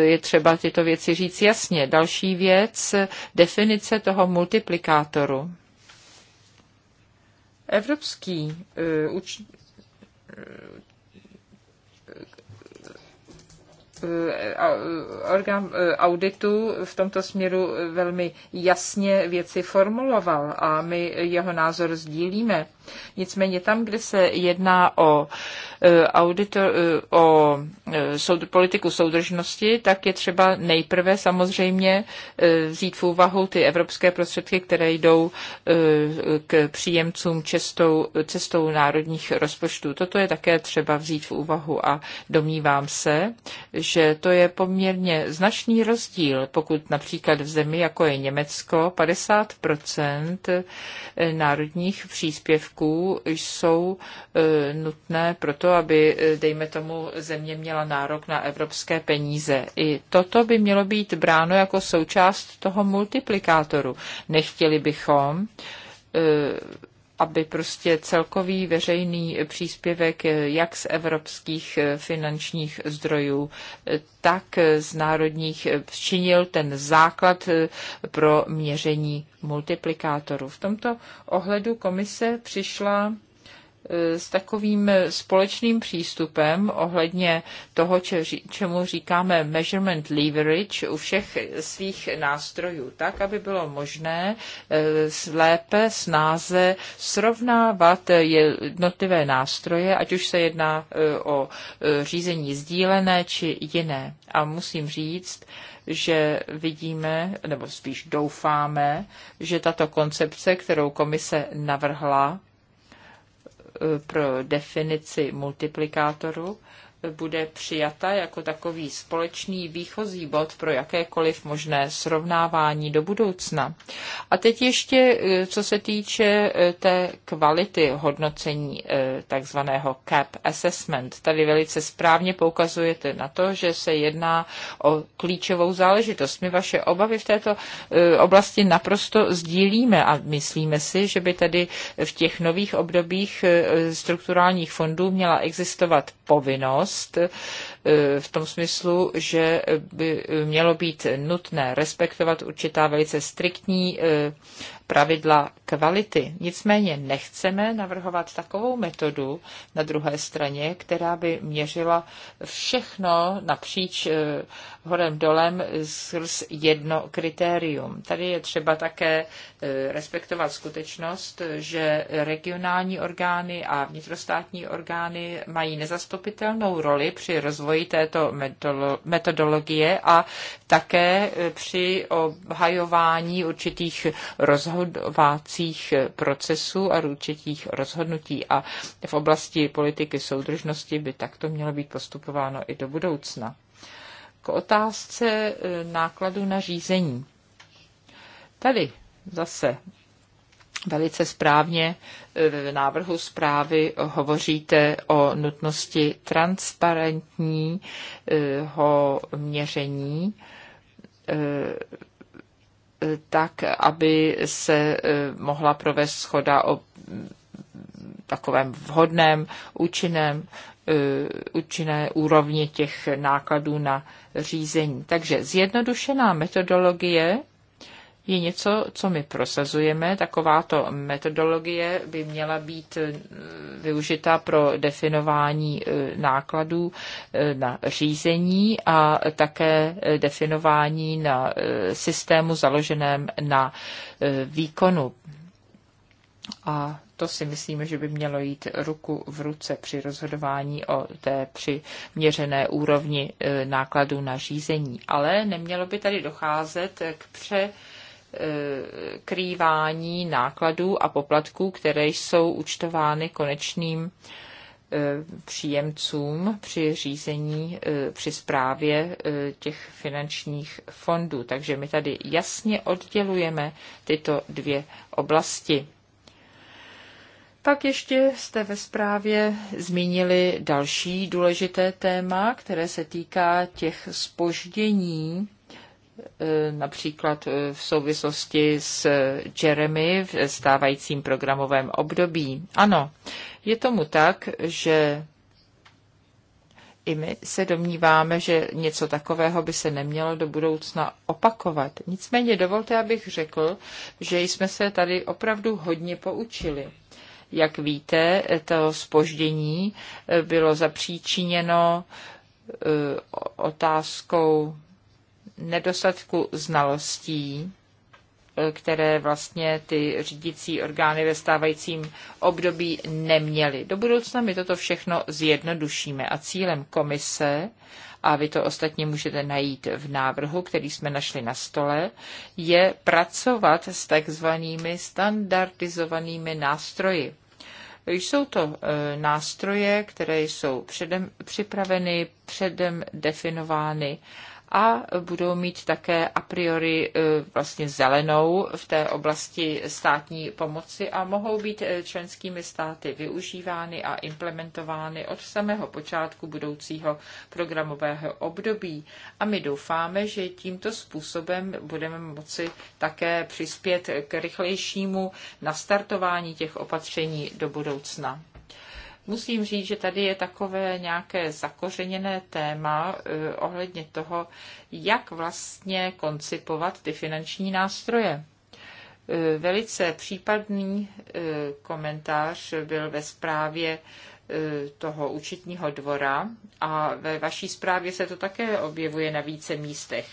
je třeba tyto věci říct jasně. Další věc, definice toho multiplikátoru. Evropský orgán e, auditu v tomto směru velmi jasně věci formuloval a my jeho názor sdílíme. Nicméně tam, kde se jedná o, e, auditor, e, o e, soud, politiku soudržnosti, tak je třeba nejprve samozřejmě vzít v úvahu ty evropské prostředky, které jdou k příjemcům cestou, cestou národních rozpočtů. Toto je také třeba vzít v úvahu a domnívám se, že to je poměrně značný rozdíl, pokud například v zemi, jako je Německo, 50 národních příspěvků prostředků jsou e, nutné pro to, aby, e, dejme tomu, země měla nárok na evropské peníze. I toto by mělo být bráno jako součást toho multiplikátoru. Nechtěli bychom e, aby prostě celkový veřejný příspěvek eh, jak z evropských eh, finančních zdrojů, eh, tak z národních činil ten základ pro měření multiplikátorů. V tomto ohledu komise přišla s takovým společným přístupem ohledně toho, čemu říkáme measurement leverage u všech svých nástrojů, tak, aby bylo možné eh, lépe snáze srovnávat jednotlivé nástroje, ať už se jedná eh, o eh, řízení sdílené či jiné. A musím říct, že vidíme, nebo spíš doufáme, že tato koncepce, kterou komise navrhla, pro definici multiplikátoru bude přijata jako takový společný výchozí bod pro jakékoliv možné srovnávání do budoucna. A teď ještě, eh, co se týče eh, té kvality hodnocení eh, takzvaného CAP assessment. Tady velice správně poukazujete na to, že se jedná o klíčovou záležitost. My vaše obavy v této oblasti naprosto sdílíme a myslíme si, že by tady v těch nových obdobích strukturálních fondů měla existovat povinnost, možnost Eh, v tom smyslu, že by mělo být nutné respektovat určitá velice striktní eh, pravidla kvality. Nicméně nechceme navrhovat takovou metodu na druhé straně, která by měřila všechno napříč eh, horem dolem skrz jedno kritérium. Tady je třeba také respektovat skutečnost, že regionální orgány a vnitrostátní orgány mají nezastupitelnou roli při rozvoji vývoji této metodologie a také e, při obhajování určitých rozhodovacích e, procesů a určitých rozhodnutí. A v oblasti politiky soudržnosti by takto mělo být postupováno i do budoucna. K otázce e, nákladu na řízení. Tady zase velice správně e, v návrhu zprávy hovoříte o nutnosti transparentního měření e, tak, aby se e, mohla provést schoda o takovém vhodném, účinném, účinné úrovni těch nákladů na řízení. Takže zjednodušená metodologie je něco, co my prosazujeme. Takováto metodologie by měla být eh, využita pro definování eh, nákladů eh, na řízení a také definování na systému založeném na výkonu. A to si myslíme, že by mělo jít ruku v ruce při rozhodování o té přiměřené úrovni nákladů na řízení. Ale nemělo by tady docházet k pře krývání nákladů a poplatků, které jsou účtovány konečným eh, příjemcům při řízení, eh, při správě eh, těch finančních fondů. Takže my tady jasně oddělujeme tyto dvě oblasti. Pak ještě jste ve zprávě zmínili další důležité téma, které se týká těch spoždění Eh, například eh, v souvislosti s Jeremy v stávajícím programovém období. Ano, je tomu tak, že i my se domníváme, že něco takového by se nemělo do budoucna opakovat. Nicméně dovolte, abych řekl, že jsme se tady opravdu hodně poučili. Jak víte, to spoždění eh, bylo zapříčiněno otázkou nedostatku znalostí, eh, které vlastně ty řídící orgány ve stávajícím období neměly. Do budoucna my toto všechno zjednodušíme a cílem komise, a vy to ostatně můžete najít v návrhu, který jsme našli na stole, je pracovat s takzvanými standardizovanými nástroji. Jsou to eh, nástroje, které jsou předem připraveny, předem definovány a budou mít také a priori e, vlastně zelenou v té oblasti státní pomoci a mohou být e, členskými státy využívány a implementovány od samého počátku budoucího programového období. A my doufáme, že tímto způsobem budeme moci také přispět k rychlejšímu nastartování těch opatření do budoucna. Musím říct, že tady je takové nějaké zakořeněné téma eh, ohledně toho, jak vlastně koncipovat ty finanční nástroje. Eh, velice případný eh, komentář byl ve zprávě toho účetního dvora a ve vaší zprávě se to také objevuje na více místech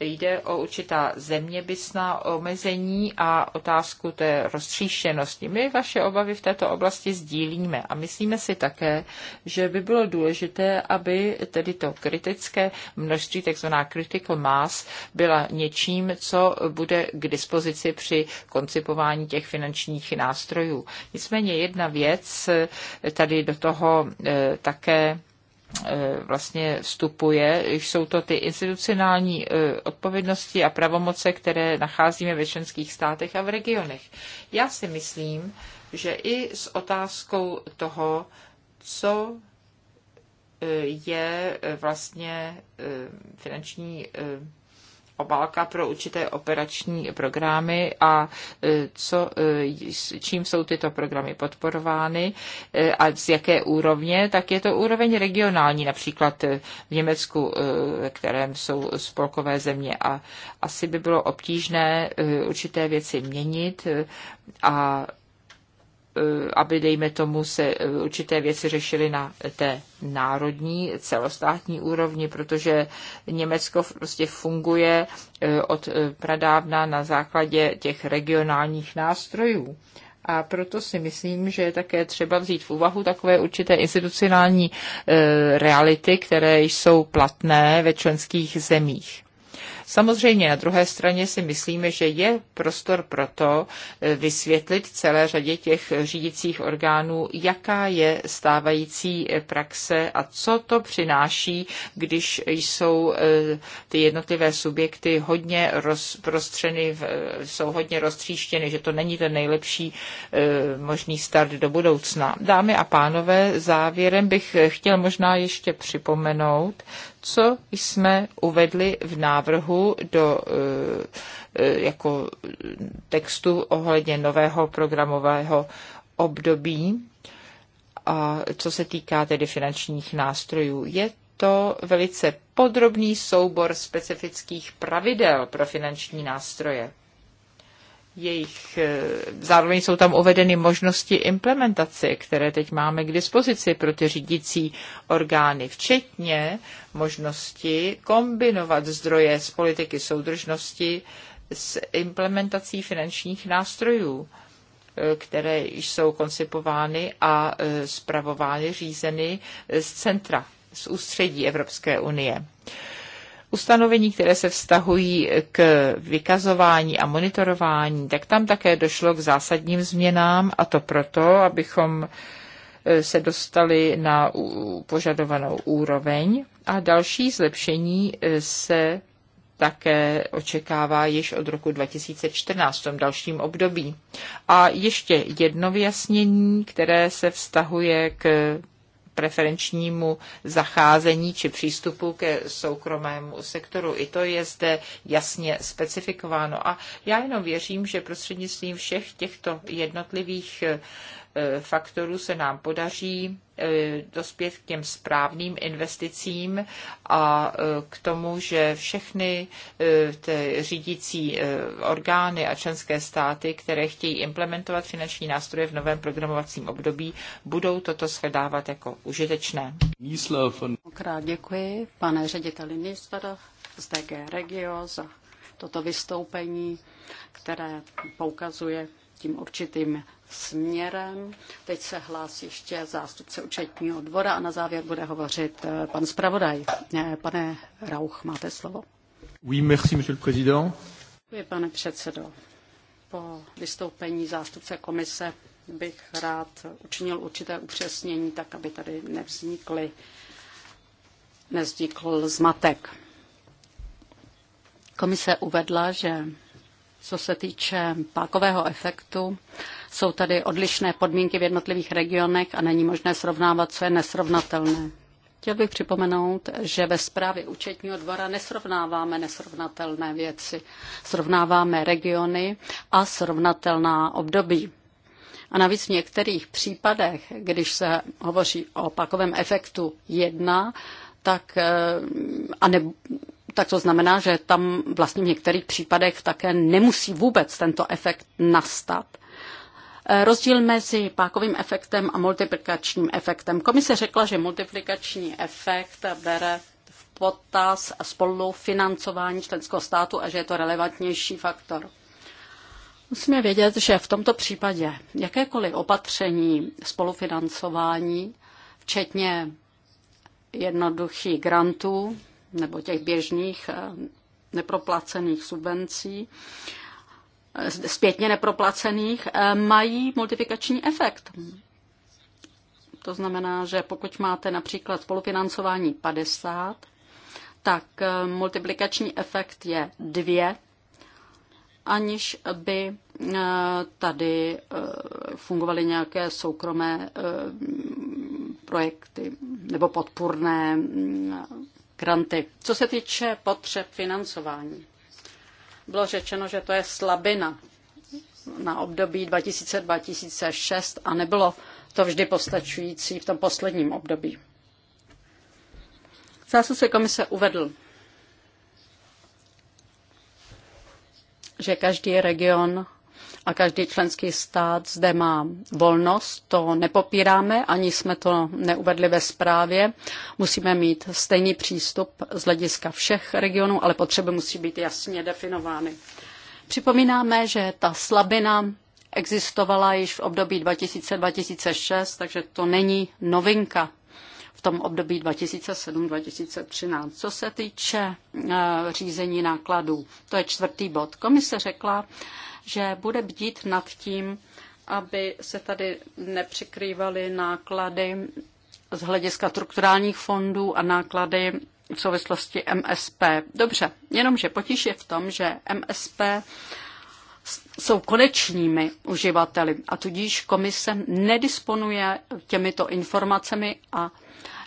jde o určitá zeměbysná omezení a otázku té roztříštěnosti. My vaše obavy v této oblasti sdílíme a myslíme si také, že by bylo důležité, aby tedy to kritické množství, takzvaná critical mass, byla něčím, co bude k dispozici při koncipování těch finančních nástrojů. Nicméně jedna věc eh, tady do toho eh, také Eh, vlastně vstupuje, jsou to ty institucionální eh, odpovědnosti a pravomoce, které nacházíme ve členských státech a v regionech. Já si myslím, že i s otázkou toho, co eh, je vlastně finanční obálka pro určité operační programy a e, co, e, čím jsou tyto programy podporovány e, a z jaké úrovně, tak je to úroveň regionální, například v Německu, ve kterém jsou spolkové země a asi by bylo obtížné určité věci měnit a Eh, aby, dejme tomu, se eh, určité věci řešily na té národní, celostátní úrovni, protože Německo prostě funguje eh, od pradávna na základě těch regionálních nástrojů. A proto si myslím, že je také třeba vzít v úvahu takové určité institucionální reality, které jsou platné ve členských zemích. Samozřejmě na druhé straně si myslíme, že je prostor pro to eh, vysvětlit celé řadě těch řídicích orgánů, jaká je stávající eh, praxe a co to přináší, když jsou eh, ty jednotlivé subjekty hodně rozprostřeny, jsou hodně roztříštěny, že to není ten nejlepší možný start do budoucna. Dámy a pánové, závěrem bych chtěl možná ještě připomenout, co jsme uvedli v návrhu do eh, eh, jako textu ohledně nového programového období a co se týká tedy finančních nástrojů. Je to velice podrobný soubor specifických pravidel pro finanční nástroje jejich, eh, zároveň jsou tam uvedeny možnosti implementace, které teď máme k dispozici pro ty řídící orgány, včetně možnosti kombinovat zdroje z politiky soudržnosti s implementací finančních nástrojů, eh, které jsou koncipovány a zpravovány, eh, řízeny z centra, z ústředí Evropské unie ustanovení, které se vztahují k vykazování a monitorování, tak tam také došlo k zásadním změnám a to proto, abychom e, se dostali na požadovanou úroveň a další zlepšení e, se také očekává již od roku 2014 v tom dalším období. A ještě jedno vyjasnění, které se vztahuje k preferenčnímu zacházení či přístupu ke soukromému sektoru. I to je zde jasně specifikováno. A já jenom věřím, že prostřednictvím všech těchto jednotlivých E, faktorů se nám podaří e, dospět k těm správným investicím a e, k tomu, že všechny ty řídící orgány a členské státy, které chtějí implementovat finanční nástroje v novém programovacím období, budou toto shledávat jako užitečné. Krát děkuji, pane řediteli Nýstora z DG Regio za toto vystoupení, které poukazuje tím určitým směrem. Teď se hlásí ještě zástupce účetního dvora a na závěr bude hovořit eh, pan zpravodaj. Eh, pane Rauch, máte slovo. Oui, merci, monsieur le président. Děkuji, pane předsedo. Po vystoupení zástupce komise bych rád učinil určité upřesnění, tak aby tady nevznikly, nevznikl zmatek. Komise uvedla, že co se týče pákového efektu, jsou tady odlišné podmínky v jednotlivých regionech a není možné srovnávat, co je nesrovnatelné. Chtěl bych připomenout, že ve zprávě účetního dvora nesrovnáváme nesrovnatelné věci. Srovnáváme regiony a srovnatelná období. A navíc v některých případech, když se hovoří o pakovém efektu 1, tak eh, a ne, tak to znamená, že tam vlastně v některých případech také nemusí vůbec tento efekt nastat. E, rozdíl mezi pákovým efektem a multiplikačním efektem. Komise řekla, že multiplikační efekt bere v potaz spolufinancování členského státu a že je to relevantnější faktor. Musíme vědět, že v tomto případě jakékoliv opatření spolufinancování, včetně jednoduchých grantů, nebo těch běžných eh, neproplacených subvencí, eh, zpětně neproplacených, eh, mají multiplikační efekt. To znamená, že pokud máte například spolufinancování 50, tak multiplikační efekt je 2, aniž by tady fungovaly nějaké soukromé projekty nebo podpůrné mm, granty. Co se týče potřeb financování, bylo řečeno, že to je slabina na období 2000-2006 a nebylo to vždy postačující v tom posledním období. Zásluze komise uvedl, že každý region a každý členský stát zde má volnost, to nepopíráme, ani jsme to neuvedli ve zprávě. Musíme mít stejný přístup z hlediska všech regionů, ale potřeby musí být jasně definovány. Připomínáme, že ta slabina existovala již v období 2000-2006, takže to není novinka v tom období 2007-2013. Co se týče eh, řízení nákladů, to je čtvrtý bod. Komise řekla, že bude bdít nad tím, aby se tady nepřikrývaly náklady z hlediska strukturálních fondů a náklady v souvislosti MSP. Dobře, jenomže potíž je v tom, že MSP jsou konečními uživateli a tudíž komise nedisponuje těmito informacemi a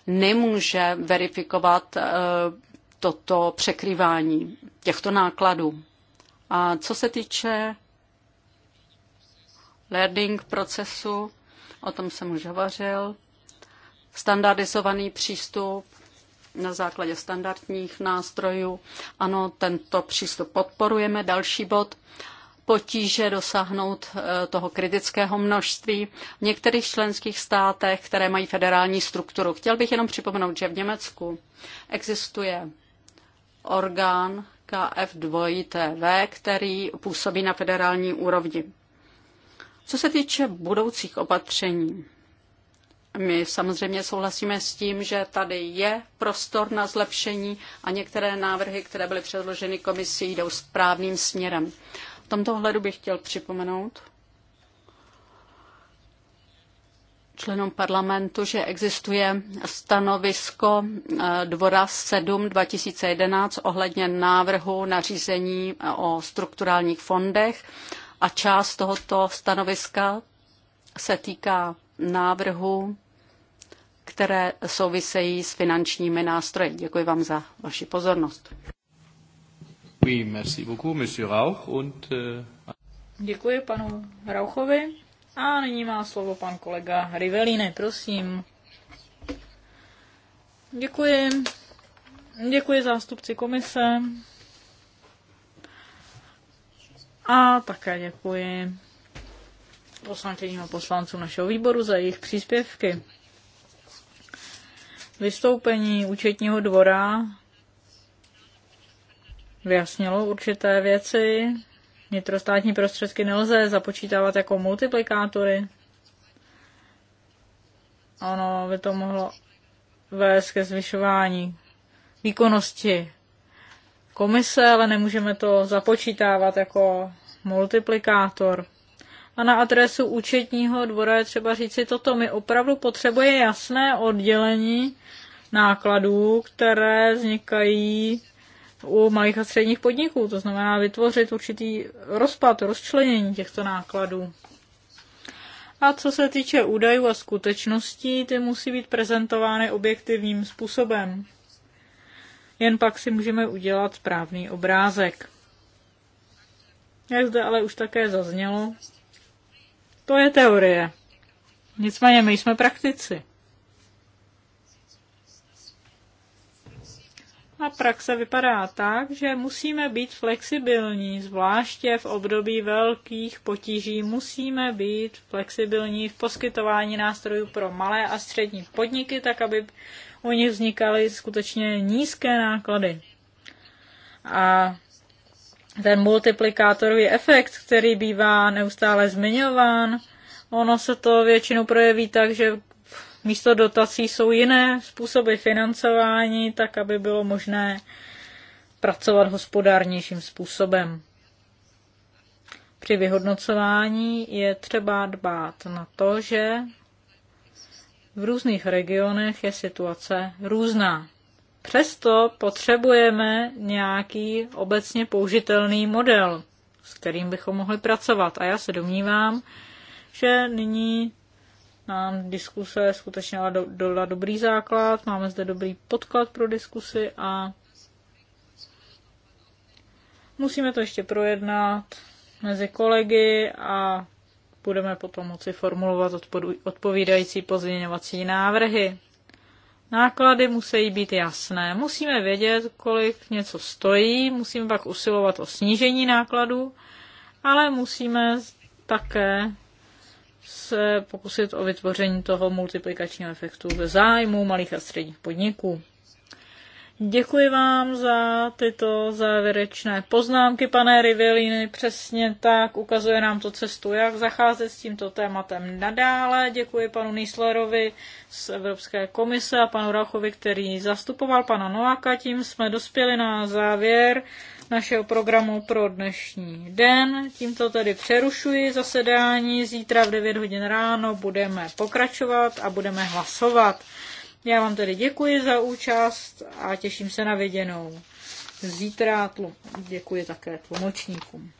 nemůže verifikovat eh, toto překrývání těchto nákladů. A co se týče learning procesu, o tom jsem už hovořil, standardizovaný přístup na základě standardních nástrojů. Ano, tento přístup podporujeme. Další bod. Uh, potíže dosáhnout eh, toho kritického množství v některých členských státech, které mají federální strukturu. Chtěl bych jenom připomenout, že v Německu existuje orgán KF2TV, který působí na federální úrovni. Co se týče budoucích opatření, my samozřejmě souhlasíme s tím, že tady je prostor na zlepšení a některé návrhy, které byly předloženy komisí, jdou správným směrem tomto ohledu bych chtěl připomenout členům parlamentu, že existuje stanovisko eh, Dvora 7 2011 ohledně návrhu nařízení eh, o strukturálních fondech a část tohoto stanoviska se týká návrhu, které souvisejí s finančními nástroji. Děkuji vám za vaši pozornost. Oui, merci beaucoup, monsieur Rauch. Und, uh... Děkuji panu Rauchovi. A nyní má slovo pan kolega Riveline, prosím. Děkuji. Děkuji zástupci komise. A také děkuji poslankyním a poslancům našeho výboru za jejich příspěvky. Vystoupení účetního dvora vyjasnilo určité věci. Vnitrostátní prostředky nelze započítávat jako multiplikátory. Ono by to mohlo vést ke zvyšování výkonnosti komise, ale nemůžeme to započítávat jako multiplikátor. A na adresu účetního dvora je třeba říci toto. My opravdu potřebuje jasné oddělení nákladů, které vznikají u malých a středních podniků, to znamená vytvořit určitý rozpad, rozčlenění těchto nákladů. A co se týče údajů a skutečností, ty musí být prezentovány objektivním způsobem. Jen pak si můžeme udělat správný obrázek. Jak zde ale už také zaznělo, to je teorie. Nicméně my jsme praktici. A praxe vypadá tak, že musíme být flexibilní, zvláště v období velkých potíží musíme být flexibilní v poskytování nástrojů pro malé a střední podniky, tak aby u nich vznikaly skutečně nízké náklady. A ten multiplikátorový efekt, který bývá neustále zmiňován, ono se to většinou projeví tak, že místo dotací jsou jiné způsoby financování, tak aby bylo možné pracovat hospodárnějším způsobem. Při vyhodnocování je třeba dbát na to, že v různých regionech je situace různá. Přesto potřebujeme nějaký obecně použitelný model, s kterým bychom mohli pracovat. A já se domnívám, že nyní nám diskuse skutečně dala dobrý základ, máme zde dobrý podklad pro diskusy a musíme to ještě projednat mezi kolegy a budeme potom moci formulovat odpovídající pozměňovací návrhy. Náklady musí být jasné. Musíme vědět, kolik něco stojí, musíme pak usilovat o snížení nákladů, ale musíme také se pokusit o vytvoření toho multiplikačního efektu ve zájmu malých a středních podniků. Děkuji vám za tyto závěrečné poznámky, pane Rivelini. Přesně tak ukazuje nám to cestu, jak zacházet s tímto tématem nadále. Děkuji panu Nýslerovi z Evropské komise a panu Rauchovi, který zastupoval pana Noáka. Tím jsme dospěli na závěr našeho programu pro dnešní den. Tímto tedy přerušuji zasedání. Zítra v 9 hodin ráno budeme pokračovat a budeme hlasovat. Já vám tedy děkuji za účast a těším se na viděnou. Zítra tlu. děkuji také tlumočníkům.